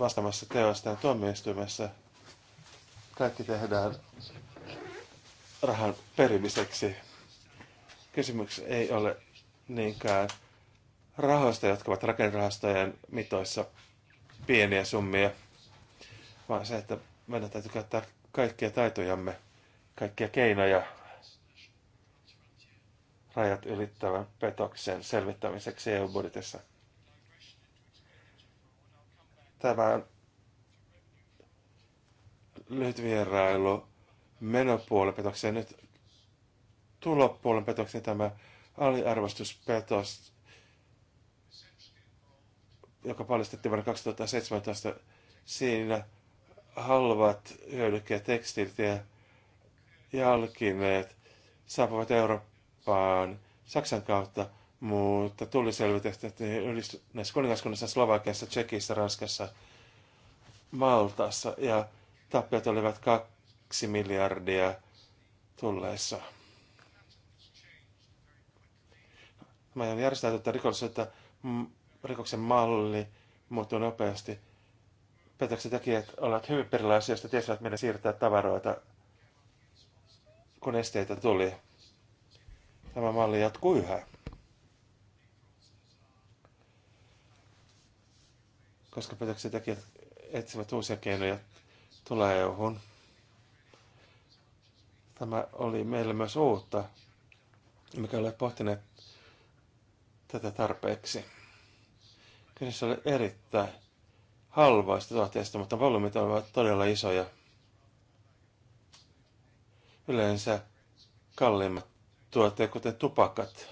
vastaamassa ja tuomioistuimessa. Kaikki tehdään rahan perimiseksi. Kysymys ei ole niinkään rahoista, jotka ovat rakennerahastojen mitoissa pieniä summia, vaan se, että meidän täytyy käyttää kaikkia taitojamme, kaikkia keinoja rajat ylittävän petoksen selvittämiseksi EU-budjetissa. Tämä lyhyt vierailu menopuolen petokseen. Nyt tulopuolen petoksen tämä aliarvostuspetos, joka paljastettiin vuonna 2017. Siinä halvat hyödykkeet, tekstit ja jalkineet saapuvat Eurooppaan Saksan kautta – mutta tuli selvitetty, että näissä kuningaskunnissa, Slovakiassa, Tsekissä, Ranskassa, Maltassa ja tappiot olivat kaksi miljardia tulleessa. Mä on järjestäytynyt rikollisuutta, rikoksen malli muuttuu nopeasti. takia, että olet hyvin perillä asioista, tiesivät miten siirtää tavaroita, kun esteitä tuli. Tämä malli jatkuu yhä. koska petoksen tekijät etsivät uusia keinoja tulla EUhun. Tämä oli meille myös uutta, mikä oli pohtineet tätä tarpeeksi. Kyseessä oli erittäin halvaista tuotteista, mutta volyymit ovat todella isoja. Yleensä kalliimmat tuotteet, kuten tupakat,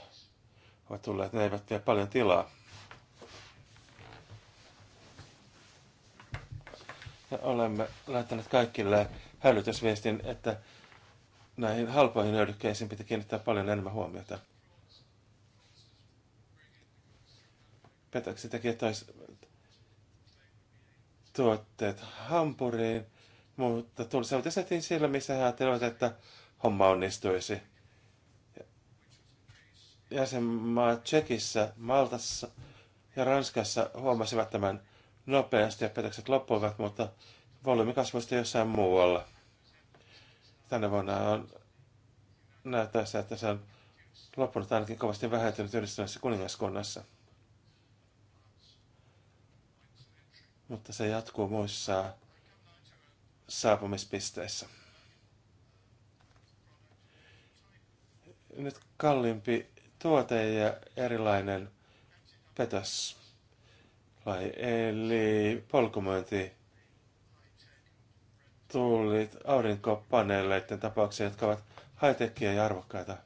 ovat tulleet, ne eivät vie paljon tilaa. Ja olemme laittaneet kaikille hälytysviestin, että näihin halpoihin hyödykkeisiin pitää kiinnittää paljon enemmän huomiota. Petoksen tekijät tuotteet hampuriin, mutta tulisivat esiin sillä, missä he ajattelevat, että homma onnistuisi. Jäsenmaa Tsekissä, Maltassa ja Ranskassa huomasivat tämän nopeasti ja petokset loppuivat, mutta volyymi kasvoi sitten jossain muualla. Tänä vuonna on näyttää se, että se on loppunut ainakin kovasti vähentynyt yhdistyneessä kuningaskunnassa. Mutta se jatkuu muissa saapumispisteissä. Nyt kalliimpi tuote ja erilainen petos vai eli polkumyynti tuulit aurinkopaneeleiden tapauksia, jotka ovat haitekkiä ja arvokkaita.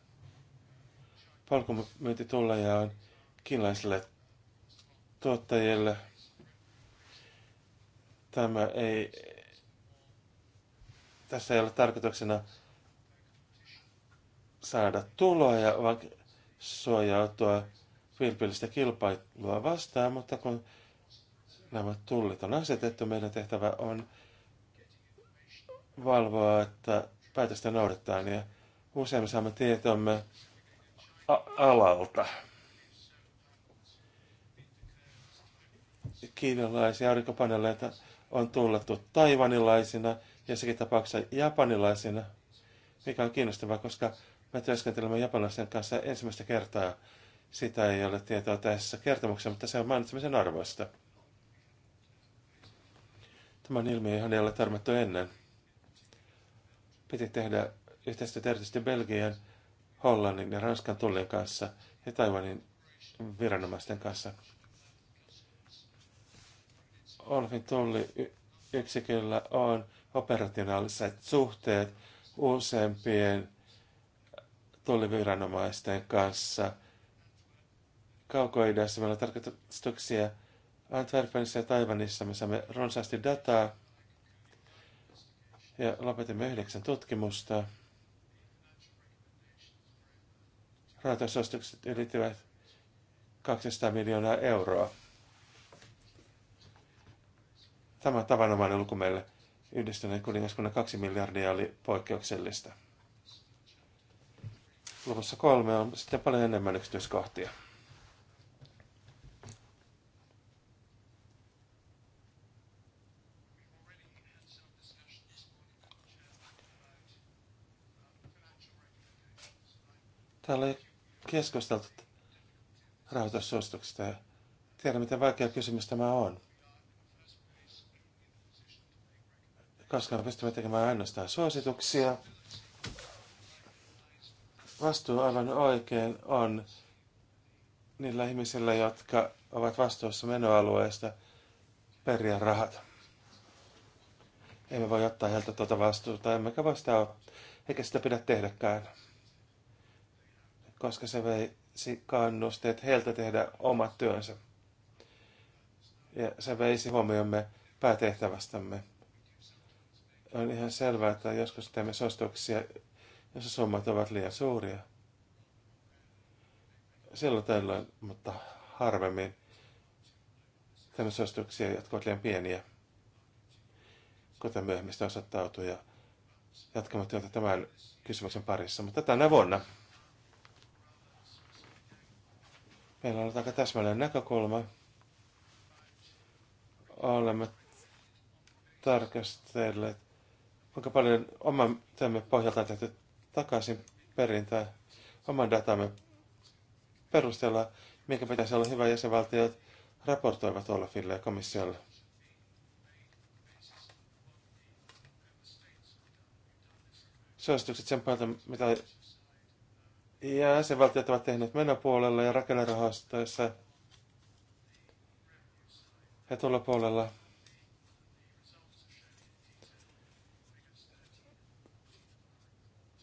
Polkumyynti tulleja on kiinalaisille tuottajille. Tämä ei, tässä ei ole tarkoituksena saada tuloja, vaan suojautua vilpillistä kilpailua vastaan, mutta kun nämä tullit on asetettu. Meidän tehtävä on valvoa, että päätöstä noudattaen ja usein me saamme tietomme alalta. Kiinalaisia aurinkopaneeleita on tullettu taivanilaisina, sekin tapauksessa japanilaisina, mikä on kiinnostavaa, koska me työskentelemme japanilaisten kanssa ensimmäistä kertaa. Sitä ei ole tietoa tässä kertomuksessa, mutta se on mainitsemisen arvoista. Tämän ilmiö, johon ei ole tarmattu ennen. Piti tehdä yhteistyötä erityisesti Belgian, Hollannin ja Ranskan tullien kanssa ja Taiwanin viranomaisten kanssa. Olfin yksiköllä on operationaaliset suhteet useampien tulliviranomaisten kanssa. Kaukoidassa meillä on tarkoituksia Antwerpenissa ja Taivanissa me saamme runsaasti dataa ja lopetimme yhdeksän tutkimusta. Rahoitusostukset ylittivät 200 miljoonaa euroa. Tämä tavanomainen luku meille yhdistyneen kuningaskunnan 2 miljardia oli poikkeuksellista. Luvussa kolme on sitten paljon enemmän yksityiskohtia. Täällä ei keskusteltu rahoitussuosituksista ja tiedän, miten vaikea kysymys tämä on. Koska me pystymme tekemään ainoastaan suosituksia. Vastuu aivan oikein on niillä ihmisillä, jotka ovat vastuussa menoalueesta periä rahat. Emme voi ottaa heiltä tuota vastuuta, emmekä voi sitä, eikä sitä pidä tehdäkään koska se veisi kannusteet heiltä tehdä omat työnsä. Ja se veisi huomiomme päätehtävästämme. On ihan selvää, että joskus teemme sostuksia, jos summat ovat liian suuria. Silloin tällöin, mutta harvemmin teemme sostuksia, jotka ovat liian pieniä, kuten myöhemmin osoittautui. Ja jatkamme työtä tämän kysymyksen parissa, mutta tänä vuonna Meillä on aika täsmällinen näkökulma. Olemme tarkastelleet, kuinka paljon oman työmme pohjalta on tehty takaisin perintää oman datamme perusteella, minkä pitäisi olla hyvä jäsenvaltiot raportoivat Olafille ja komissiolle. Suositukset sen pohjalta, mitä ja jäsenvaltiot ovat tehneet menopuolella ja rakennerahastoissa ja tuolla puolella.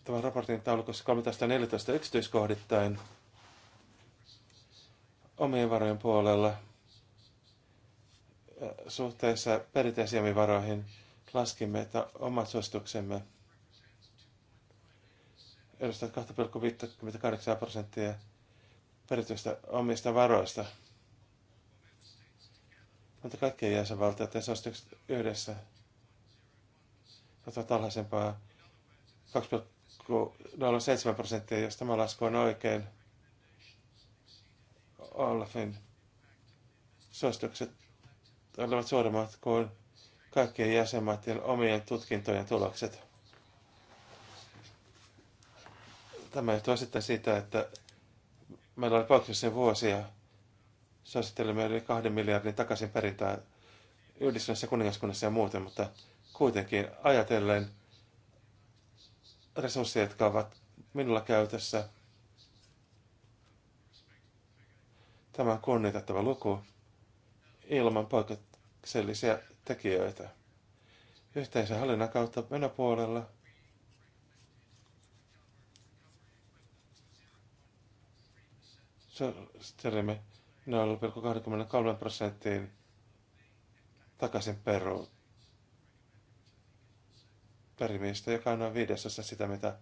Tämä raportin taulukossa 13.14 yksityiskohdittain omien varojen puolella suhteessa perinteisiin varoihin laskimme, että omat suosituksemme – edustavat 2,58 prosenttia perityistä omista varoista. Mutta kaikkien jäsenvaltioiden suositukset yhdessä ovat alhaisempaa 2,07 prosenttia, jos tämä lasku on oikein. Olafin suositukset olivat suuremmat kuin kaikkien jäsenmaiden omien tutkintojen tulokset. Tämä johtuu sitten siitä, että meillä oli poikkeuksellisia vuosia. Suosittelemme yli kahden miljardin takaisin perintään Yhdistyneessä kuningaskunnassa ja muuten, mutta kuitenkin ajatellen resursseja, jotka ovat minulla käytössä, tämä on kunnioitettava luku ilman poikkeuksellisia tekijöitä. Yhteisen hallinnan kautta menopuolella – sterimme 0,23 prosenttiin takaisin peru perimistä, joka on noin viidesosa sitä, mitä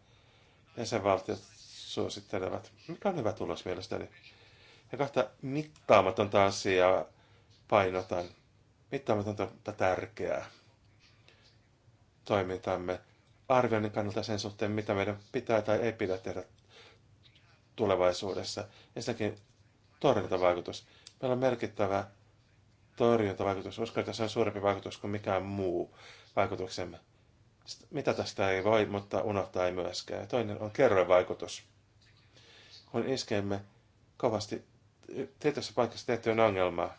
jäsenvaltiot suosittelevat. Mikä on hyvä tulos mielestäni? Ja kahta mittaamatonta asiaa painotan. Mittaamatonta tärkeää toimintamme arvioinnin kannalta sen suhteen, mitä meidän pitää tai ei pidä tehdä tulevaisuudessa. Ensinnäkin torjuntavaikutus. Meillä on merkittävä torjuntavaikutus. Uskon, että se on suurempi vaikutus kuin mikään muu vaikutuksemme. Mitä tästä ei voi, mutta unohtaa ei myöskään. Toinen on kerroinvaikutus. Kun iskemme kovasti tietyssä paikassa tiettyyn ongelmaan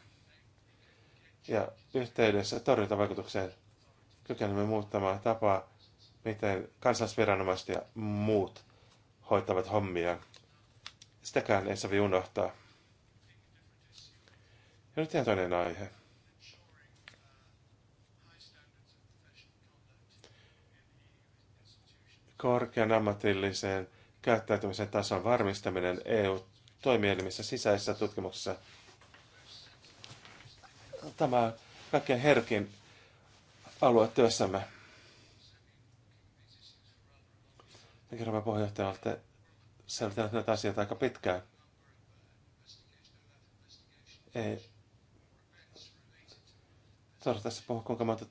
ja yhteydessä torjuntavaikutukseen kykenemme muuttamaan tapaa, miten kansallisviranomaiset ja muut hoitavat hommia. Sitäkään ei sovi unohtaa. Ja nyt ihan toinen aihe. Korkean ammatillisen käyttäytymisen tason varmistaminen EU-toimielimissä sisäisessä tutkimuksessa. Tämä on kaikkein herkin alue työssämme. Me puheenjohtajalle, että selvittänyt näitä asioita aika pitkään. Ei. Tarvitse tässä puhua, kuinka monta,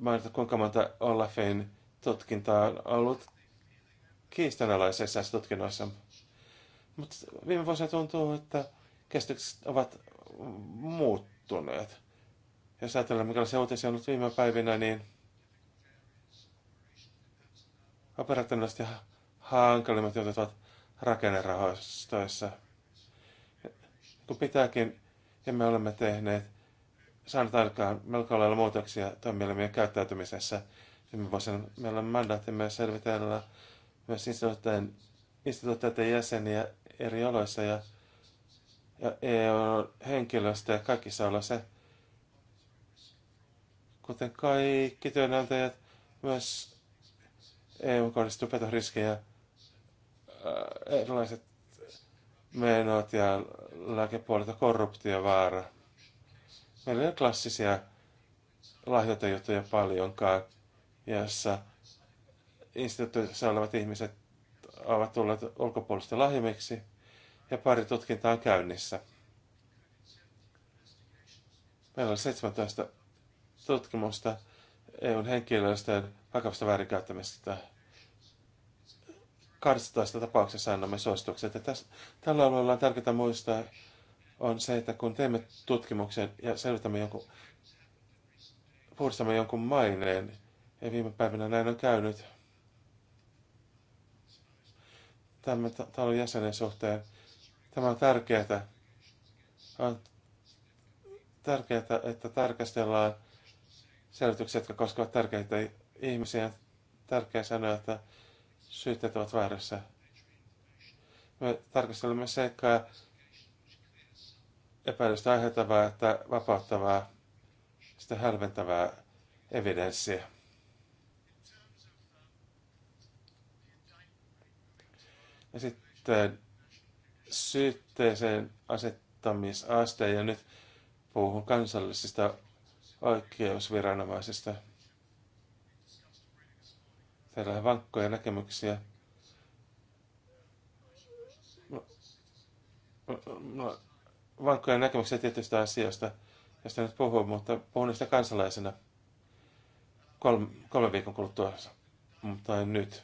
mainita, kuinka monta Olafin tutkintaa on ollut kiistanalaisessa tutkinnoissa. Mutta viime vuosina tuntuu, että kestykset ovat muuttuneet. Jos ajatellaan, minkälaisia uutisia on ollut viime päivinä, niin operationaalisesti hankalimmat ovat rakennerahoistoissa. Kun pitääkin, ja me olemme tehneet, saaneet aikaan melko lailla muutoksia toimielimien käyttäytymisessä. Me voisin, meillä on myös selvitellä myös instituutioiden, instituutioiden jäseniä eri oloissa ja, ja EU-henkilöstöä kaikissa oloissa. Kuten kaikki työnantajat, myös EU kohdistuu petoriskejä Äh, erilaiset menot ja korruptio vaara. Meillä on klassisia lahjoitajuttuja paljonkaan, jossa instituutiossa olevat ihmiset ovat tulleet ulkopuolisten lahjimiksi ja pari tutkintaa on käynnissä. Meillä on 17 tutkimusta EUn henkilöstön vakavasta väärinkäyttämisestä 12 tapauksessa annamme suositukset. Ja tässä, tällä alueella on tärkeää muistaa, on se, että kun teemme tutkimuksen ja selvitämme jonkun, puhdistamme jonkun maineen, ja viime päivinä näin on käynyt tämän talon jäsenen suhteen, tämä on tärkeää. On tärkeää, että tarkastellaan selvitykset, jotka koskevat tärkeitä ihmisiä. tärkeää sanoa, että syytteet ovat väärässä. Me tarkastelemme sekä epäilystä aiheuttavaa että vapauttavaa, sitä hälventävää evidenssiä. Ja sitten syytteeseen asettamisaste, ja nyt puhun kansallisista oikeusviranomaisista – Täällä on vankkoja näkemyksiä. No, no, no, vankkoja näkemyksiä tietystä asiasta, josta nyt puhun, mutta puhun niistä kansalaisena kolme, kolme viikon kuluttua tai nyt.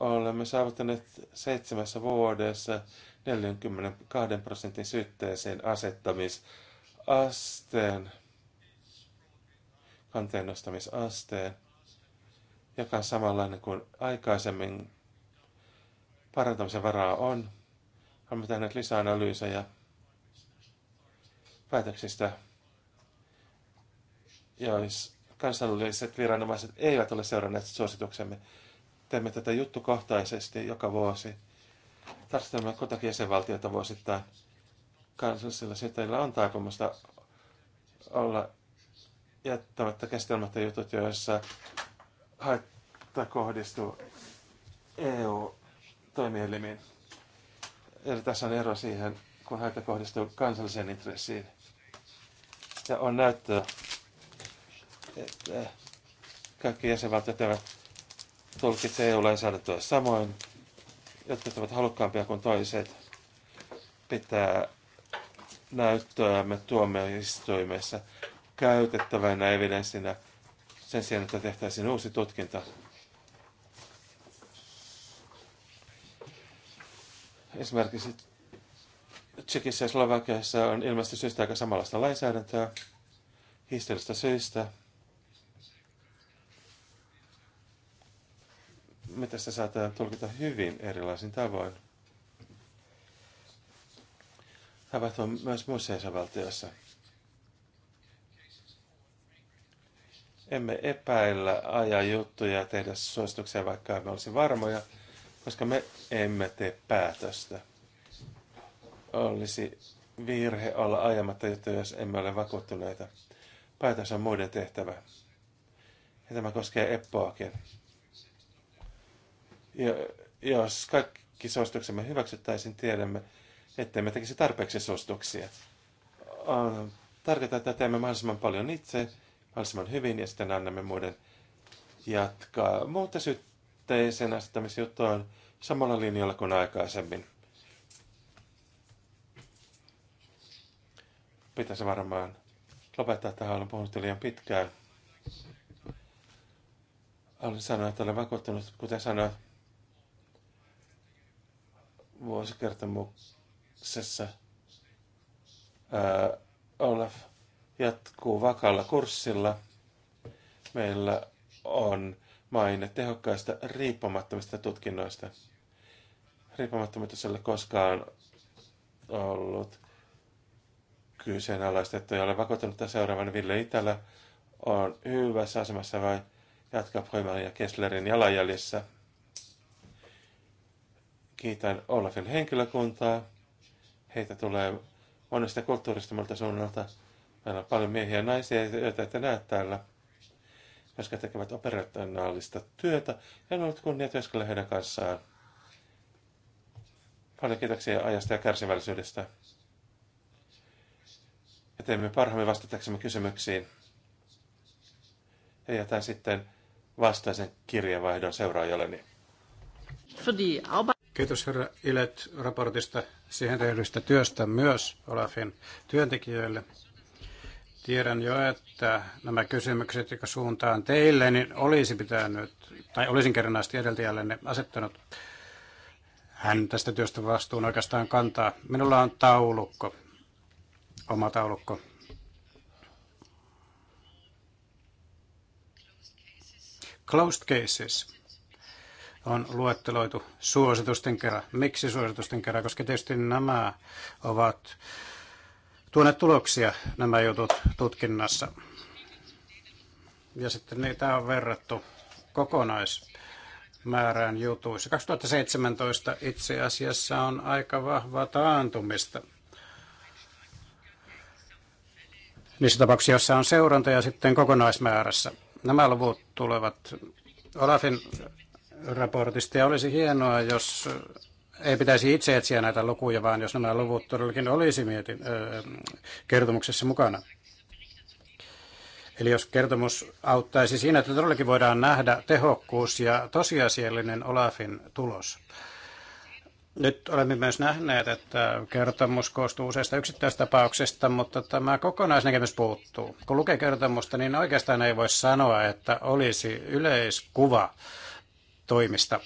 Olemme saavuttaneet seitsemässä vuodessa 42 prosentin syytteeseen asettamisasteen, kanteen nostamisasteen joka on samanlainen kuin aikaisemmin. Parantamisen varaa on. Haluamme tehdä lisää analyysejä päätöksistä, jos kansalliset viranomaiset eivät ole seuranneet suosituksemme. Teemme tätä juttukohtaisesti joka vuosi. Tarkastelemme kotakin jäsenvaltiota vuosittain. Kansallisilla sijoittajilla on taipumusta olla jättämättä kestelmättä jutut, joissa haitta kohdistuu EU-toimielimiin. Eli tässä on ero siihen, kun haitta kohdistuu kansalliseen intressiin. Ja on näyttöä, että kaikki jäsenvaltiot eivät tulkitse EU-lainsäädäntöä samoin. Jotkut ovat halukkaampia kuin toiset. Pitää näyttöämme tuomioistuimessa käytettävänä evidenssinä sen sijaan, että tehtäisiin uusi tutkinta. Esimerkiksi Tsekissä ja Slovakiassa on ilmeisesti syystä aika samanlaista lainsäädäntöä, historiallista syistä. Me tästä saattaa tulkita hyvin erilaisin tavoin. on myös muissa isävaltioissa. emme epäillä ajaa juttuja ja tehdä suosituksia, vaikka emme olisi varmoja, koska me emme tee päätöstä. Olisi virhe olla ajamatta juttuja, jos emme ole vakuuttuneita. Päätös on muiden tehtävä. Ja tämä koskee Eppoakin. Ja jos kaikki suosituksemme hyväksyttäisiin, tiedämme, ettei me tekisi tarpeeksi suosituksia. On tärkeää, että teemme mahdollisimman paljon itse mahdollisimman hyvin ja sitten annamme muiden jatkaa muuta sytteisen asettamisjuttu on samalla linjalla kuin aikaisemmin. Pitäisi varmaan lopettaa tähän, olen puhunut liian pitkään. Olen sanoa, että olen vakuuttunut, kuten sanoin, vuosikertomuksessa ää, Olaf jatkuu vakaalla kurssilla. Meillä on maine tehokkaista riippumattomista tutkinnoista. Riippumattomuutta ei ole koskaan ollut kyseenalaistettu ja olen vakuuttunut, että seuraavan Ville Itälä on hyvässä asemassa vai jatkaa Poimalin ja Kesslerin jalanjäljessä. Kiitän Olafin henkilökuntaa. Heitä tulee monesta kulttuurista suunnalta Meillä on paljon miehiä ja naisia, joita ette näe täällä, jotka tekevät operationaalista työtä. Ja on ollut kunnia työskellä heidän kanssaan. Paljon kiitoksia ajasta ja kärsivällisyydestä. Ja teemme parhaamme vastataksemme kysymyksiin. Ja jätän sitten vastaisen kirjeenvaihdon seuraajalleni. Kiitos herra Ilet raportista siihen tehdystä työstä myös Olafin työntekijöille. Tiedän jo, että nämä kysymykset, jotka suuntaan teille, niin olisi pitänyt, tai olisin edeltäjälle ne asettanut hän tästä työstä vastuun oikeastaan kantaa. Minulla on taulukko, oma taulukko. Closed cases on luetteloitu suositusten kerran. Miksi suositusten kerran? Koska tietysti nämä ovat tuoneet tuloksia nämä jutut tutkinnassa. Ja sitten niitä on verrattu kokonaismäärään jutuissa. 2017 itse asiassa on aika vahvaa taantumista. Niissä tapauksissa, joissa on seuranta ja sitten kokonaismäärässä. Nämä luvut tulevat Olafin raportista ja olisi hienoa, jos ei pitäisi itse etsiä näitä lukuja, vaan jos nämä luvut todellakin olisi mietin, ö, kertomuksessa mukana. Eli jos kertomus auttaisi siinä, että todellakin voidaan nähdä tehokkuus ja tosiasiallinen Olafin tulos. Nyt olemme myös nähneet, että kertomus koostuu useista yksittäistapauksista, mutta tämä kokonaisnäkemys puuttuu. Kun lukee kertomusta, niin oikeastaan ei voi sanoa, että olisi yleiskuva toimista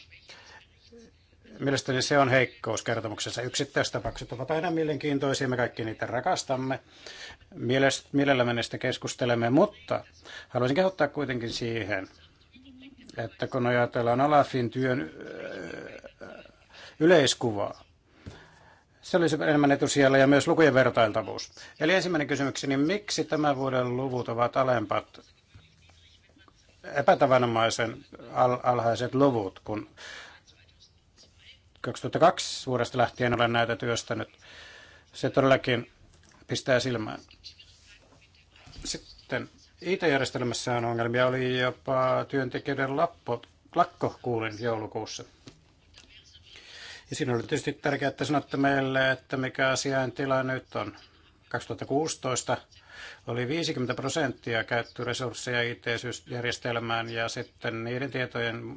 Mielestäni se on heikkous kertomuksessa. Yksittäistapaukset ovat aina mielenkiintoisia, me kaikki niitä rakastamme. Mielellämme niistä keskustelemme, mutta haluaisin kehottaa kuitenkin siihen, että kun ajatellaan Alafin työn yleiskuvaa, se olisi enemmän etusijalla ja myös lukujen vertailtavuus. Eli ensimmäinen kysymykseni, niin miksi tämän vuoden luvut ovat alempat epätavanomaisen al- alhaiset luvut, kun 2002 vuodesta lähtien olen näitä työstänyt. Se todellakin pistää silmään. Sitten IT-järjestelmässä on ongelmia. Oli jopa työntekijöiden lappo, lakko kuulin joulukuussa. Ja siinä oli tietysti tärkeää, että sanotte meille, että mikä asiaintila nyt on. 2016 oli 50 prosenttia käytetty resursseja IT-järjestelmään ja sitten niiden tietojen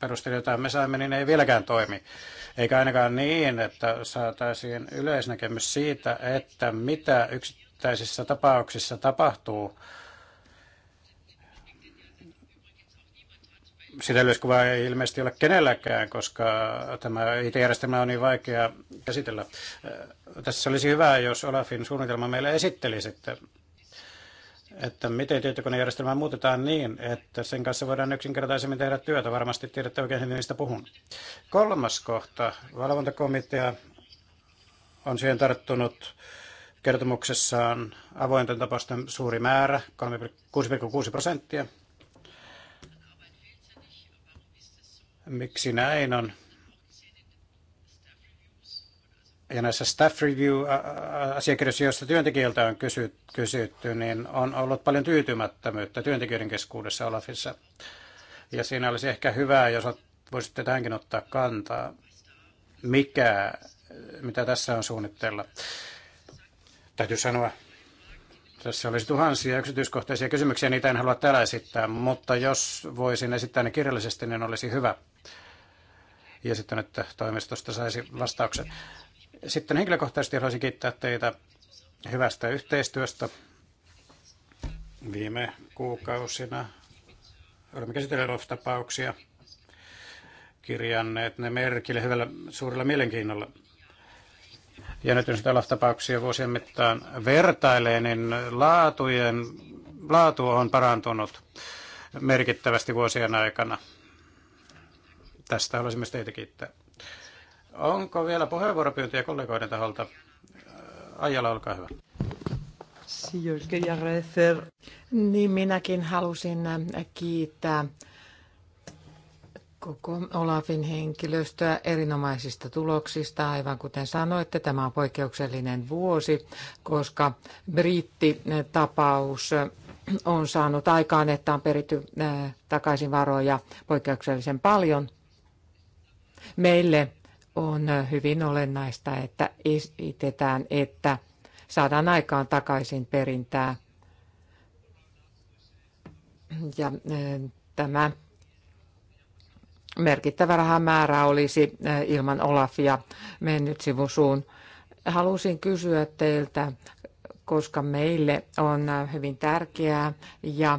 perusteella, joita me saimme, niin ei vieläkään toimi. Eikä ainakaan niin, että saataisiin yleisnäkemys siitä, että mitä yksittäisissä tapauksissa tapahtuu sitä yleiskuvaa ei ilmeisesti ole kenelläkään, koska tämä IT-järjestelmä on niin vaikea käsitellä. Tässä olisi hyvä, jos Olafin suunnitelma meille esittelisitte että miten tietokonejärjestelmää muutetaan niin, että sen kanssa voidaan yksinkertaisemmin tehdä työtä. Varmasti tiedätte oikein hyvin, mistä puhun. Kolmas kohta. Valvontakomitea on siihen tarttunut kertomuksessaan avointen tapausten suuri määrä, 6,6 prosenttia. Miksi näin on? ja näissä staff review-asiakirjoissa, joista työntekijöiltä on kysytty, niin on ollut paljon tyytymättömyyttä työntekijöiden keskuudessa Olafissa. Ja siinä olisi ehkä hyvä, jos voisitte tähänkin ottaa kantaa, mikä, mitä tässä on suunnitteilla. Täytyy sanoa, tässä olisi tuhansia yksityiskohtaisia kysymyksiä, niitä en halua täällä esittää, mutta jos voisin esittää ne kirjallisesti, niin olisi hyvä. Ja sitten, että toimistosta saisi vastauksen. Sitten henkilökohtaisesti haluaisin kiittää teitä hyvästä yhteistyöstä viime kuukausina. Olemme käsitelleet tapauksia kirjanneet ne merkille hyvällä suurella mielenkiinnolla. Ja nyt jos tapauksia vuosien mittaan vertailee, niin laatujen, laatu on parantunut merkittävästi vuosien aikana. Tästä haluaisin myös teitä kiittää. Onko vielä puheenvuoropyyntöjä kollegoiden taholta? Äh, Ajala, olkaa hyvä. Niin minäkin halusin äh, kiittää koko Olafin henkilöstöä erinomaisista tuloksista. Aivan kuten sanoitte, tämä on poikkeuksellinen vuosi, koska brittitapaus äh, on saanut aikaan, että on peritty takaisin varoja poikkeuksellisen paljon. Meille on hyvin olennaista, että esitetään, että saadaan aikaan takaisin perintää. Ja tämä merkittävä rahamäärä olisi ilman Olafia mennyt sivusuun. Halusin kysyä teiltä, koska meille on hyvin tärkeää ja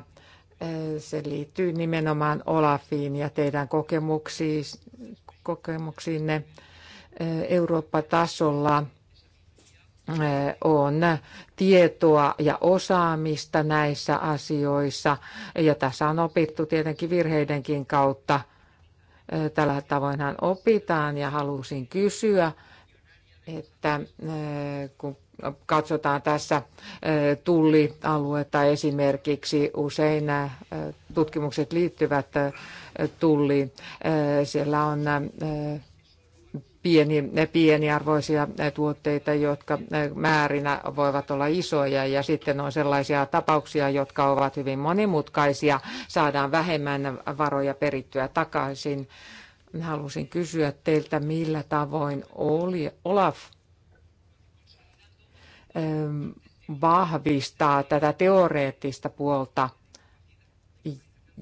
se liittyy nimenomaan Olafiin ja teidän kokemuksiinne Eurooppa-tasolla eh, on tietoa ja osaamista näissä asioissa. Ja tässä on opittu tietenkin virheidenkin kautta. Eh, tällä tavoinhan opitaan ja halusin kysyä, että eh, kun katsotaan tässä tullialuetta esimerkiksi, usein tutkimukset liittyvät tulliin. Siellä on pieni, pieniarvoisia tuotteita, jotka määrinä voivat olla isoja ja sitten on sellaisia tapauksia, jotka ovat hyvin monimutkaisia, saadaan vähemmän varoja perittyä takaisin. Haluaisin kysyä teiltä, millä tavoin oli Olaf ähm, vahvistaa tätä teoreettista puolta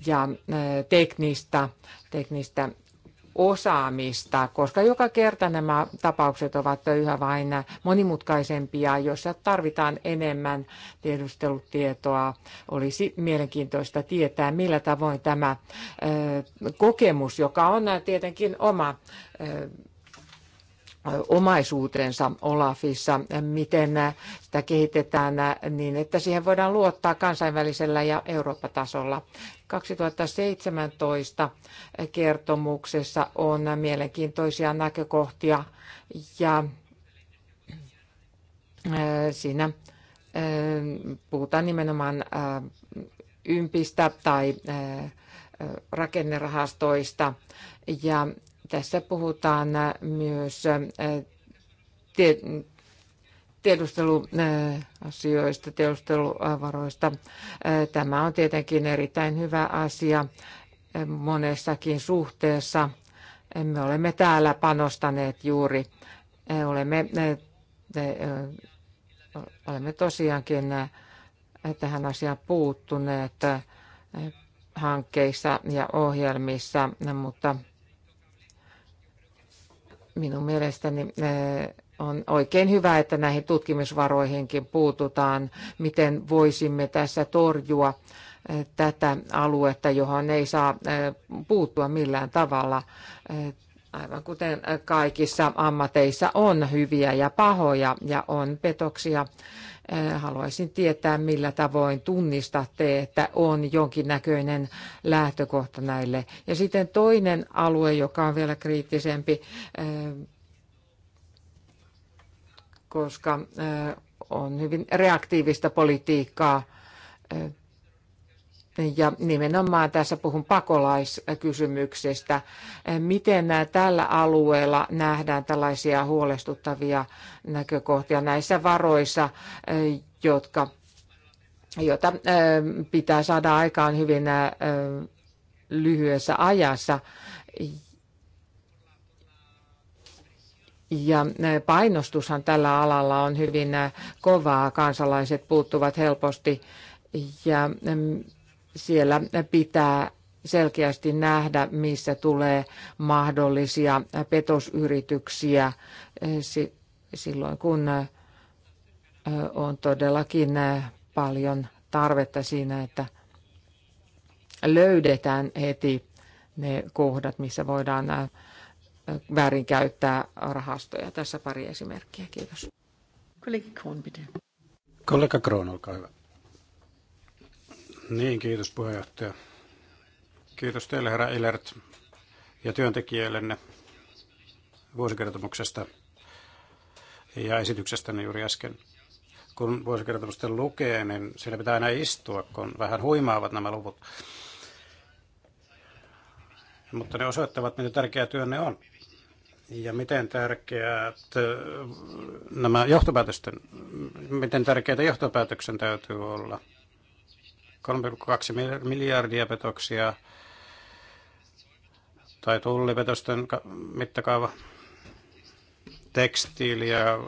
ja äh, teknistä, teknistä osaamista, koska joka kerta nämä tapaukset ovat yhä vain monimutkaisempia, joissa tarvitaan enemmän tiedustelutietoa. Olisi mielenkiintoista tietää, millä tavoin tämä kokemus, joka on tietenkin oma omaisuutensa Olafissa, miten sitä kehitetään niin, että siihen voidaan luottaa kansainvälisellä ja Eurooppa-tasolla. 2017 kertomuksessa on mielenkiintoisia näkökohtia ja äh, siinä äh, puhutaan nimenomaan äh, ympistä tai rakennerahastoista ja tässä puhutaan äh, myös äh, tiedusteluasioista, äh, tiedusteluvaroista. Tämä on tietenkin erittäin hyvä asia monessakin suhteessa. Me olemme täällä panostaneet juuri. Olemme, olemme tosiaankin tähän asiaan puuttuneet hankkeissa ja ohjelmissa, mutta minun mielestäni on oikein hyvä, että näihin tutkimusvaroihinkin puututaan, miten voisimme tässä torjua tätä aluetta, johon ei saa puuttua millään tavalla. Aivan kuten kaikissa ammateissa on hyviä ja pahoja ja on petoksia Äh, haluaisin tietää, millä tavoin tunnistatte, että on jonkinnäköinen lähtökohta näille. Ja sitten toinen alue, joka on vielä kriittisempi, äh, koska äh, on hyvin reaktiivista politiikkaa ja nimenomaan tässä puhun pakolaiskysymyksestä. Miten tällä alueella nähdään tällaisia huolestuttavia näkökohtia näissä varoissa, jotka, jota pitää saada aikaan hyvin lyhyessä ajassa. Ja painostushan tällä alalla on hyvin kovaa. Kansalaiset puuttuvat helposti ja siellä pitää selkeästi nähdä, missä tulee mahdollisia petosyrityksiä eh, silloin, kun eh, on todellakin eh, paljon tarvetta siinä, että löydetään heti ne kohdat, missä voidaan väärinkäyttää rahastoja. Tässä pari esimerkkiä. Kiitos. Kollega Kroon, olkaa hyvä. Niin, kiitos puheenjohtaja. Kiitos teille, herra Ilert, ja työntekijöillenne vuosikertomuksesta ja esityksestäni juuri äsken. Kun vuosikertomusten lukee, niin siellä pitää aina istua, kun vähän huimaavat nämä luvut. Mutta ne osoittavat, miten tärkeä työnne on ja miten tärkeät äh, nämä johtopäätösten, miten tärkeitä johtopäätöksen täytyy olla – 3,2 miljardia petoksia tai tullipetosten mittakaava, ja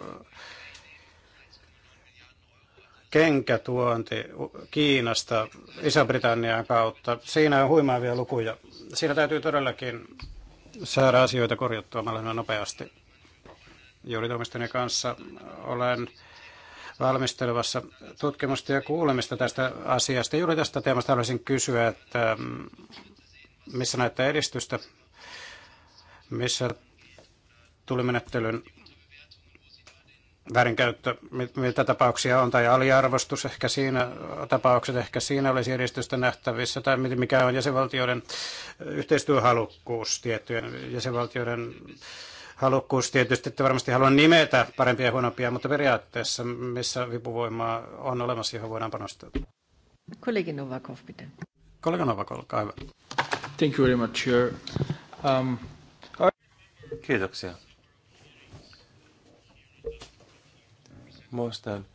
kenkätuonti Kiinasta Iso-Britannian kautta. Siinä on huimaavia lukuja. Siinä täytyy todellakin saada asioita korjattua mahdollisimman nopeasti. Juuri kanssa olen valmistelevassa tutkimusta ja kuulemista tästä asiasta. Juuri tästä teemasta haluaisin kysyä, että mm, missä näitä edistystä, missä tulimenettelyn väärinkäyttö, mitä tapauksia on, tai aliarvostus ehkä siinä, tapaukset ehkä siinä olisi edistystä nähtävissä, tai mikä on jäsenvaltioiden yhteistyöhalukkuus tiettyjen jäsenvaltioiden halukkuus tietysti, että varmasti haluan nimetä parempia ja huonompia, mutta periaatteessa missä vipuvoimaa on olemassa, johon voidaan panostaa. Kollegi Novakov, bitte. Kollega Novakov, olkaa hyvä. Thank you very much, sir. Um, I... Kiitoksia. Muistan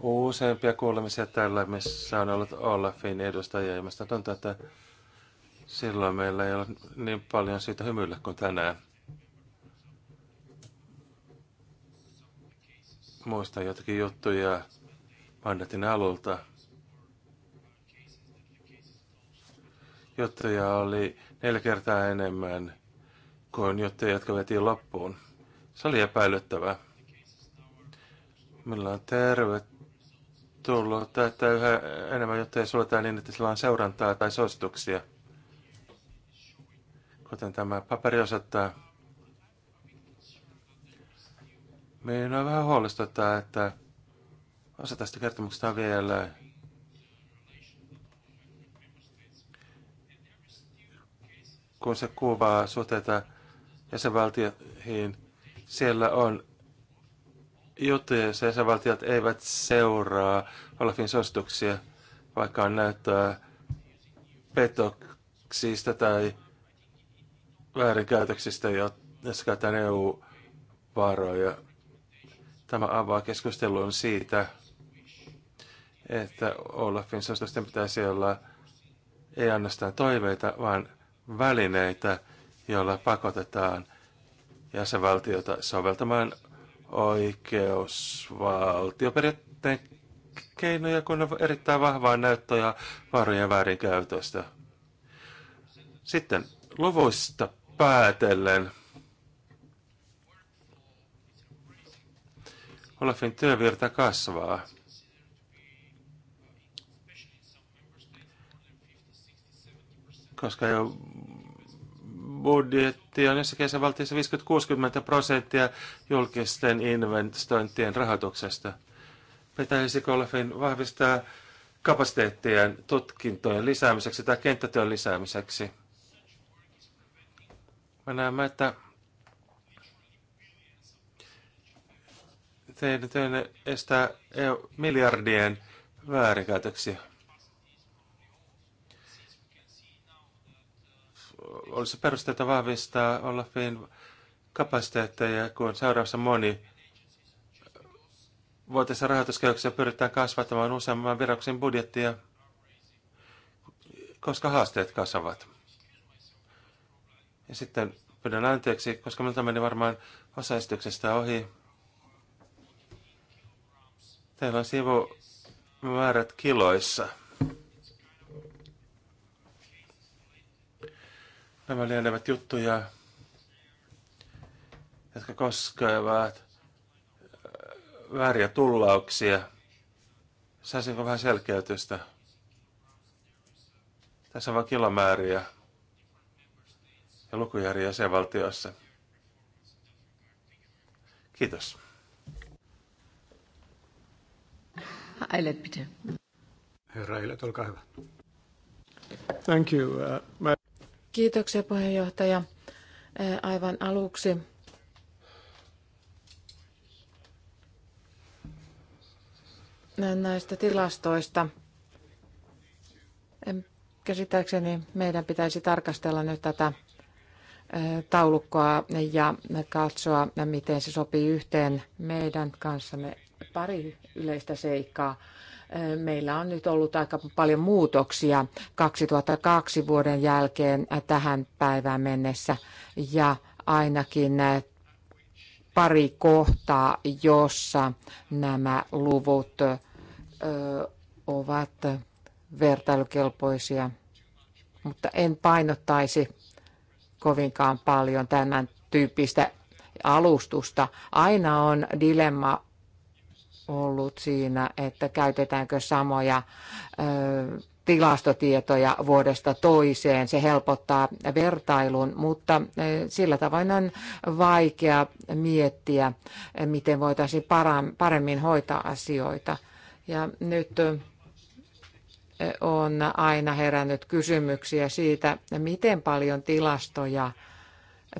useampia kuulemisia täällä, missä on ollut Olafin edustajia, ja mä tuntuu, että silloin meillä ei ole niin paljon siitä hymyillä kuin tänään. muistan jotakin juttuja mandatin alulta. Juttuja oli neljä kertaa enemmän kuin juttuja, jotka vetiin loppuun. Se oli epäilyttävää. Meillä on tervetullut, että yhä enemmän juttuja suljetaan niin, että sillä on seurantaa tai suosituksia. Kuten tämä paperi osoittaa, Meidän on vähän huolestuttaa, että osa tästä kertomuksesta on vielä kun se kuvaa suhteita jäsenvaltioihin, siellä on juttuja, joissa jäsenvaltiot eivät seuraa Olafin suosituksia, vaikka on näyttää petoksista tai väärinkäytöksistä, joissa käytetään EU-varoja. Tämä avaa keskustelun siitä, että Olafin suositusten pitäisi olla ei ainoastaan toiveita, vaan välineitä, joilla pakotetaan jäsenvaltiota soveltamaan oikeusvaltioperiaatteen keinoja, kun on erittäin vahvaa näyttöä varojen väärinkäytöstä. Sitten luvuista päätellen – Olafin työvirta kasvaa. Koska jo budjetti on jossakin valtiossa 50-60 prosenttia julkisten investointien rahoituksesta. Pitäisikö Olafin vahvistaa kapasiteettien tutkintojen lisäämiseksi tai kenttätyön lisäämiseksi? Me näemme, että teidän tänne estää miljardien väärinkäytöksiä. Olisi perusteita vahvistaa Olafin kapasiteetteja, kun seuraavassa moni vuotessa rahoituskehyksessä pyritään kasvattamaan useamman viroksen budjettia, koska haasteet kasvavat. Ja sitten pyydän anteeksi, koska minulta meni varmaan osaistyksestä ohi. Teillä on siivomäärät kiloissa. Nämä lienevät juttuja, jotka koskevat äh, vääriä tullauksia. Saisinko vähän selkeytystä? Tässä on vain kilomääriä ja lukujärjestelmä valtiossa. Kiitos. Eilert, bitte. Herra Eilert, olkaa hyvä. Thank you. Uh, my... Kiitoksia puheenjohtaja. Eh, aivan aluksi näistä tilastoista. Käsittääkseni meidän pitäisi tarkastella nyt tätä eh, taulukkoa ja katsoa, miten se sopii yhteen meidän kanssamme. Pari yleistä seikkaa. Meillä on nyt ollut aika paljon muutoksia 2002 vuoden jälkeen tähän päivään mennessä ja ainakin pari kohtaa, jossa nämä luvut ovat vertailukelpoisia, mutta en painottaisi kovinkaan paljon tämän tyyppistä alustusta. Aina on dilemma ollut siinä, että käytetäänkö samoja tilastotietoja vuodesta toiseen. Se helpottaa vertailun, mutta sillä tavoin on vaikea miettiä, miten voitaisiin paremmin hoitaa asioita. Ja nyt on aina herännyt kysymyksiä siitä, miten paljon tilastoja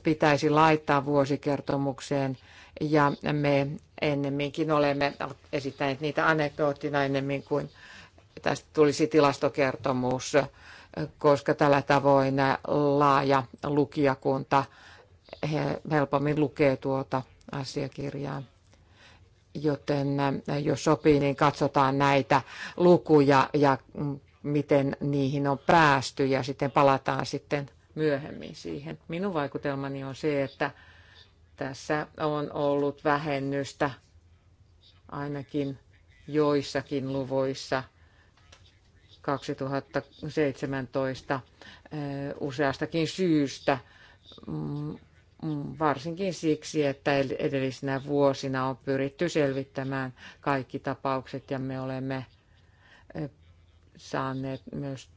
pitäisi laittaa vuosikertomukseen ja me ennemminkin olemme esittäneet niitä anekdoottina ennemmin kuin tästä tulisi tilastokertomus, koska tällä tavoin laaja lukijakunta helpommin lukee tuota asiakirjaa. Joten jos sopii, niin katsotaan näitä lukuja ja miten niihin on päästy ja sitten palataan sitten myöhemmin siihen. Minun vaikutelmani on se, että tässä on ollut vähennystä ainakin joissakin luvuissa 2017 eh, useastakin syystä, mm, mm, varsinkin siksi, että edellisinä vuosina on pyritty selvittämään kaikki tapaukset ja me olemme eh, saaneet myös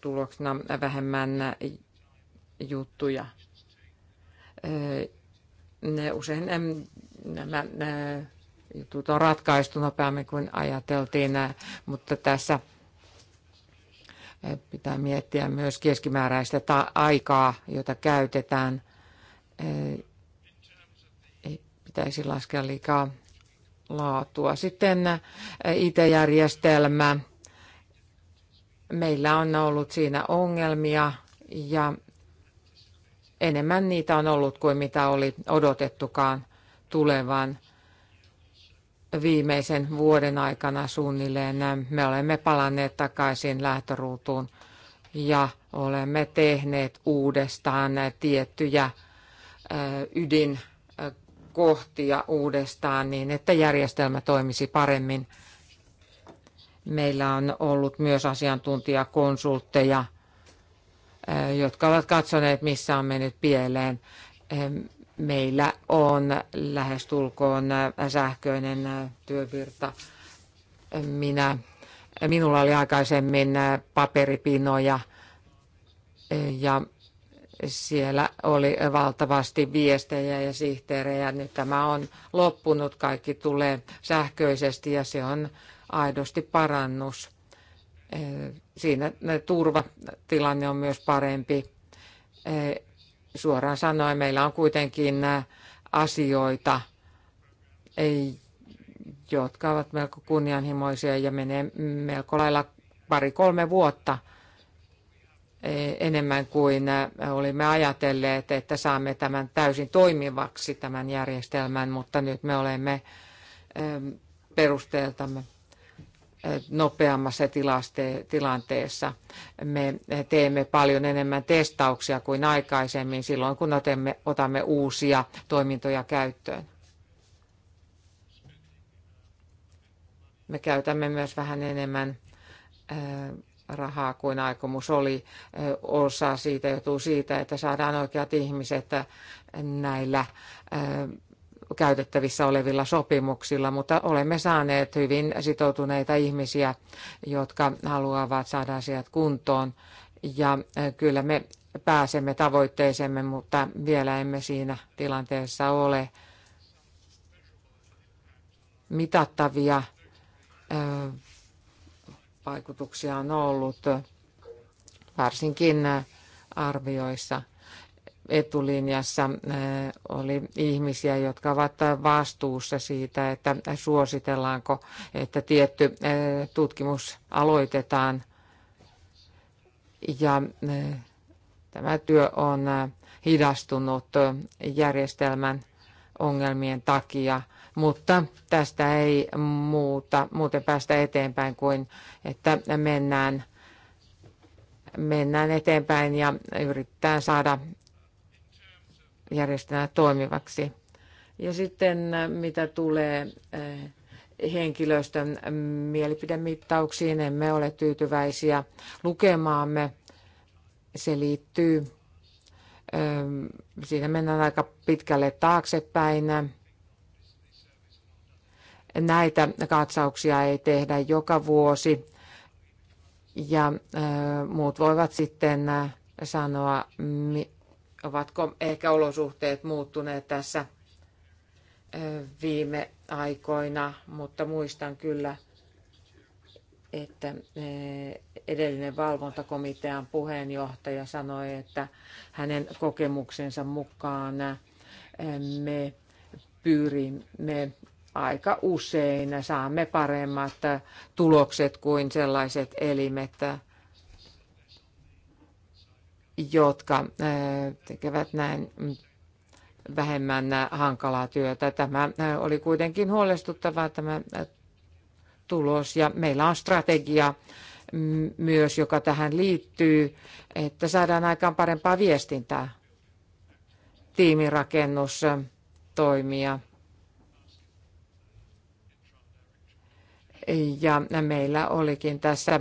tuloksena vähemmän juttuja usein nämä jutut on ratkaistu nopeammin kuin ajateltiin, mutta tässä pitää miettiä myös keskimääräistä aikaa, jota käytetään. Ei pitäisi laskea liikaa laatua. Sitten IT-järjestelmä. Meillä on ollut siinä ongelmia ja enemmän niitä on ollut kuin mitä oli odotettukaan tulevan viimeisen vuoden aikana suunnilleen. Me olemme palanneet takaisin lähtöruutuun ja olemme tehneet uudestaan tiettyjä ydinkohtia uudestaan niin, että järjestelmä toimisi paremmin. Meillä on ollut myös asiantuntijakonsultteja jotka ovat katsoneet, missä on mennyt pieleen. Meillä on lähestulkoon sähköinen työvirta. Minä, minulla oli aikaisemmin paperipinoja ja siellä oli valtavasti viestejä ja sihteerejä. Nyt tämä on loppunut, kaikki tulee sähköisesti ja se on aidosti parannus Eh, siinä eh, turvatilanne on myös parempi. Eh, suoraan sanoen meillä on kuitenkin asioita, jotka ovat melko kunnianhimoisia ja menee melko lailla pari-kolme vuotta enemmän kuin olimme ajatelleet, että saamme tämän täysin toimivaksi tämän järjestelmän, mutta nyt me olemme perusteeltamme nopeammassa tilanteessa. Me teemme paljon enemmän testauksia kuin aikaisemmin silloin, kun otemme, otamme uusia toimintoja käyttöön. Me käytämme myös vähän enemmän rahaa kuin aikomus oli. Osa siitä johtuu siitä, että saadaan oikeat ihmiset näillä käytettävissä olevilla sopimuksilla, mutta olemme saaneet hyvin sitoutuneita ihmisiä, jotka haluavat saada asiat kuntoon. Ja kyllä me pääsemme tavoitteisemme, mutta vielä emme siinä tilanteessa ole mitattavia vaikutuksia on ollut, varsinkin arvioissa – etulinjassa oli ihmisiä, jotka ovat vastuussa siitä, että suositellaanko, että tietty tutkimus aloitetaan. Ja tämä työ on hidastunut järjestelmän ongelmien takia, mutta tästä ei muuta, muuten päästä eteenpäin kuin, että mennään mennään eteenpäin ja yritetään saada järjestelmä toimivaksi. Ja sitten mitä tulee eh, henkilöstön mielipidemittauksiin, emme ole tyytyväisiä lukemaamme. Se liittyy, eh, siinä mennään aika pitkälle taaksepäin. Näitä katsauksia ei tehdä joka vuosi ja eh, muut voivat sitten sanoa, Ovatko ehkä olosuhteet muuttuneet tässä viime aikoina, mutta muistan kyllä, että edellinen valvontakomitean puheenjohtaja sanoi, että hänen kokemuksensa mukaan me pyrimme aika usein saamme paremmat tulokset kuin sellaiset elimet, jotka äh, tekevät näin vähemmän hankalaa työtä. Tämä äh, oli kuitenkin huolestuttavaa tämä äh, tulos ja meillä on strategia myös, joka tähän liittyy, että saadaan aikaan parempaa viestintää, tiimirakennus, toimia. Ja meillä olikin tässä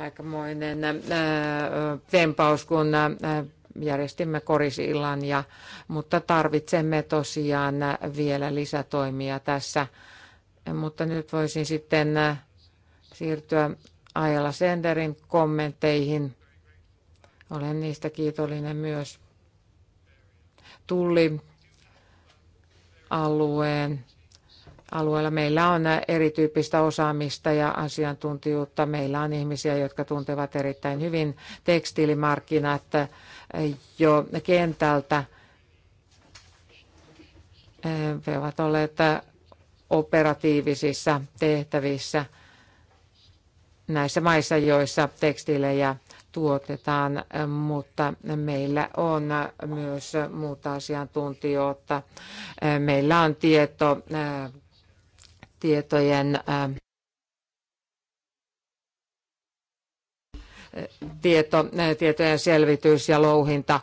aikamoinen äh, tempaus, kun äh, järjestimme korisillan, ja, mutta tarvitsemme tosiaan vielä lisätoimia tässä. Mutta nyt voisin sitten äh, siirtyä Ajala Senderin kommentteihin. Olen niistä kiitollinen myös alueen alueella. Meillä on erityyppistä osaamista ja asiantuntijuutta. Meillä on ihmisiä, jotka tuntevat erittäin hyvin tekstiilimarkkinat jo kentältä. He ovat olleet operatiivisissa tehtävissä näissä maissa, joissa tekstiilejä tuotetaan, mutta meillä on myös muuta asiantuntijoita. Meillä on tieto tietojen tieto, tietojen selvitys ja louhinta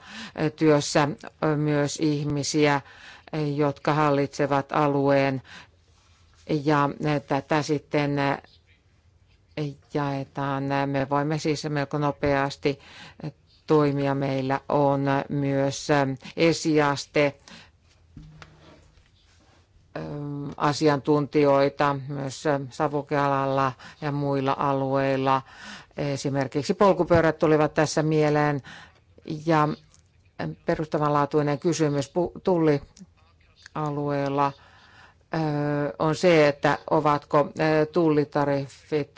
työssä myös ihmisiä, jotka hallitsevat alueen ja tätä sitten jaetaan. Me voimme siis melko nopeasti toimia. Meillä on myös esiaste asiantuntijoita myös savukealalla ja muilla alueilla. Esimerkiksi polkupyörät tulivat tässä mieleen ja perustavanlaatuinen kysymys alueella on se, että ovatko tullitariffit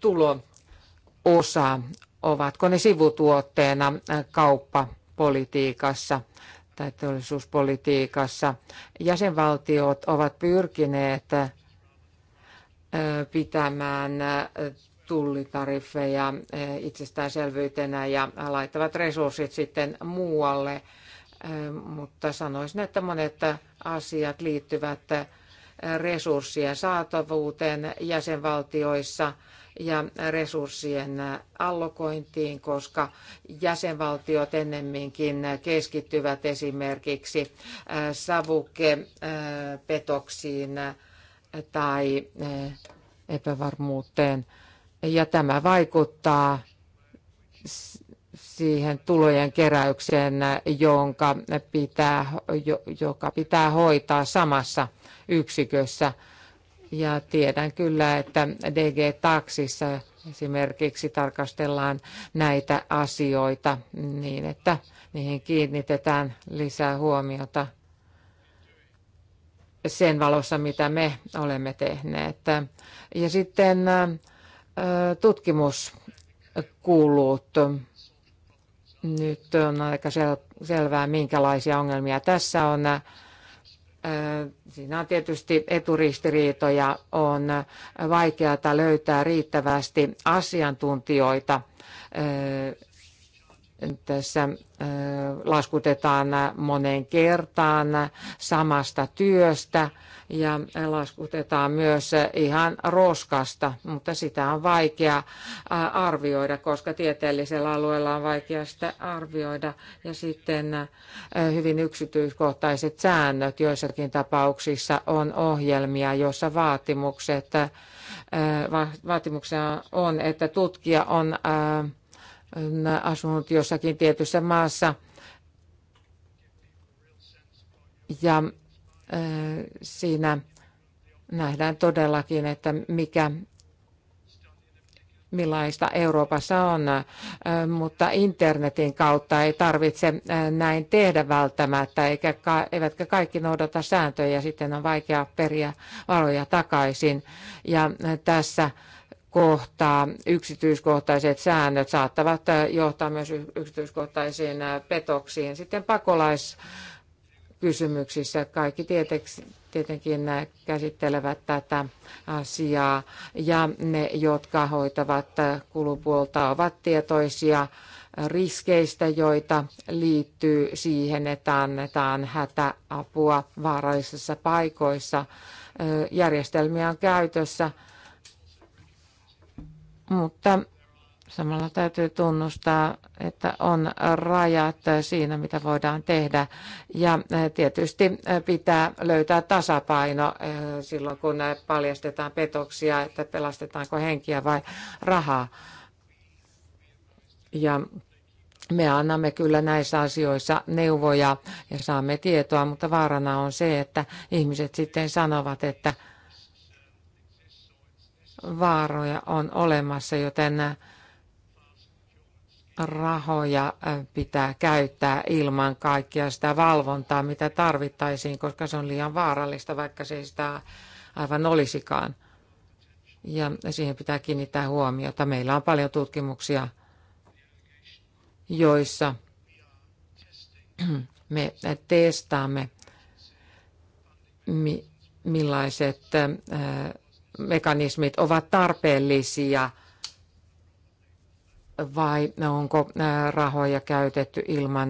tulo osa, ovatko ne sivutuotteena kauppapolitiikassa – tai teollisuuspolitiikassa. Jäsenvaltiot ovat pyrkineet pitämään tullitariffeja itsestäänselvyytenä ja laittavat resurssit sitten muualle. Mutta sanoisin, että monet asiat liittyvät resurssien saatavuuteen jäsenvaltioissa – ja resurssien allokointiin, koska jäsenvaltiot ennemminkin keskittyvät esimerkiksi savukepetoksiin tai epävarmuuteen. Ja tämä vaikuttaa siihen tulojen keräykseen, jonka pitää, joka pitää hoitaa samassa yksikössä ja tiedän kyllä, että DG Taksissa esimerkiksi tarkastellaan näitä asioita niin, että niihin kiinnitetään lisää huomiota sen valossa, mitä me olemme tehneet. Ja sitten tutkimuskulut. Nyt on aika sel- selvää, minkälaisia ongelmia tässä on. Siinä on tietysti eturistiriitoja, on vaikeata löytää riittävästi asiantuntijoita. Tässä laskutetaan moneen kertaan samasta työstä ja laskutetaan myös ihan roskasta, mutta sitä on vaikea arvioida, koska tieteellisellä alueella on vaikea sitä arvioida. Ja sitten hyvin yksityiskohtaiset säännöt joissakin tapauksissa on ohjelmia, joissa vaatimukset, vaatimuksena on, että tutkija on asunut jossakin tietyssä maassa ja Siinä nähdään todellakin, että mikä millaista Euroopassa on, mutta internetin kautta ei tarvitse näin tehdä välttämättä, eikä, eivätkä kaikki noudata sääntöjä, sitten on vaikea periä valoja takaisin. Ja tässä kohtaa yksityiskohtaiset säännöt saattavat johtaa myös yksityiskohtaisiin petoksiin. Sitten pakolais kysymyksissä. Kaikki tietenkin käsittelevät tätä asiaa ja ne, jotka hoitavat kulupuolta, ovat tietoisia riskeistä, joita liittyy siihen, että annetaan hätäapua vaarallisissa paikoissa. Järjestelmiä on käytössä, mutta Samalla täytyy tunnustaa, että on rajat siinä, mitä voidaan tehdä. Ja eh, tietysti eh, pitää löytää tasapaino eh, silloin, kun paljastetaan petoksia, että pelastetaanko henkiä vai rahaa. Ja me annamme kyllä näissä asioissa neuvoja ja saamme tietoa, mutta vaarana on se, että ihmiset sitten sanovat, että vaaroja on olemassa, joten rahoja pitää käyttää ilman kaikkia sitä valvontaa, mitä tarvittaisiin, koska se on liian vaarallista, vaikka se ei sitä aivan olisikaan. Ja siihen pitää kiinnittää huomiota. Meillä on paljon tutkimuksia, joissa me testaamme, millaiset mekanismit ovat tarpeellisia – vai onko rahoja käytetty ilman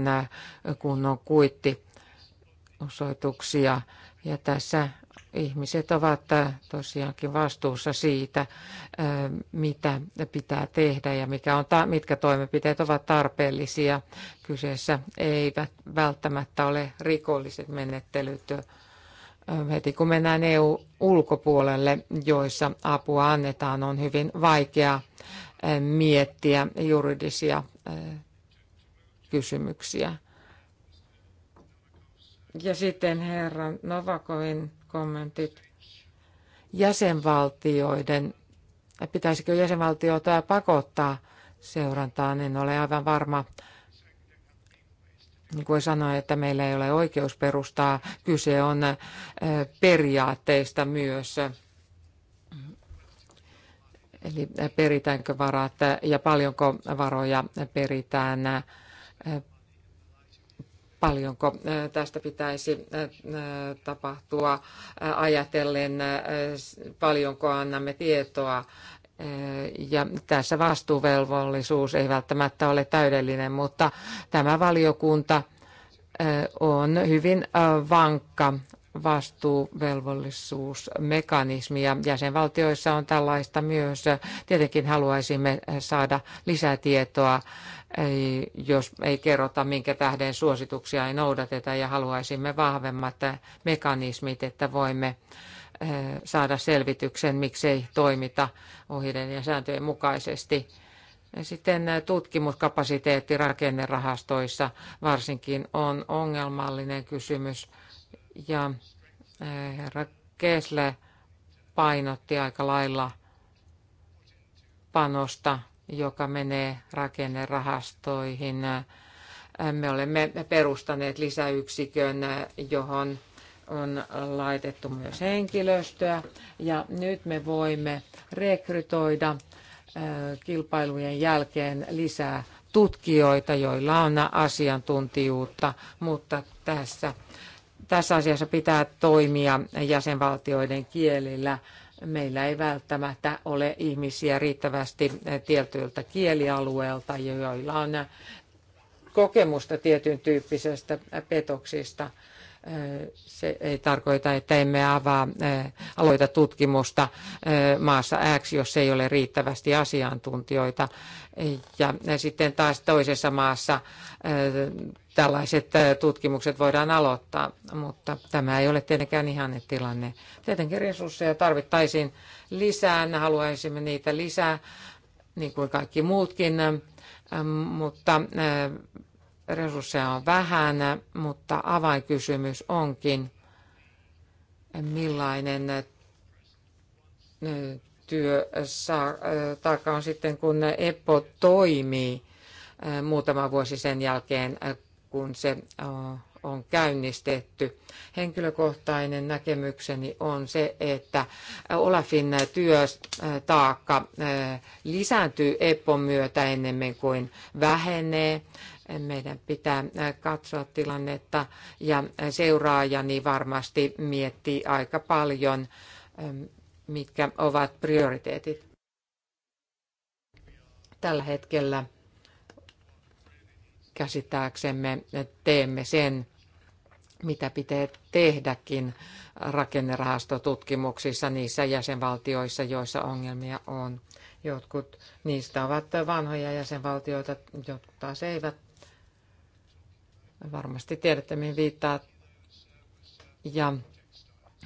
kunnon kuittiosoituksia. Ja tässä ihmiset ovat tosiaankin vastuussa siitä, mitä pitää tehdä ja mikä on, mitkä toimenpiteet ovat tarpeellisia. Kyseessä eivät välttämättä ole rikolliset menettelyt heti kun mennään EU-ulkopuolelle, joissa apua annetaan, on hyvin vaikea miettiä juridisia kysymyksiä. Ja sitten herran Novakovin kommentit. Jäsenvaltioiden, pitäisikö jäsenvaltioita pakottaa seurantaan, en ole aivan varma. Niin kuin sanoin, että meillä ei ole oikeus perustaa, kyse on periaatteista myös Eli peritäänkö varat ja paljonko varoja peritään, paljonko tästä pitäisi tapahtua ajatellen, paljonko annamme tietoa. Ja tässä vastuuvelvollisuus ei välttämättä ole täydellinen, mutta tämä valiokunta on hyvin vankka ja Jäsenvaltioissa on tällaista myös. Tietenkin haluaisimme saada lisätietoa, jos ei kerrota, minkä tähden suosituksia ei noudateta, ja haluaisimme vahvemmat mekanismit, että voimme eh, saada selvityksen, miksei toimita ohjeiden ja sääntöjen mukaisesti. Sitten tutkimuskapasiteetti rakennerahastoissa varsinkin on ongelmallinen kysymys ja eh, herra Kesle painotti aika lailla panosta, joka menee rakennerahastoihin. Eh, me olemme perustaneet lisäyksikön, eh, johon on laitettu myös henkilöstöä ja nyt me voimme rekrytoida kilpailujen jälkeen lisää tutkijoita, joilla on asiantuntijuutta, mutta tässä tässä asiassa pitää toimia jäsenvaltioiden kielillä. Meillä ei välttämättä ole ihmisiä riittävästi tietyiltä kielialueelta, joilla on kokemusta tietyn tyyppisestä petoksista. Se ei tarkoita, että emme avaa, aloita tutkimusta maassa X, jos ei ole riittävästi asiantuntijoita. Ja sitten taas toisessa maassa tällaiset tutkimukset voidaan aloittaa, mutta tämä ei ole tietenkään ihan tilanne. Tietenkin resursseja tarvittaisiin lisää, haluaisimme niitä lisää, niin kuin kaikki muutkin, mutta resursseja on vähän, mutta avainkysymys onkin, millainen työ taakka on sitten, kun EPPO toimii muutama vuosi sen jälkeen, kun se on käynnistetty. Henkilökohtainen näkemykseni on se, että Olafin työtaakka lisääntyy EPPOn myötä ennemmin kuin vähenee. Meidän pitää katsoa tilannetta ja seuraajani varmasti miettii aika paljon, mitkä ovat prioriteetit. Tällä hetkellä käsittääksemme teemme sen, mitä pitää tehdäkin rakennerahastotutkimuksissa niissä jäsenvaltioissa, joissa ongelmia on. Jotkut niistä ovat vanhoja jäsenvaltioita, jotkut taas eivät. Varmasti tiedätte, mihin viittaa. Ja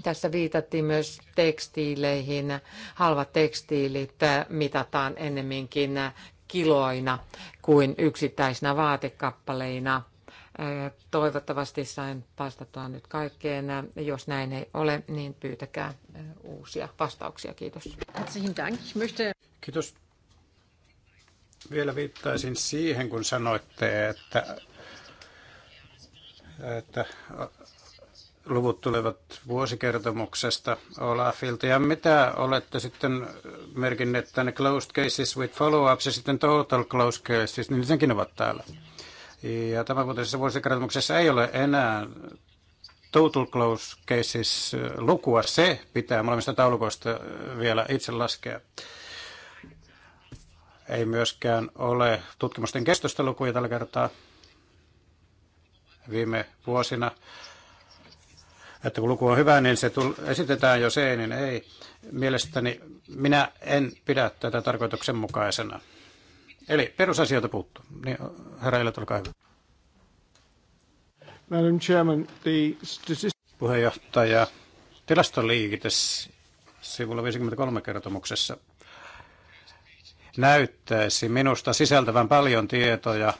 tässä viitattiin myös tekstiileihin. Halvat tekstiilit mitataan ennemminkin kiloina kuin yksittäisinä vaatekappaleina. Toivottavasti sain vastata nyt kaikkeen. Jos näin ei ole, niin pyytäkää uusia vastauksia. Kiitos. Kiitos. Vielä viittaisin siihen, kun sanoitte, että, että luvut tulevat vuosikertomuksesta Olafilta. Ja mitä olette sitten merkinneet tänne closed cases with follow-ups ja sitten total closed cases, niin senkin ovat täällä. Ja vuotisessa vuosikertomuksessa ei ole enää total close cases äh, lukua. Se pitää molemmista taulukoista äh, vielä itse laskea. Ei myöskään ole tutkimusten kestosta lukuja tällä kertaa viime vuosina että kun luku on hyvä, niin se tull- esitetään, jos ei, niin ei. Mielestäni minä en pidä tätä tarkoituksenmukaisena. Eli perusasioita puuttuu. Niin, herra Eilet, olkaa hyvä. Madam Chairman, the statistics... Puheenjohtaja, tilastoliikite sivulla 53 kertomuksessa näyttäisi minusta sisältävän paljon tietoja,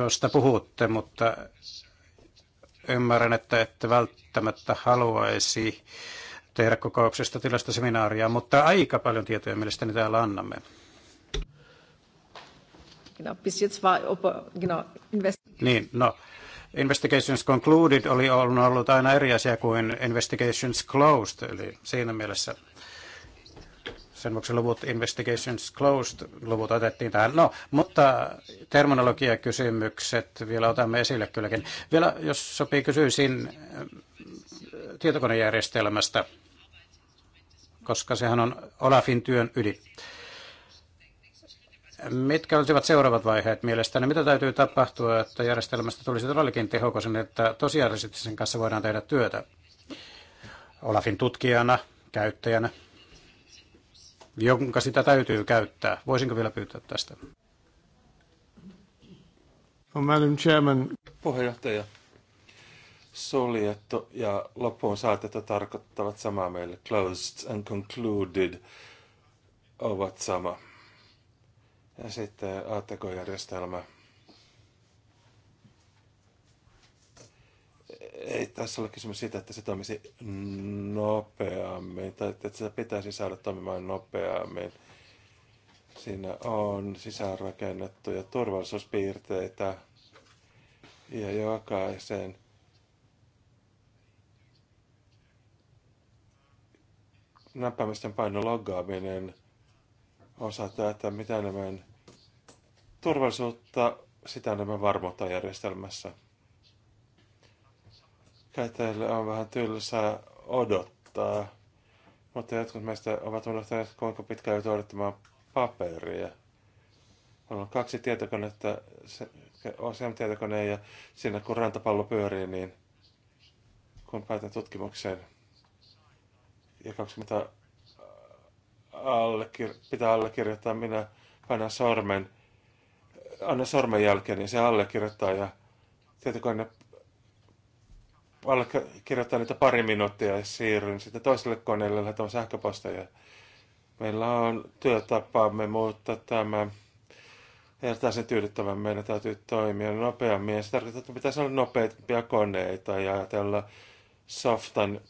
josta puhutte, mutta Ymmärrän, että ette välttämättä haluaisi tehdä kokouksesta seminaaria, mutta aika paljon tietoja mielestäni täällä annamme. Niin, no, Investigations Concluded oli ollut aina eri asia kuin Investigations Closed, eli siinä mielessä sen vuoksi luvut Investigations Closed, luvut otettiin tähän. No, mutta terminologiakysymykset vielä otamme esille kylläkin. Vielä, jos sopii, kysyisin äh, tietokonejärjestelmästä, koska sehän on Olafin työn ydin. Mitkä olisivat seuraavat vaiheet mielestäni? Mitä täytyy tapahtua, että järjestelmästä tulisi todellakin tehokas, niin että tosiaan sen kanssa voidaan tehdä työtä? Olafin tutkijana, käyttäjänä jonka sitä täytyy käyttää. Voisinko vielä pyytää tästä? Oh, Madam Chairman. Puheenjohtaja. Soljetto ja loppuun saatetta tarkoittavat samaa meille. Closed and concluded ovat sama. Ja sitten ATK-järjestelmä. ei tässä ole kysymys siitä, että se toimisi nopeammin tai että se pitäisi saada toimimaan nopeammin. Siinä on sisäänrakennettuja turvallisuuspiirteitä ja jokaisen näppäimisten painon loggaaminen osa tätä, mitä enemmän turvallisuutta, sitä enemmän varmuutta järjestelmässä. Käyttäjille on vähän tylsää odottaa, mutta jotkut meistä ovat unohtaneet, kuinka pitkään joutuu odottamaan paperia. Mulla on kaksi tietokonetta, se, OSM-tietokone ja siinä kun rantapallo pyörii, niin kun päätän tutkimukseen ja 20 allekir- pitää allekirjoittaa, minä painan sormen, anna sormen jälkeen, niin se allekirjoittaa ja tietokone kirjoittaa niitä pari minuuttia ja siirryn sitten toiselle koneelle lähettämään sähköposteja. Meillä on työtapaamme, mutta tämä jättää sen tyydyttävän. Meidän täytyy toimia nopeammin. Ja se tarkoittaa, että pitäisi olla nopeampia koneita ja ajatella softan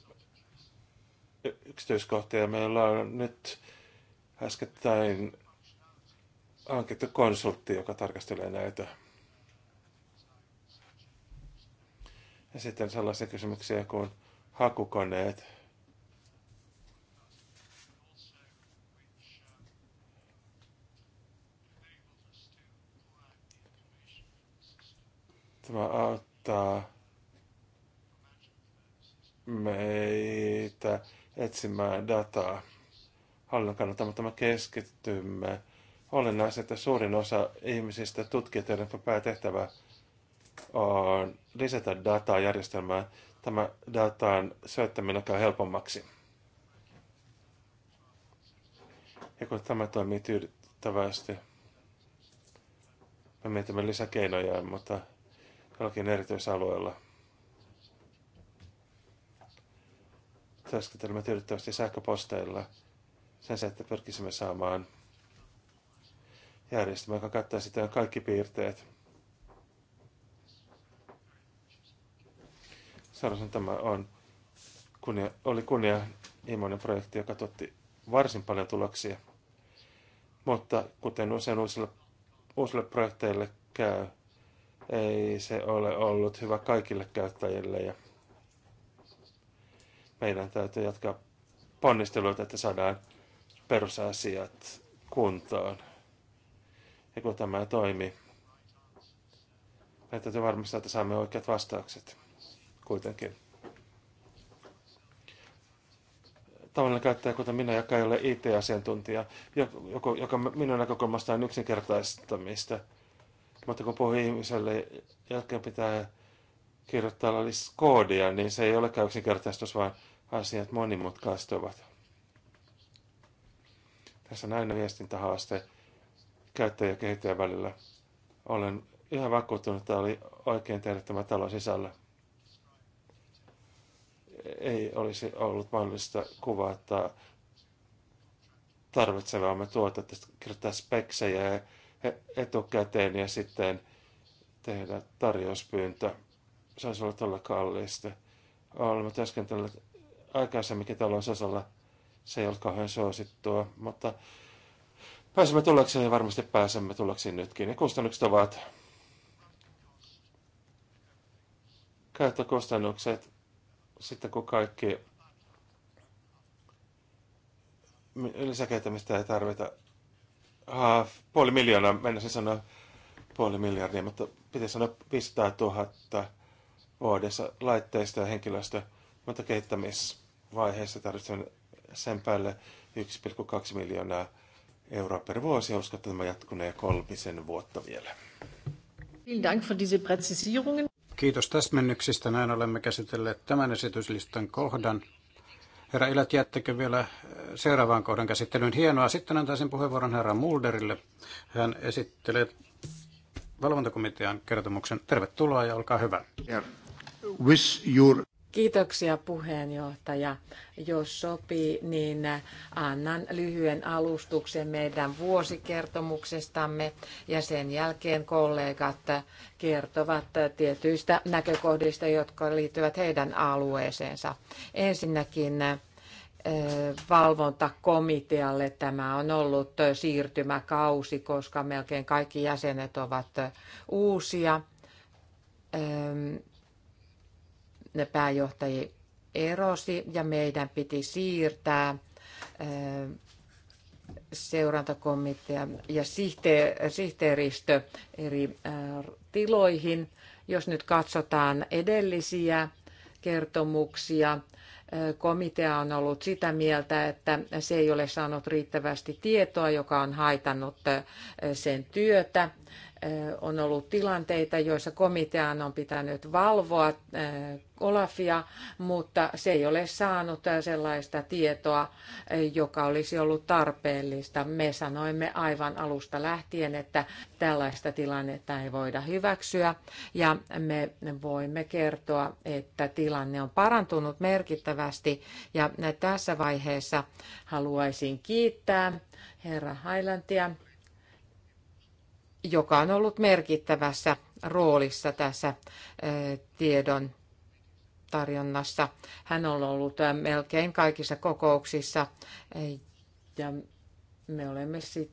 yksityiskohtia. Meillä on nyt äskettäin hankittu konsultti, joka tarkastelee näitä Ja sitten sellaisia kysymyksiä kuin hakukoneet. Tämä auttaa meitä etsimään dataa hallinnon kannalta, mutta me keskittymme olennaisesti, että suurin osa ihmisistä tutkijoiden joiden päätehtävä Äh, lisätä dataa järjestelmään. Tämä datan syöttäminen käy helpommaksi. Ja kun tämä toimii tyydyttävästi, me mietimme lisäkeinoja, mutta jollakin erityisalueella. Työskentelemme tyydyttävästi sähköposteilla sen sijaan, että pyrkisimme saamaan järjestelmä, joka kattaa sitä kaikki piirteet. Sarasen tämä on kunnia, oli kunnianhimoinen projekti, joka tuotti varsin paljon tuloksia. Mutta kuten usein uusille, uusille projekteille käy, ei se ole ollut hyvä kaikille käyttäjille ja meidän täytyy jatkaa ponnisteluita, että saadaan perusasiat kuntoon. Ja kun tämä toimii, meidän täytyy varmistaa, että saamme oikeat vastaukset kuitenkin. Tavallinen käyttäjä, kuten minä, joka ei ole IT-asiantuntija, joka, joka minun näkökulmasta on yksinkertaistamista. Mutta kun puhuu ihmiselle, jälkeen pitää kirjoittaa lisää koodia, niin se ei olekaan yksinkertaistus, vaan asiat monimutkaistuvat. Tässä on aina viestintähaaste käyttäjä ja kehittäjän välillä. Olen yhä vakuuttunut, että oli oikein tehdä tämä talo sisällä ei olisi ollut mahdollista kuvata tarvitsevaamme tuotetta, kirjoittaa speksejä e- etukäteen ja sitten tehdä tarjouspyyntö. Se olisi ollut todella kallista. Olemme työskenteleet aikaisemminkin talousosalla. Se ei ollut kauhean suosittua, mutta pääsemme tulokseen ja varmasti pääsemme tuloksiin nytkin. Ja kustannukset ovat käyttökustannukset sitten kun kaikki lisäkehittämistä ei tarvita, uh, puoli miljoonaa, mennä sanoa puoli miljardia, mutta piti sanoa 500 000 vuodessa laitteista ja henkilöstöä, mutta kehittämisvaiheessa tarvitsen sen päälle 1,2 miljoonaa euroa per vuosi ja uskon, että tämä jatkunee kolmisen vuotta vielä. Vielen Dank für diese Präzisierungen. Kiitos täsmennyksistä. Näin olemme käsitelleet tämän esityslistan kohdan. Herra Ilät, jättekö vielä äh, seuraavaan kohdan käsittelyyn? Hienoa. Sitten antaisin puheenvuoron herra Mulderille. Hän esittelee valvontakomitean kertomuksen. Tervetuloa ja olkaa hyvä. With your... Kiitoksia puheenjohtaja. Jos sopii, niin annan lyhyen alustuksen meidän vuosikertomuksestamme ja sen jälkeen kollegat kertovat tietyistä näkökohdista, jotka liittyvät heidän alueeseensa. Ensinnäkin valvontakomitealle tämä on ollut siirtymäkausi, koska melkein kaikki jäsenet ovat uusia pääjohtaja erosi ja meidän piti siirtää seurantakomitea ja sihteeristö eri tiloihin. Jos nyt katsotaan edellisiä kertomuksia, komitea on ollut sitä mieltä, että se ei ole saanut riittävästi tietoa, joka on haitannut sen työtä on ollut tilanteita, joissa komitean on pitänyt valvoa Olafia, mutta se ei ole saanut sellaista tietoa, joka olisi ollut tarpeellista. Me sanoimme aivan alusta lähtien, että tällaista tilannetta ei voida hyväksyä ja me voimme kertoa, että tilanne on parantunut merkittävästi ja tässä vaiheessa haluaisin kiittää herra Hailantia joka on ollut merkittävässä roolissa tässä tiedon tarjonnassa. Hän on ollut melkein kaikissa kokouksissa ja me olemme sit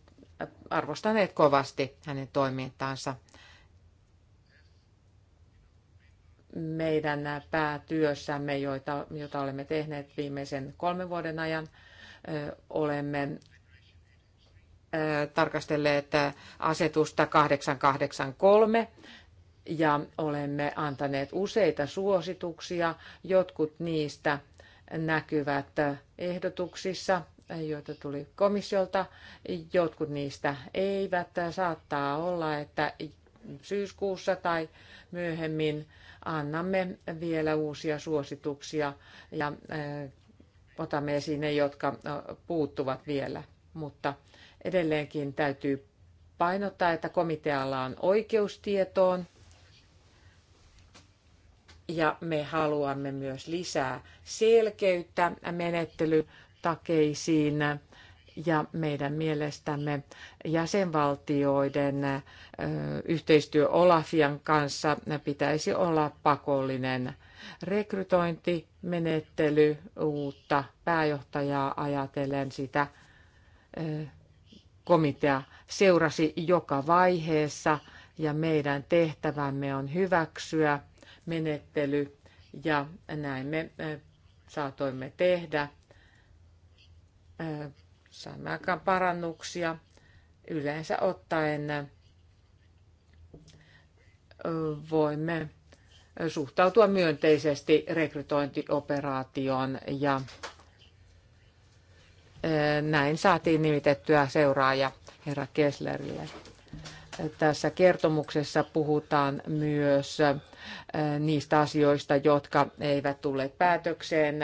arvostaneet kovasti hänen toimintaansa. Meidän päätyössämme, joita, jota olemme tehneet viimeisen kolmen vuoden ajan, olemme tarkastelleet asetusta 883 ja olemme antaneet useita suosituksia. Jotkut niistä näkyvät ehdotuksissa, joita tuli komissiolta. Jotkut niistä eivät. Saattaa olla, että syyskuussa tai myöhemmin annamme vielä uusia suosituksia ja otamme esiin ne, jotka puuttuvat vielä. Mutta Edelleenkin täytyy painottaa, että komitealla on oikeus tietoon. Ja me haluamme myös lisää selkeyttä menettelytakeisiin. Ja meidän mielestämme jäsenvaltioiden yhteistyö Olafian kanssa pitäisi olla pakollinen rekrytointimenettely uutta pääjohtajaa ajatellen sitä komitea seurasi joka vaiheessa ja meidän tehtävämme on hyväksyä menettely ja näin me saatoimme tehdä. Saimme aikaan parannuksia yleensä ottaen voimme suhtautua myönteisesti rekrytointioperaatioon ja näin saatiin nimitettyä seuraaja herra Kesslerille. Tässä kertomuksessa puhutaan myös niistä asioista, jotka eivät tule päätökseen.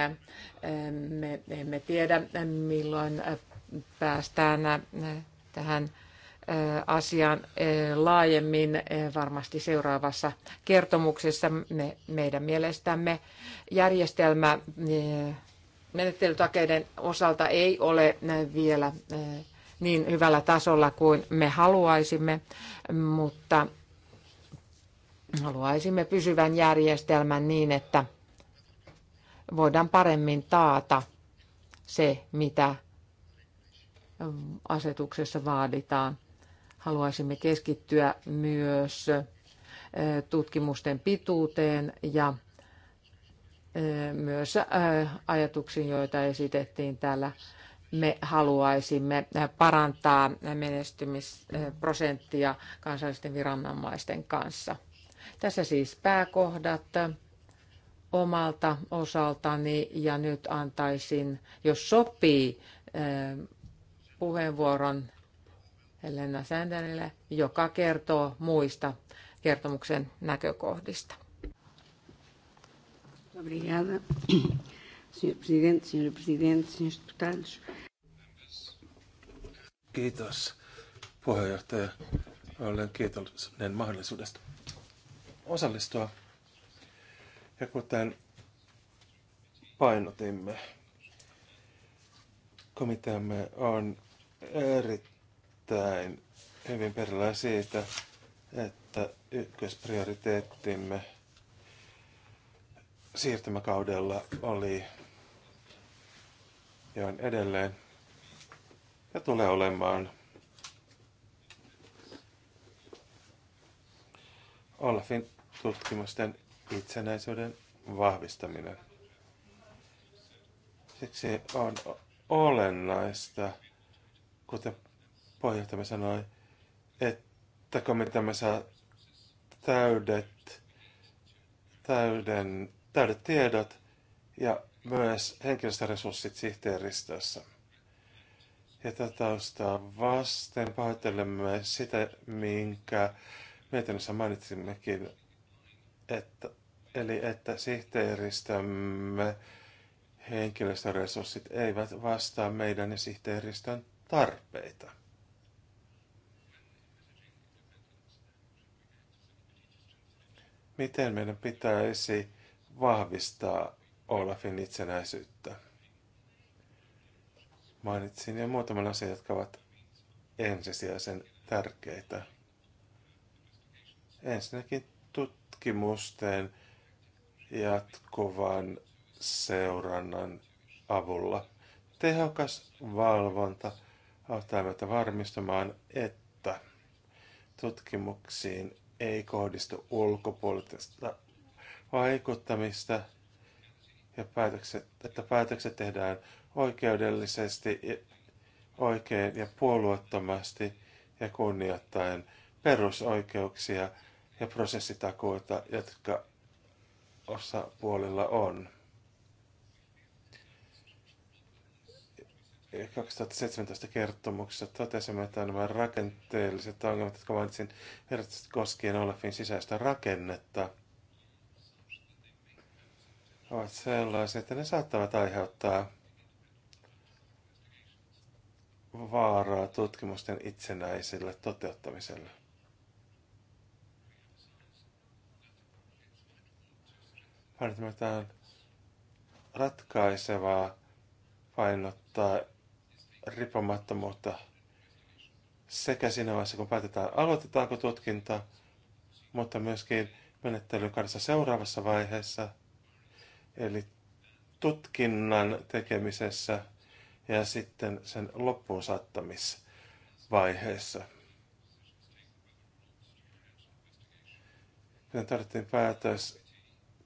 Me emme tiedä, milloin päästään tähän asiaan laajemmin varmasti seuraavassa kertomuksessa me, meidän mielestämme. Järjestelmä menettelytakeiden osalta ei ole vielä niin hyvällä tasolla kuin me haluaisimme, mutta haluaisimme pysyvän järjestelmän niin, että voidaan paremmin taata se, mitä asetuksessa vaaditaan. Haluaisimme keskittyä myös tutkimusten pituuteen ja myös ajatuksiin, joita esitettiin täällä. Me haluaisimme parantaa menestymisprosenttia kansallisten viranomaisten kanssa. Tässä siis pääkohdat omalta osaltani ja nyt antaisin, jos sopii, puheenvuoron Helena Sänderille, joka kertoo muista kertomuksen näkökohdista. Obrigada. Senhor Presidente, Senhora Presidente, Senhores Deputados. Kiitos puheenjohtaja. Olen kiitollinen mahdollisuudesta osallistua. Ja kuten painotimme, komiteamme on erittäin hyvin perillä siitä, että ykkösprioriteettimme – siirtymäkaudella oli ja on edelleen ja tulee olemaan Olafin tutkimusten itsenäisyyden vahvistaminen. Siksi on olennaista, kuten puheenjohtaja sanoi, että komiteamme saa täydet, täyden täydet tiedot ja myös henkilöstöresurssit sihteeristössä. Ja tätä taustaa vasten pahoittelemme sitä, minkä mietinnössä mainitsimmekin, että, eli että sihteeristömme henkilöstöresurssit eivät vastaa meidän ja sihteeristön tarpeita. Miten meidän pitäisi vahvistaa Olafin itsenäisyyttä. Mainitsin jo muutaman asian, jotka ovat ensisijaisen tärkeitä. Ensinnäkin tutkimusten jatkuvan seurannan avulla. Tehokas valvonta auttaa meitä varmistamaan, että tutkimuksiin ei kohdistu ulkopuolista vaikuttamista ja päätökset, että päätökset tehdään oikeudellisesti, oikein ja puolueettomasti ja kunnioittaen perusoikeuksia ja prosessitakuita, jotka osapuolilla on. 2017 kertomuksessa totesimme, että nämä rakenteelliset ongelmat, jotka mainitsin erityisesti koskien Olafin sisäistä rakennetta, ovat sellaisia, että ne saattavat aiheuttaa vaaraa tutkimusten itsenäiselle toteuttamiselle. on ratkaisevaa painottaa ripomattomuutta sekä siinä vaiheessa, kun päätetään aloitetaanko tutkinta, mutta myöskin menettelyn kanssa seuraavassa vaiheessa – Eli tutkinnan tekemisessä ja sitten sen loppuun saattamisvaiheessa. Kuten tarvittiin päätös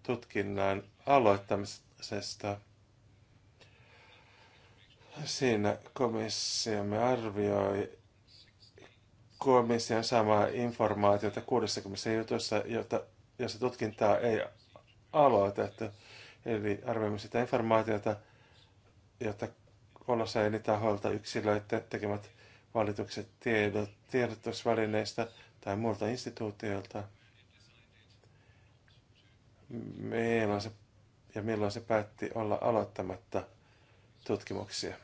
tutkinnan aloittamisesta, siinä komissiomme arvioi komission samaa informaatiota 60 jutussa, jota, jossa tutkintaa ei aloitettu. Eli arvioimme sitä informaatiota, jotta olossa eri tahoilta yksilöiden tekemät valitukset tiedot, tiedotusvälineistä tai muilta instituutioilta. Milloin se, ja milloin se päätti olla aloittamatta tutkimuksia.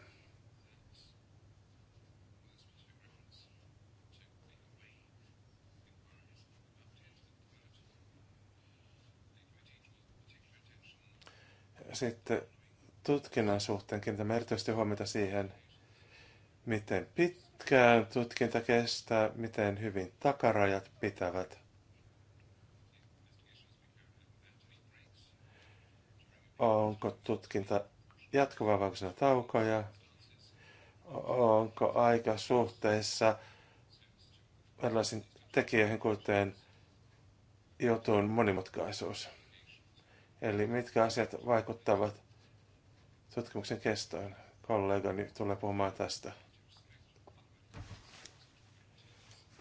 Sitten tutkinnan suhteen kiinnitämme erityisesti huomiota siihen, miten pitkään tutkinta kestää, miten hyvin takarajat pitävät. Onko tutkinta jatkuva vai onko taukoja? Onko aika suhteessa erilaisiin tekijöihin, kuten jutun monimutkaisuus? Eli mitkä asiat vaikuttavat tutkimuksen kestoon. Kollegani tulee puhumaan tästä.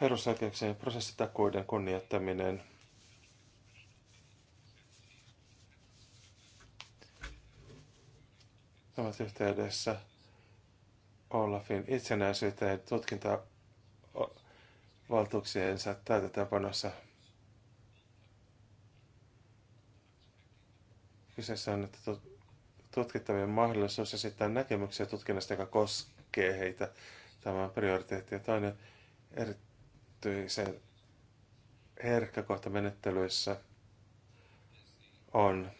Perusoikeuksien prosessitakuiden kunnioittaminen. ovat yhteydessä Olafin itsenäisyyteen tutkintavaltuuksiensa täytäntöönpanossa. panossa. Kyseessä on, että tutkittavien mahdollisuus esittää näkemyksiä tutkinnasta, joka koskee heitä. Tämä on prioriteetti. Ja toinen erityisen herkkä kohta menettelyissä on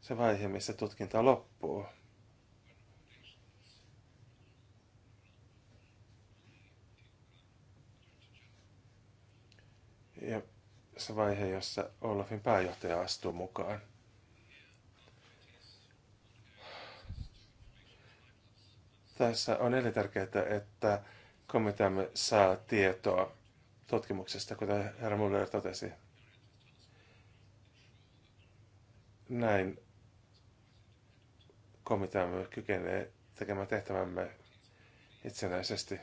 se vaihe, missä tutkinta loppuu. se vaihe, jossa Olafin pääjohtaja astuu mukaan. Tässä on tärkeää, että komiteamme saa tietoa tutkimuksesta, kuten herra Muller totesi. Näin komiteamme kykenee tekemään tehtävämme itsenäisesti.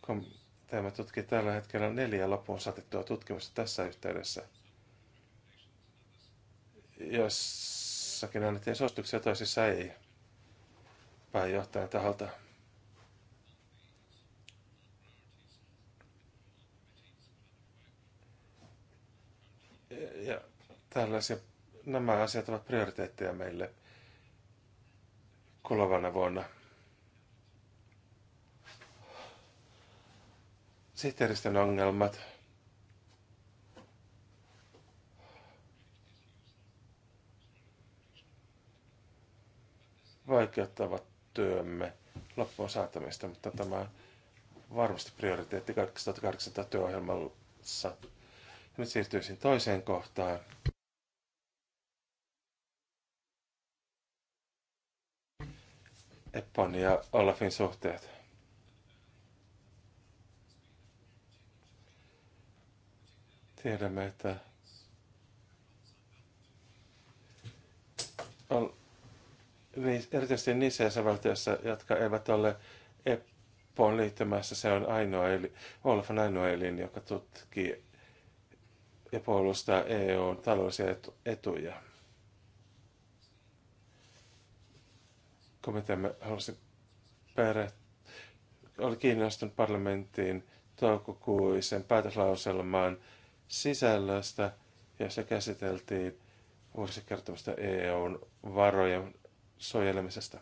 Kom- Tämä tutkii tällä hetkellä neljä loppuun saatettua tutkimusta tässä yhteydessä. Jossakin annettiin suosituksia, toisissa ei. Pääjohtajan taholta. Ja tällaisia, nämä asiat ovat prioriteetteja meille kuluvana vuonna. sihteeristön ongelmat. vaikeuttavat työmme loppuun saattamista, mutta tämä on varmasti prioriteetti 2018 työohjelmassa. Ja nyt siirtyisin toiseen kohtaan. Epon ja Olafin suhteet. Tiedämme, että on erityisesti niissä jäsenvaltioissa, jotka eivät ole EPPOon liittymässä, se on ainoa, eli Olaf on ainoa elin, joka tutkii ja puolustaa EUn taloudellisia etuja. Komiteamme halusi perä, oli kiinnostunut parlamenttiin toukokuisen päätöslauselmaan sisällöstä ja se käsiteltiin vuosikertomusta EUn varojen suojelemisesta.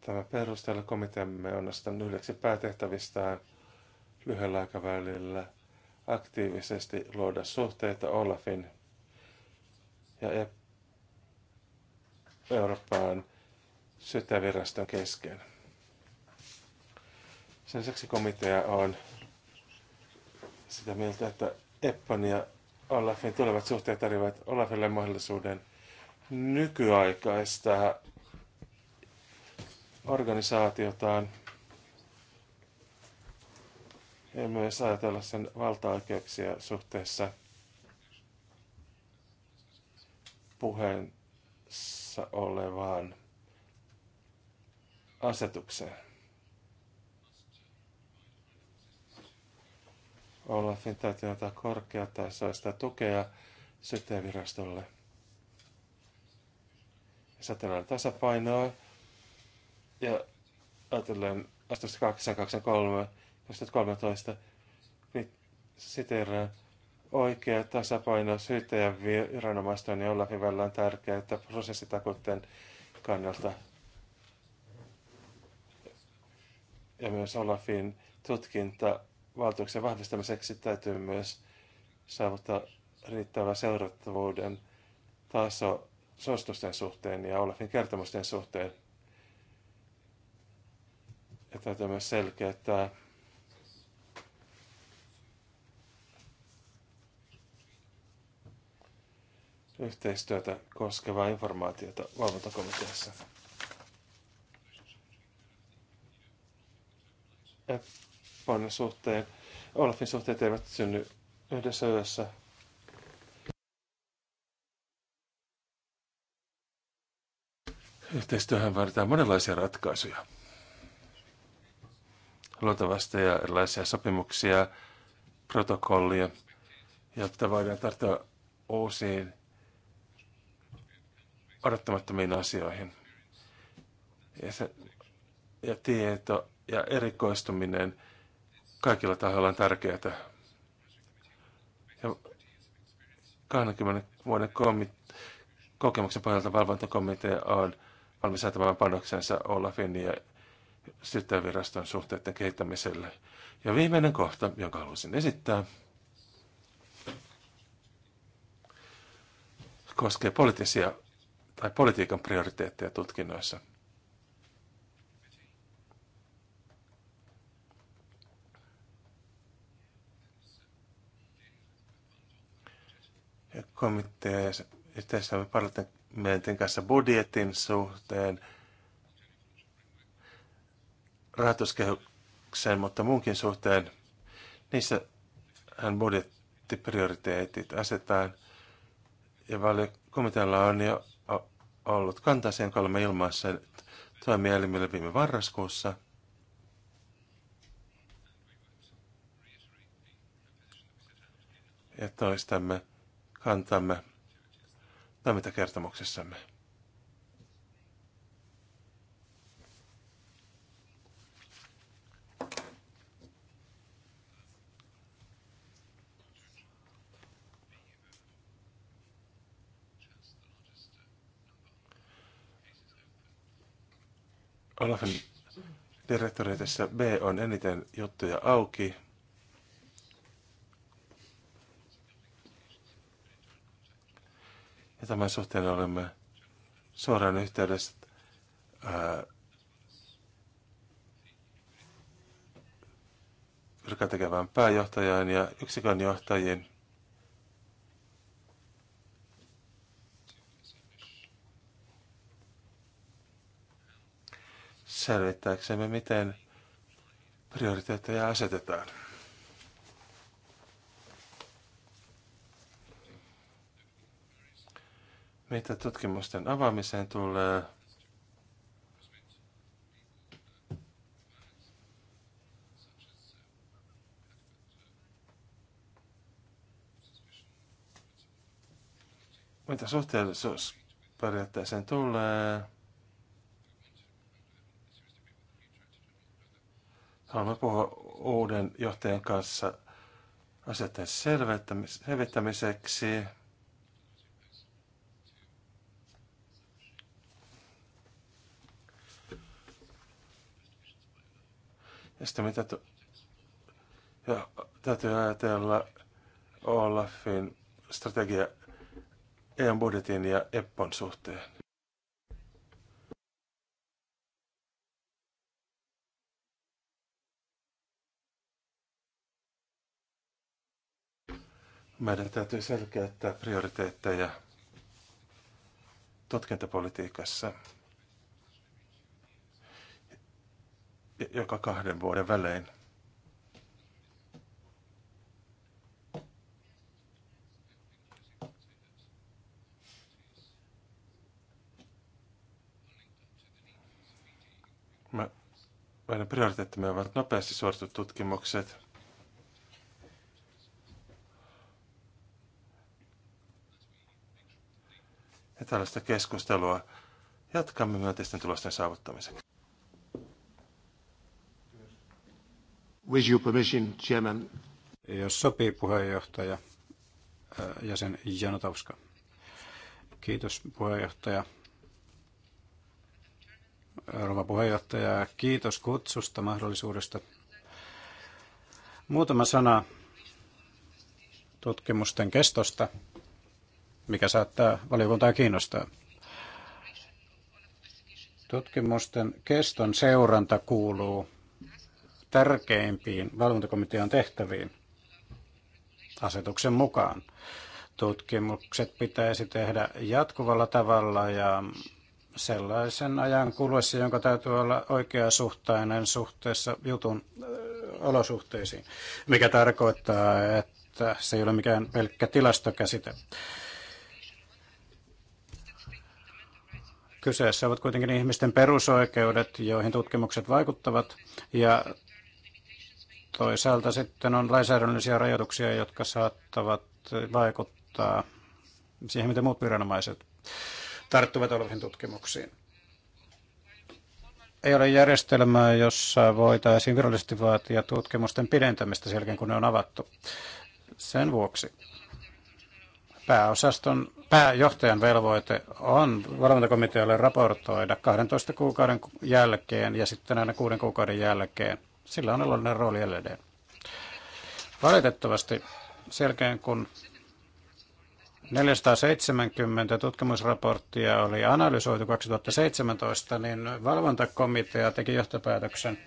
Tämä perusteella komiteamme on nostanut yhdeksi päätehtävistään lyhyellä aikavälillä aktiivisesti luoda suhteita Olafin ja Euroopan sytäviraston kesken. Sen lisäksi komitea on sitä mieltä, että Eppan ja Olafin tulevat suhteet tarjoavat Olafille mahdollisuuden nykyaikaista organisaatiotaan ja myös ajatella sen valtaoikeuksia suhteessa puheessa olevaan asetukseen. Olafin täytyy antaa korkeatasoista tukea syyttäjävirastolle. Säätellään tasapainoa ja ajatellaan astusta 223 2013 niin siteeraan oikea tasapaino syyttäjän viranomaisten ja Olafin välillä on tärkeää, että prosessitakuuden kannalta ja myös Olafin tutkinta valtuuksien vahvistamiseksi täytyy myös saavuttaa riittävä seurattavuuden taso suositusten suhteen ja Olafin kertomusten suhteen. Ja täytyy myös selkeyttää yhteistyötä koskevaa informaatiota valvontakomiteassa. Et Espanjan suhteen, Olafin suhteet eivät synny yhdessä yössä. Yhteistyöhön vaaditaan monenlaisia ratkaisuja. Luultavasti ja erilaisia sopimuksia, protokollia, jotta voidaan tarttua uusiin odottamattomiin asioihin. Ja, se, ja tieto ja erikoistuminen kaikilla tahoilla on tärkeää. Ja 20 vuoden komit- kokemuksen pohjalta valvontakomitea on valmis antamaan panoksensa Olafin ja syyttäjäviraston suhteiden kehittämiselle. Ja viimeinen kohta, jonka haluaisin esittää, koskee poliittisia tai politiikan prioriteetteja tutkinnoissa – komiteassa parlamentin kanssa budjetin suhteen, rahoituskehyksen, mutta muunkin suhteen. Niissä hän budjettiprioriteetit asetaan ja komitealla on jo ollut kantansa, sen kolme ilmaisseet toimielimille viime marraskuussa – ja toistamme kantamme kertomuksessamme. Olafin tässä B on eniten juttuja auki. Ja tämän suhteen olemme suoraan yhteydessä virka tekevään pääjohtajaan ja yksikön johtajiin. Selvittääksemme, miten prioriteetteja asetetaan. Mitä tutkimusten avaamiseen tulee, mitä periaatteeseen tulee, haluamme puhua uuden johtajan kanssa asioiden selvittämiseksi. Ja sitten mitä tu- ja täytyy ajatella Olafin strategia EUn budjetin ja EPPON suhteen. Meidän täytyy selkeyttää prioriteetteja tutkintapolitiikassa. joka kahden vuoden välein. Mä, meidän prioriteettimme ovat nopeasti suoritut tutkimukset. Ja tällaista keskustelua jatkamme myönteisten tulosten saavuttamiseksi. With your permission, Chairman. Jos sopii puheenjohtaja, äh, jäsen Janotavska. Kiitos puheenjohtaja. Rouva puheenjohtaja, kiitos kutsusta, mahdollisuudesta. Muutama sana tutkimusten kestosta, mikä saattaa valiokuntaa kiinnostaa. Tutkimusten keston seuranta kuuluu tärkeimpiin valvontakomitean tehtäviin asetuksen mukaan. Tutkimukset pitäisi tehdä jatkuvalla tavalla ja sellaisen ajan kuluessa, jonka täytyy olla oikeasuhtainen suhteessa jutun äh, olosuhteisiin, mikä tarkoittaa, että se ei ole mikään pelkkä tilastokäsite. Kyseessä ovat kuitenkin ihmisten perusoikeudet, joihin tutkimukset vaikuttavat, ja Toisaalta sitten on lainsäädännöllisiä rajoituksia, jotka saattavat vaikuttaa siihen, miten muut viranomaiset tarttuvat oleviin tutkimuksiin. Ei ole järjestelmää, jossa voitaisiin virallisesti vaatia tutkimusten pidentämistä sen kun ne on avattu. Sen vuoksi pääosaston pääjohtajan velvoite on valvontakomitealle raportoida 12 kuukauden jälkeen ja sitten aina kuuden kuukauden jälkeen sillä on elollinen rooli edelleen. Valitettavasti selkeän kun 470 tutkimusraporttia oli analysoitu 2017, niin valvontakomitea teki johtopäätöksen,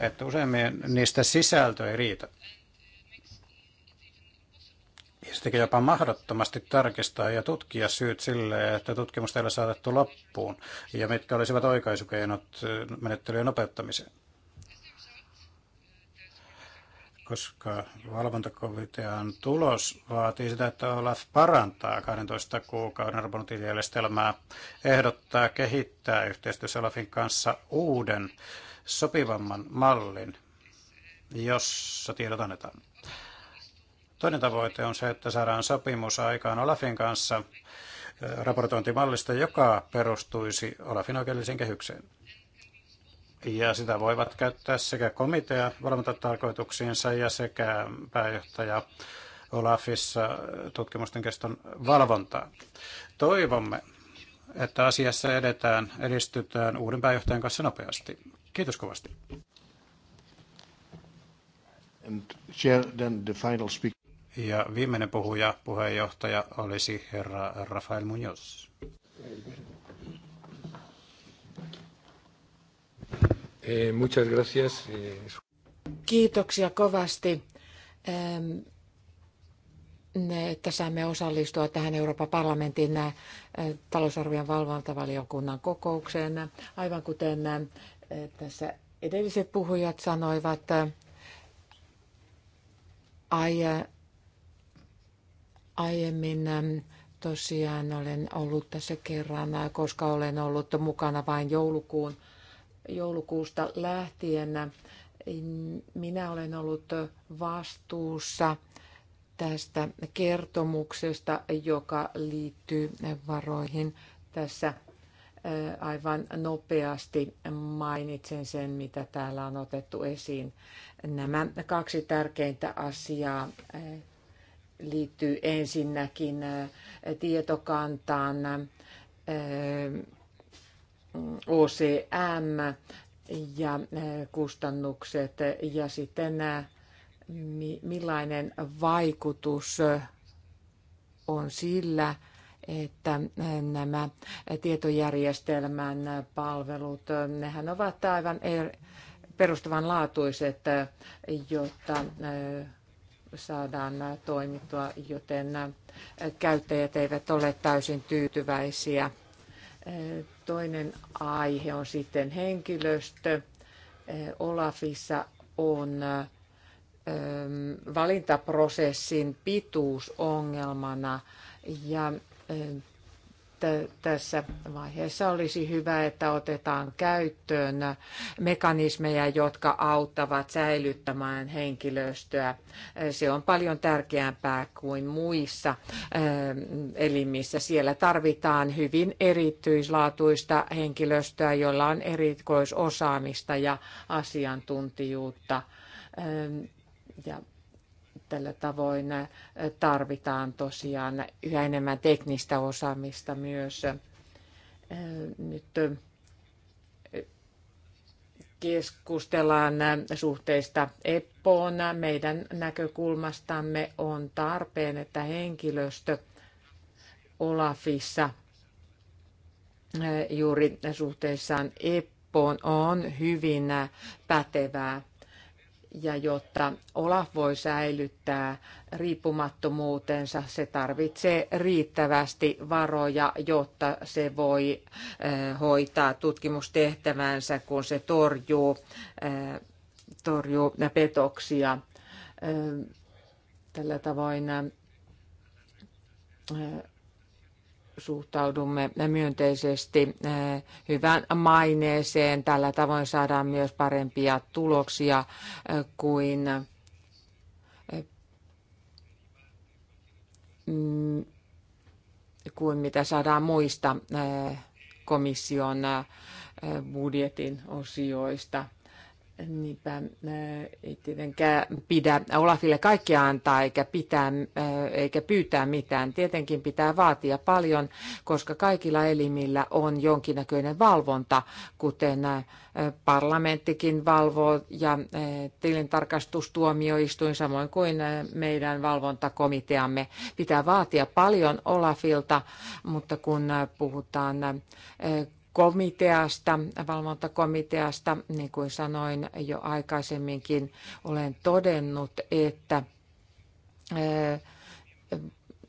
että useimmien niistä sisältö ei riitä. Sitäkin jopa mahdottomasti tarkistaa ja tutkia syyt sille, että tutkimusta ei ole saatettu loppuun ja mitkä olisivat oikaisukeinot menettelyjen nopeuttamiseen. Koska valvontakomitean tulos vaatii sitä, että Olaf parantaa 12 kuukauden raportointijärjestelmää, ehdottaa kehittää yhteistyössä Olafin kanssa uuden sopivamman mallin, jossa tiedot annetaan. Toinen tavoite on se, että saadaan sopimus aikaan Olafin kanssa raportointimallista, joka perustuisi Olafin oikeudelliseen kehykseen. Ja sitä voivat käyttää sekä komitea valvontatarkoituksiinsa ja sekä pääjohtaja Olafissa tutkimusten keston valvontaa. Toivomme, että asiassa edetään, edistytään uuden pääjohtajan kanssa nopeasti. Kiitos kovasti. And share then the final speaker. Ja viimeinen puhuja, puheenjohtaja, olisi herra Rafael Munoz. Eh, eh, Kiitoksia kovasti, että saamme osallistua tähän Euroopan parlamentin eh, talousarvion valvontavaliokunnan kokoukseen. Aivan kuten tässä edelliset puhujat sanoivat, ai, Aiemmin tosiaan olen ollut tässä kerran, koska olen ollut mukana vain joulukuun, joulukuusta lähtien. Minä olen ollut vastuussa tästä kertomuksesta, joka liittyy varoihin tässä aivan nopeasti mainitsen sen, mitä täällä on otettu esiin. Nämä kaksi tärkeintä asiaa liittyy ensinnäkin tietokantaan, OCM ja kustannukset ja sitten millainen vaikutus on sillä, että nämä tietojärjestelmän palvelut, nehän ovat aivan er, perustavanlaatuiset, jotta saadaan toimittua, joten käyttäjät eivät ole täysin tyytyväisiä. Toinen aihe on sitten henkilöstö. Olafissa on ähm, valintaprosessin pituusongelmana ja ähm, tässä vaiheessa olisi hyvä, että otetaan käyttöön mekanismeja, jotka auttavat säilyttämään henkilöstöä. Se on paljon tärkeämpää kuin muissa eh, elimissä. Siellä tarvitaan hyvin erityislaatuista henkilöstöä, jolla on erikoisosaamista ja asiantuntijuutta. Eh, ja Tällä tavoin tarvitaan tosiaan yhä enemmän teknistä osaamista myös. Nyt keskustellaan suhteista EPPOon. Meidän näkökulmastamme on tarpeen, että henkilöstö Olafissa juuri suhteissaan EPPOon on hyvin pätevää ja jotta Olaf voi säilyttää riippumattomuutensa, se tarvitsee riittävästi varoja, jotta se voi eh, hoitaa tutkimustehtävänsä, kun se torjuu, eh, torjuu petoksia. Eh, tällä tavoin suhtaudumme myönteisesti eh, hyvään maineeseen. Tällä tavoin saadaan myös parempia tuloksia eh, kuin eh, kuin mitä saadaan muista komission budjetin osioista. Niinpä ei tietenkään pidä Olafille kaikkea antaa eikä, pitää, eikä pyytää mitään. Tietenkin pitää vaatia paljon, koska kaikilla elimillä on jonkinnäköinen valvonta, kuten parlamenttikin valvoo ja tilintarkastustuomioistuin samoin kuin meidän valvontakomiteamme. Pitää vaatia paljon Olafilta, mutta kun puhutaan komiteasta, valvontakomiteasta, niin kuin sanoin jo aikaisemminkin, olen todennut, että eh,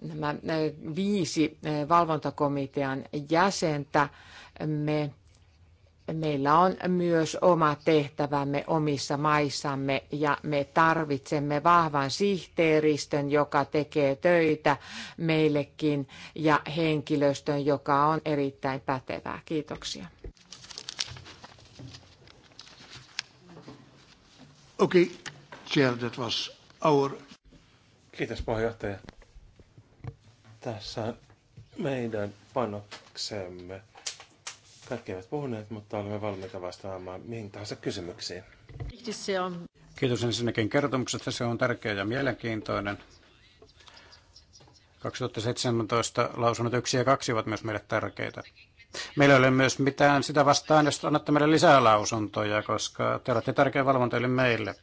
nämä eh, viisi eh, valvontakomitean jäsentä me meillä on myös oma tehtävämme omissa maissamme ja me tarvitsemme vahvan sihteeristön, joka tekee töitä meillekin ja henkilöstön, joka on erittäin pätevää. Kiitoksia. Okei, okay. chair, that was our... Kiitos puheenjohtaja. Tässä meidän panoksemme kaikki eivät puhuneet, mutta olemme valmiita vastaamaan mihin tahansa kysymyksiin. Kiitos ensinnäkin kertomuksesta. Se on tärkeä ja mielenkiintoinen. 2017 lausunnot 1 ja 2 ovat myös meille tärkeitä. Meillä ei ole myös mitään sitä vastaan, jos annatte meille lisää lausuntoja, koska te olette tärkeä valvontaelin meille.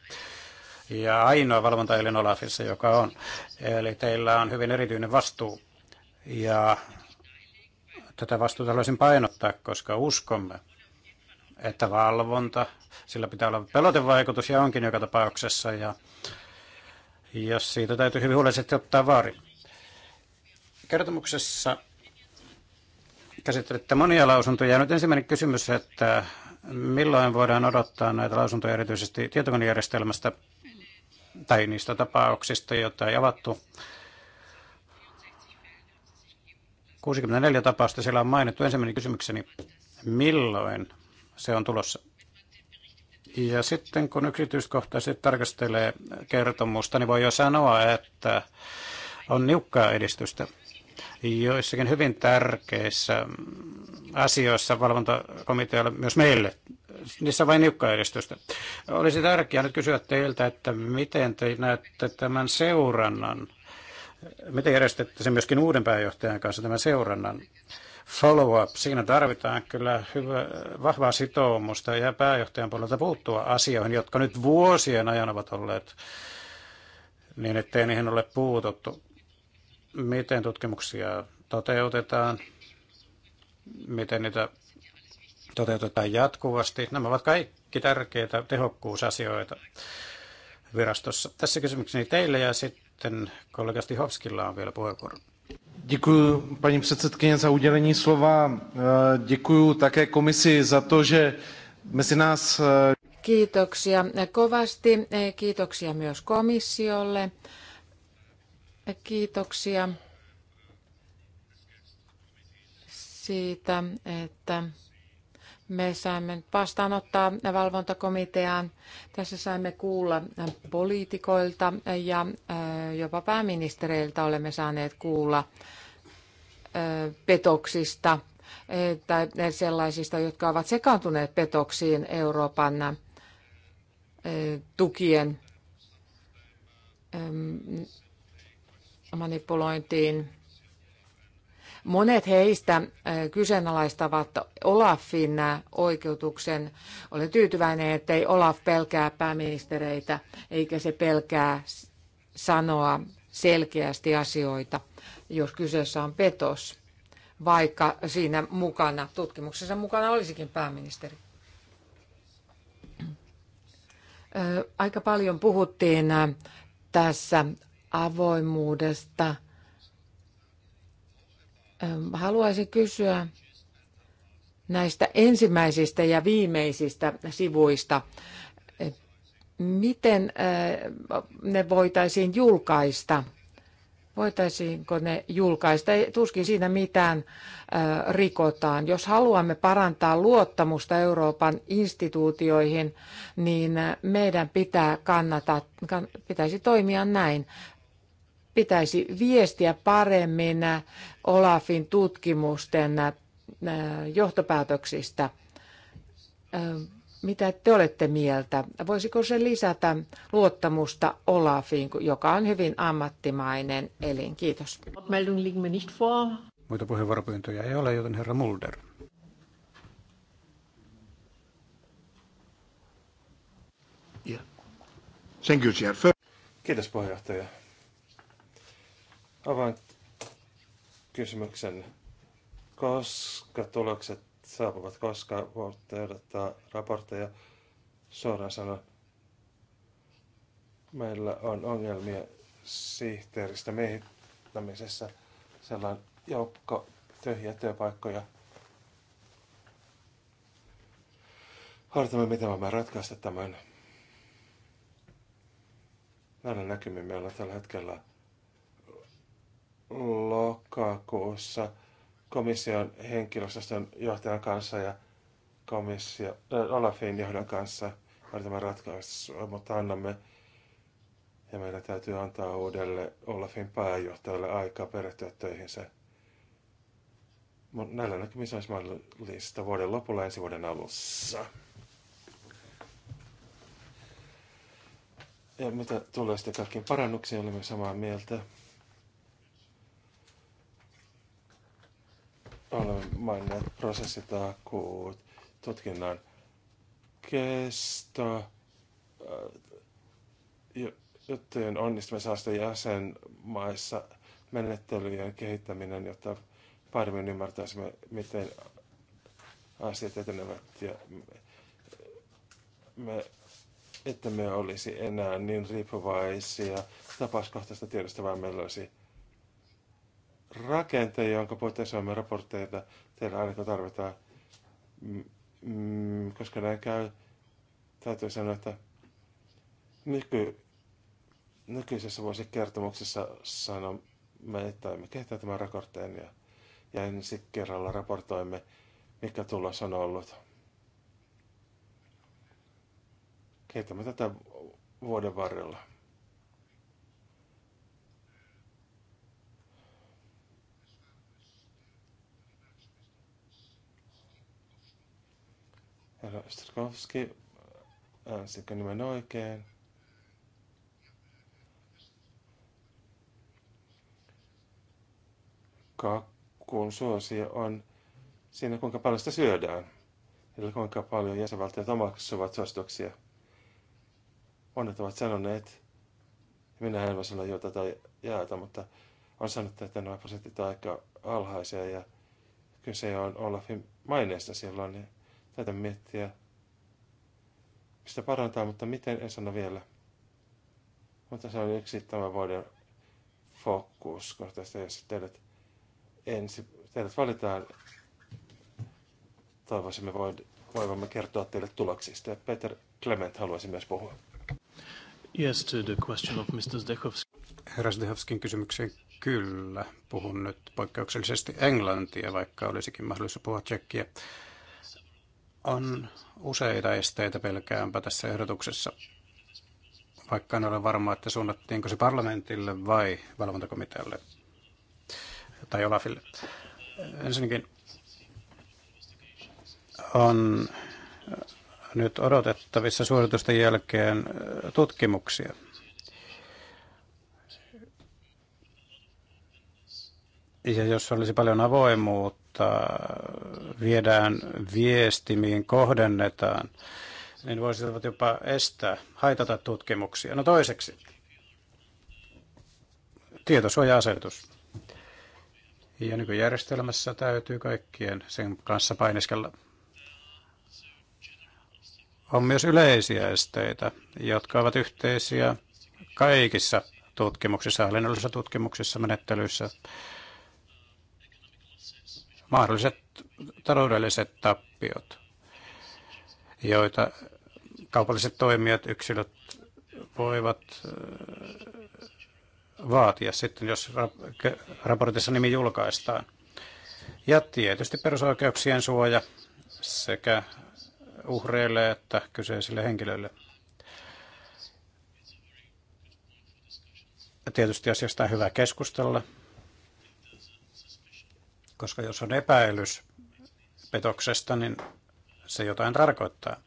Ja ainoa valvontaelin Olafissa, joka on. Eli teillä on hyvin erityinen vastuu. Ja Tätä vastuuta haluaisin painottaa, koska uskomme, että valvonta, sillä pitää olla pelotevaikutus ja onkin joka tapauksessa. Ja jos siitä täytyy hyvin huolellisesti ottaa vaari. Kertomuksessa käsittelette monia lausuntoja. Nyt ensimmäinen kysymys, että milloin voidaan odottaa näitä lausuntoja erityisesti tietokonejärjestelmästä tai niistä tapauksista, joita ei avattu 64 tapausta siellä on mainittu. Ensimmäinen kysymykseni, milloin se on tulossa? Ja sitten kun yksityiskohtaisesti tarkastelee kertomusta, niin voi jo sanoa, että on niukkaa edistystä joissakin hyvin tärkeissä asioissa valvontakomitealle, myös meille. Niissä on vain niukkaa edistystä. Olisi tärkeää nyt kysyä teiltä, että miten te näette tämän seurannan miten järjestätte sen myöskin uuden pääjohtajan kanssa tämän seurannan follow-up? Siinä tarvitaan kyllä hyvä, vahvaa sitoumusta ja pääjohtajan puolelta puuttua asioihin, jotka nyt vuosien ajan ovat olleet niin, ettei niihin ole puututtu. Miten tutkimuksia toteutetaan? Miten niitä toteutetaan jatkuvasti? Nämä ovat kaikki tärkeitä tehokkuusasioita virastossa. Tässä kysymykseni teille ja sitten sitten kollega Stihovskilla on vielä puheenvuoro. Děkuji paní předsedkyně za udělení slova. E, děkuji také komisi za to, že mezi nás... E, kiitoksia kovasti. E, kiitoksia myös komissiolle. Kiitoksia siitä, että me saimme vastaanottaa valvontakomiteaan. Tässä saimme kuulla poliitikoilta ja jopa pääministereiltä olemme saaneet kuulla petoksista tai sellaisista, jotka ovat sekaantuneet petoksiin Euroopan tukien manipulointiin. Monet heistä äh, kyseenalaistavat Olafin äh, oikeutuksen. Olen tyytyväinen, ettei Olaf pelkää pääministereitä, eikä se pelkää sanoa selkeästi asioita, jos kyseessä on petos, vaikka siinä mukana, tutkimuksessa mukana olisikin pääministeri. Äh, aika paljon puhuttiin tässä avoimuudesta Ähm, haluaisin kysyä näistä ensimmäisistä ja viimeisistä sivuista. Miten äh, ne voitaisiin julkaista? Voitaisiinko ne julkaista? Ei, tuskin siinä mitään äh, rikotaan. Jos haluamme parantaa luottamusta Euroopan instituutioihin, niin äh, meidän pitää kannata, pitäisi toimia näin pitäisi viestiä paremmin Olafin tutkimusten äh, johtopäätöksistä. Äh, mitä te olette mieltä? Voisiko se lisätä luottamusta Olafiin, joka on hyvin ammattimainen elin? Kiitos. Muita puheenvuoropyyntöjä ei ole, joten herra Mulder. Kiitos puheenjohtaja avaan kysymyksen, koska tulokset saapuvat, koska voitte odottaa raportteja suoraan sanoen. Meillä on ongelmia sihteeristä miehittämisessä. Siellä on joukko tyhjiä työpaikkoja. Hartamme, miten voimme ratkaista tämän. Näillä näkymin meillä on tällä hetkellä lokakuussa komission henkilöstön johtajan kanssa ja komissio, no, Olafin johdon kanssa tämä ratkaisu, mutta annamme ja meidän täytyy antaa uudelle Olafin pääjohtajalle aikaa perehtyä se. Näillä näkymissä olisi mahdollista vuoden lopulla ensi vuoden alussa. Ja mitä tulee sitten kaikkiin parannuksiin, olemme samaa mieltä. olemme maininneet prosessitakuut, tutkinnan kesto, äh, juttujen onnistumisaste jäsenmaissa, menettelyjen kehittäminen, jotta paremmin ymmärtäisimme, miten asiat etenevät ja me, että me olisi enää niin riippuvaisia tapauskohtaista tiedosta, vaan meillä olisi rakenteen, jonka puitteissa olemme raportteita teillä aina kun tarvitaan. Mm, mm, koska näin käy, täytyy sanoa, että nyky, nykyisessä vuosikertomuksessa sanomme, että me kehitämme tämän raportteen ja, ja ensi kerralla raportoimme, mikä tulos on ollut. Kehitämme tätä vuoden varrella. Strakowski, äänsikö nimen oikein? Kakkuun suosio on siinä, kuinka paljon sitä syödään. Eli kuinka paljon jäsenvaltiot omaksuvat suosituksia. Monet ovat sanoneet, minä en voi sanoa jota tai jäätä, mutta on sanottu, että nämä prosentit ovat aika alhaisia ja kyse on Olafin maineesta silloin. Niin Täytä miettiä, mistä parantaa, mutta miten en sano vielä. Mutta se on yksi tämän vuoden fokus, tästä jos teidät, ensi, teidät valitaan, toivoisimme voivamme kertoa teille tuloksista. Ja Peter Clement haluaisi myös puhua. Yes, to the question of Mr. Zdechowski. Herra Zdechowskin kysymykseen kyllä. Puhun nyt poikkeuksellisesti englantia, vaikka olisikin mahdollisuus puhua tsekkiä. On useita esteitä pelkäänpä tässä ehdotuksessa, vaikka en ole varma, että suunnattiinko se parlamentille vai valvontakomitealle tai Olafille. Ensinnäkin on nyt odotettavissa suoritusten jälkeen tutkimuksia Ja jos olisi paljon avoimuutta, viedään mihin kohdennetaan, niin voisivat jopa estää, haitata tutkimuksia. No toiseksi, tietosuoja-asetus. Ja nykyjärjestelmässä täytyy kaikkien sen kanssa painiskella. On myös yleisiä esteitä, jotka ovat yhteisiä kaikissa tutkimuksissa, hallinnollisissa tutkimuksissa, menettelyissä, mahdolliset taloudelliset tappiot, joita kaupalliset toimijat, yksilöt voivat äh, vaatia sitten, jos raportissa nimi julkaistaan. Ja tietysti perusoikeuksien suoja sekä uhreille että kyseisille henkilöille. Tietysti asiasta on hyvä keskustella koska jos on epäilys petoksesta, niin se jotain tarkoittaa.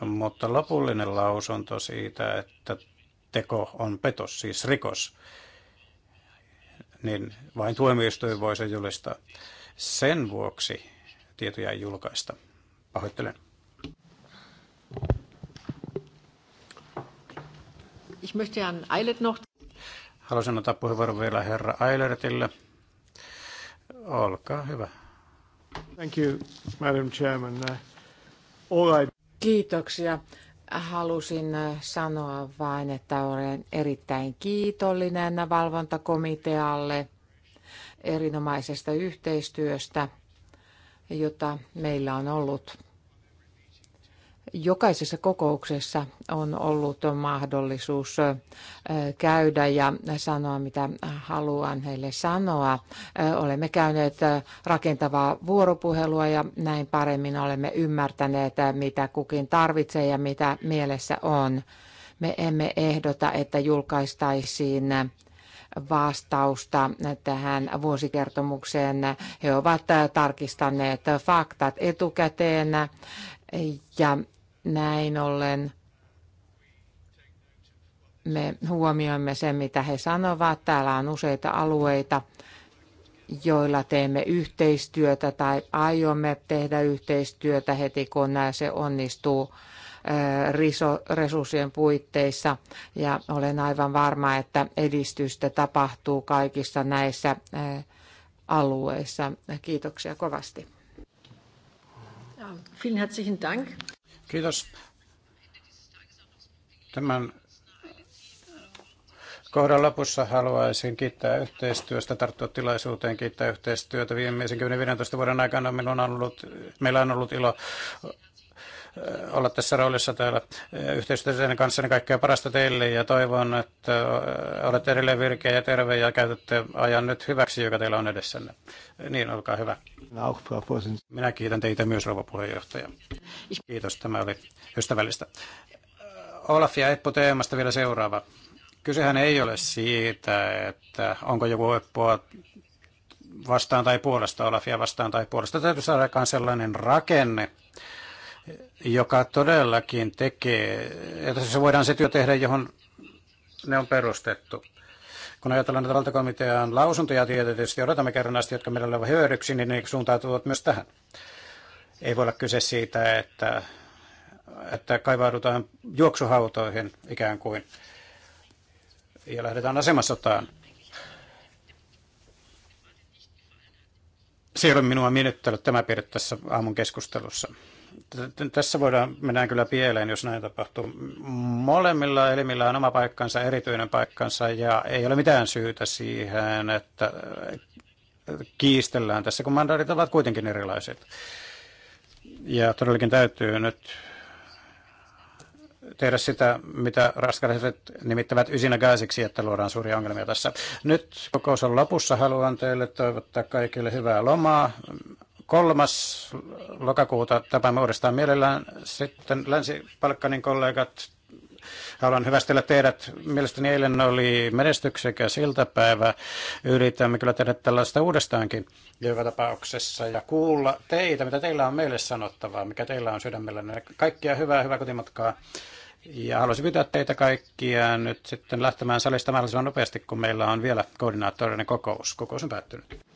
Mutta lopullinen lausunto siitä, että teko on petos, siis rikos, niin vain tuomioistuin voi se julistaa. Sen vuoksi tietoja ei julkaista. Pahoittelen. Ich möchte Herrn Eilert noch... Haluaisin ottaa puheenvuoron vielä herra Eilertille. Olkaa hyvä. Thank you, Madam Chairman. Uh, all I... Kiitoksia. Halusin uh, sanoa vain, että olen erittäin kiitollinen valvontakomitealle erinomaisesta yhteistyöstä, jota meillä on ollut jokaisessa kokouksessa on ollut mahdollisuus käydä ja sanoa, mitä haluan heille sanoa. Olemme käyneet rakentavaa vuoropuhelua ja näin paremmin olemme ymmärtäneet, mitä kukin tarvitsee ja mitä mielessä on. Me emme ehdota, että julkaistaisiin vastausta tähän vuosikertomukseen. He ovat tarkistaneet faktat etukäteen ja näin ollen me huomioimme sen, mitä he sanovat. Täällä on useita alueita, joilla teemme yhteistyötä tai aiomme tehdä yhteistyötä heti, kun se onnistuu resurssien puitteissa. Ja olen aivan varma, että edistystä tapahtuu kaikissa näissä alueissa. Kiitoksia kovasti. Vielen herzlichen Dank. Kiitos. Tämän kohdan lopussa haluaisin kiittää yhteistyöstä, tarttua tilaisuuteen, kiittää yhteistyötä. Viimeisen 10-15 vuoden aikana on ollut, meillä on ollut ilo olla tässä roolissa täällä yhteistyössä kanssa. Niin kaikkea parasta teille ja toivon, että olette edelleen virkeä ja terve ja käytätte ajan nyt hyväksi, joka teillä on edessänne. Niin, olkaa hyvä. Minä kiitän teitä myös, rouva puheenjohtaja. Kiitos, tämä oli ystävällistä. Olaf ja Eppo teemasta vielä seuraava. Kysehän ei ole siitä, että onko joku Eppoa vastaan tai puolesta, Olafia vastaan tai puolesta. Täytyy saada aikaan sellainen rakenne, joka todellakin tekee, että se voidaan se työ tehdä, johon ne on perustettu. Kun ajatellaan näitä valtakomitean lausuntoja tietysti odotamme kerran asti, jotka meillä ovat hyödyksi, niin ne suuntautuvat myös tähän. Ei voi olla kyse siitä, että, että kaivaudutaan juoksuhautoihin ikään kuin ja lähdetään asemasotaan. Se ei ole minua miellyttänyt tämä piirre tässä aamun keskustelussa. Tässä voidaan, mennään kyllä pieleen, jos näin tapahtuu. Molemmilla elimillä on oma paikkansa, erityinen paikkansa, ja ei ole mitään syytä siihen, että äh, kiistellään tässä, kun mandaatit ovat kuitenkin erilaiset. Ja todellakin täytyy nyt tehdä sitä, mitä ranskalaiset nimittävät ysinäkäisiksi, että luodaan suuria ongelmia tässä. Nyt kokous on lopussa. Haluan teille toivottaa kaikille hyvää lomaa. Kolmas lokakuuta tapaamme uudestaan mielellään. Sitten Länsi-Palkkanin kollegat, haluan hyvästellä teidät. Mielestäni eilen oli menestyksekäs iltapäivä. Yritämme kyllä tehdä tällaista uudestaankin joka tapauksessa ja kuulla teitä, mitä teillä on meille sanottavaa, mikä teillä on sydämellä. Kaikkia hyvää, hyvää kotimatkaa. Ja haluaisin pyytää teitä kaikkia nyt sitten lähtemään salista mahdollisimman nopeasti, kun meillä on vielä koordinaattorinen kokous. Kokous on päättynyt.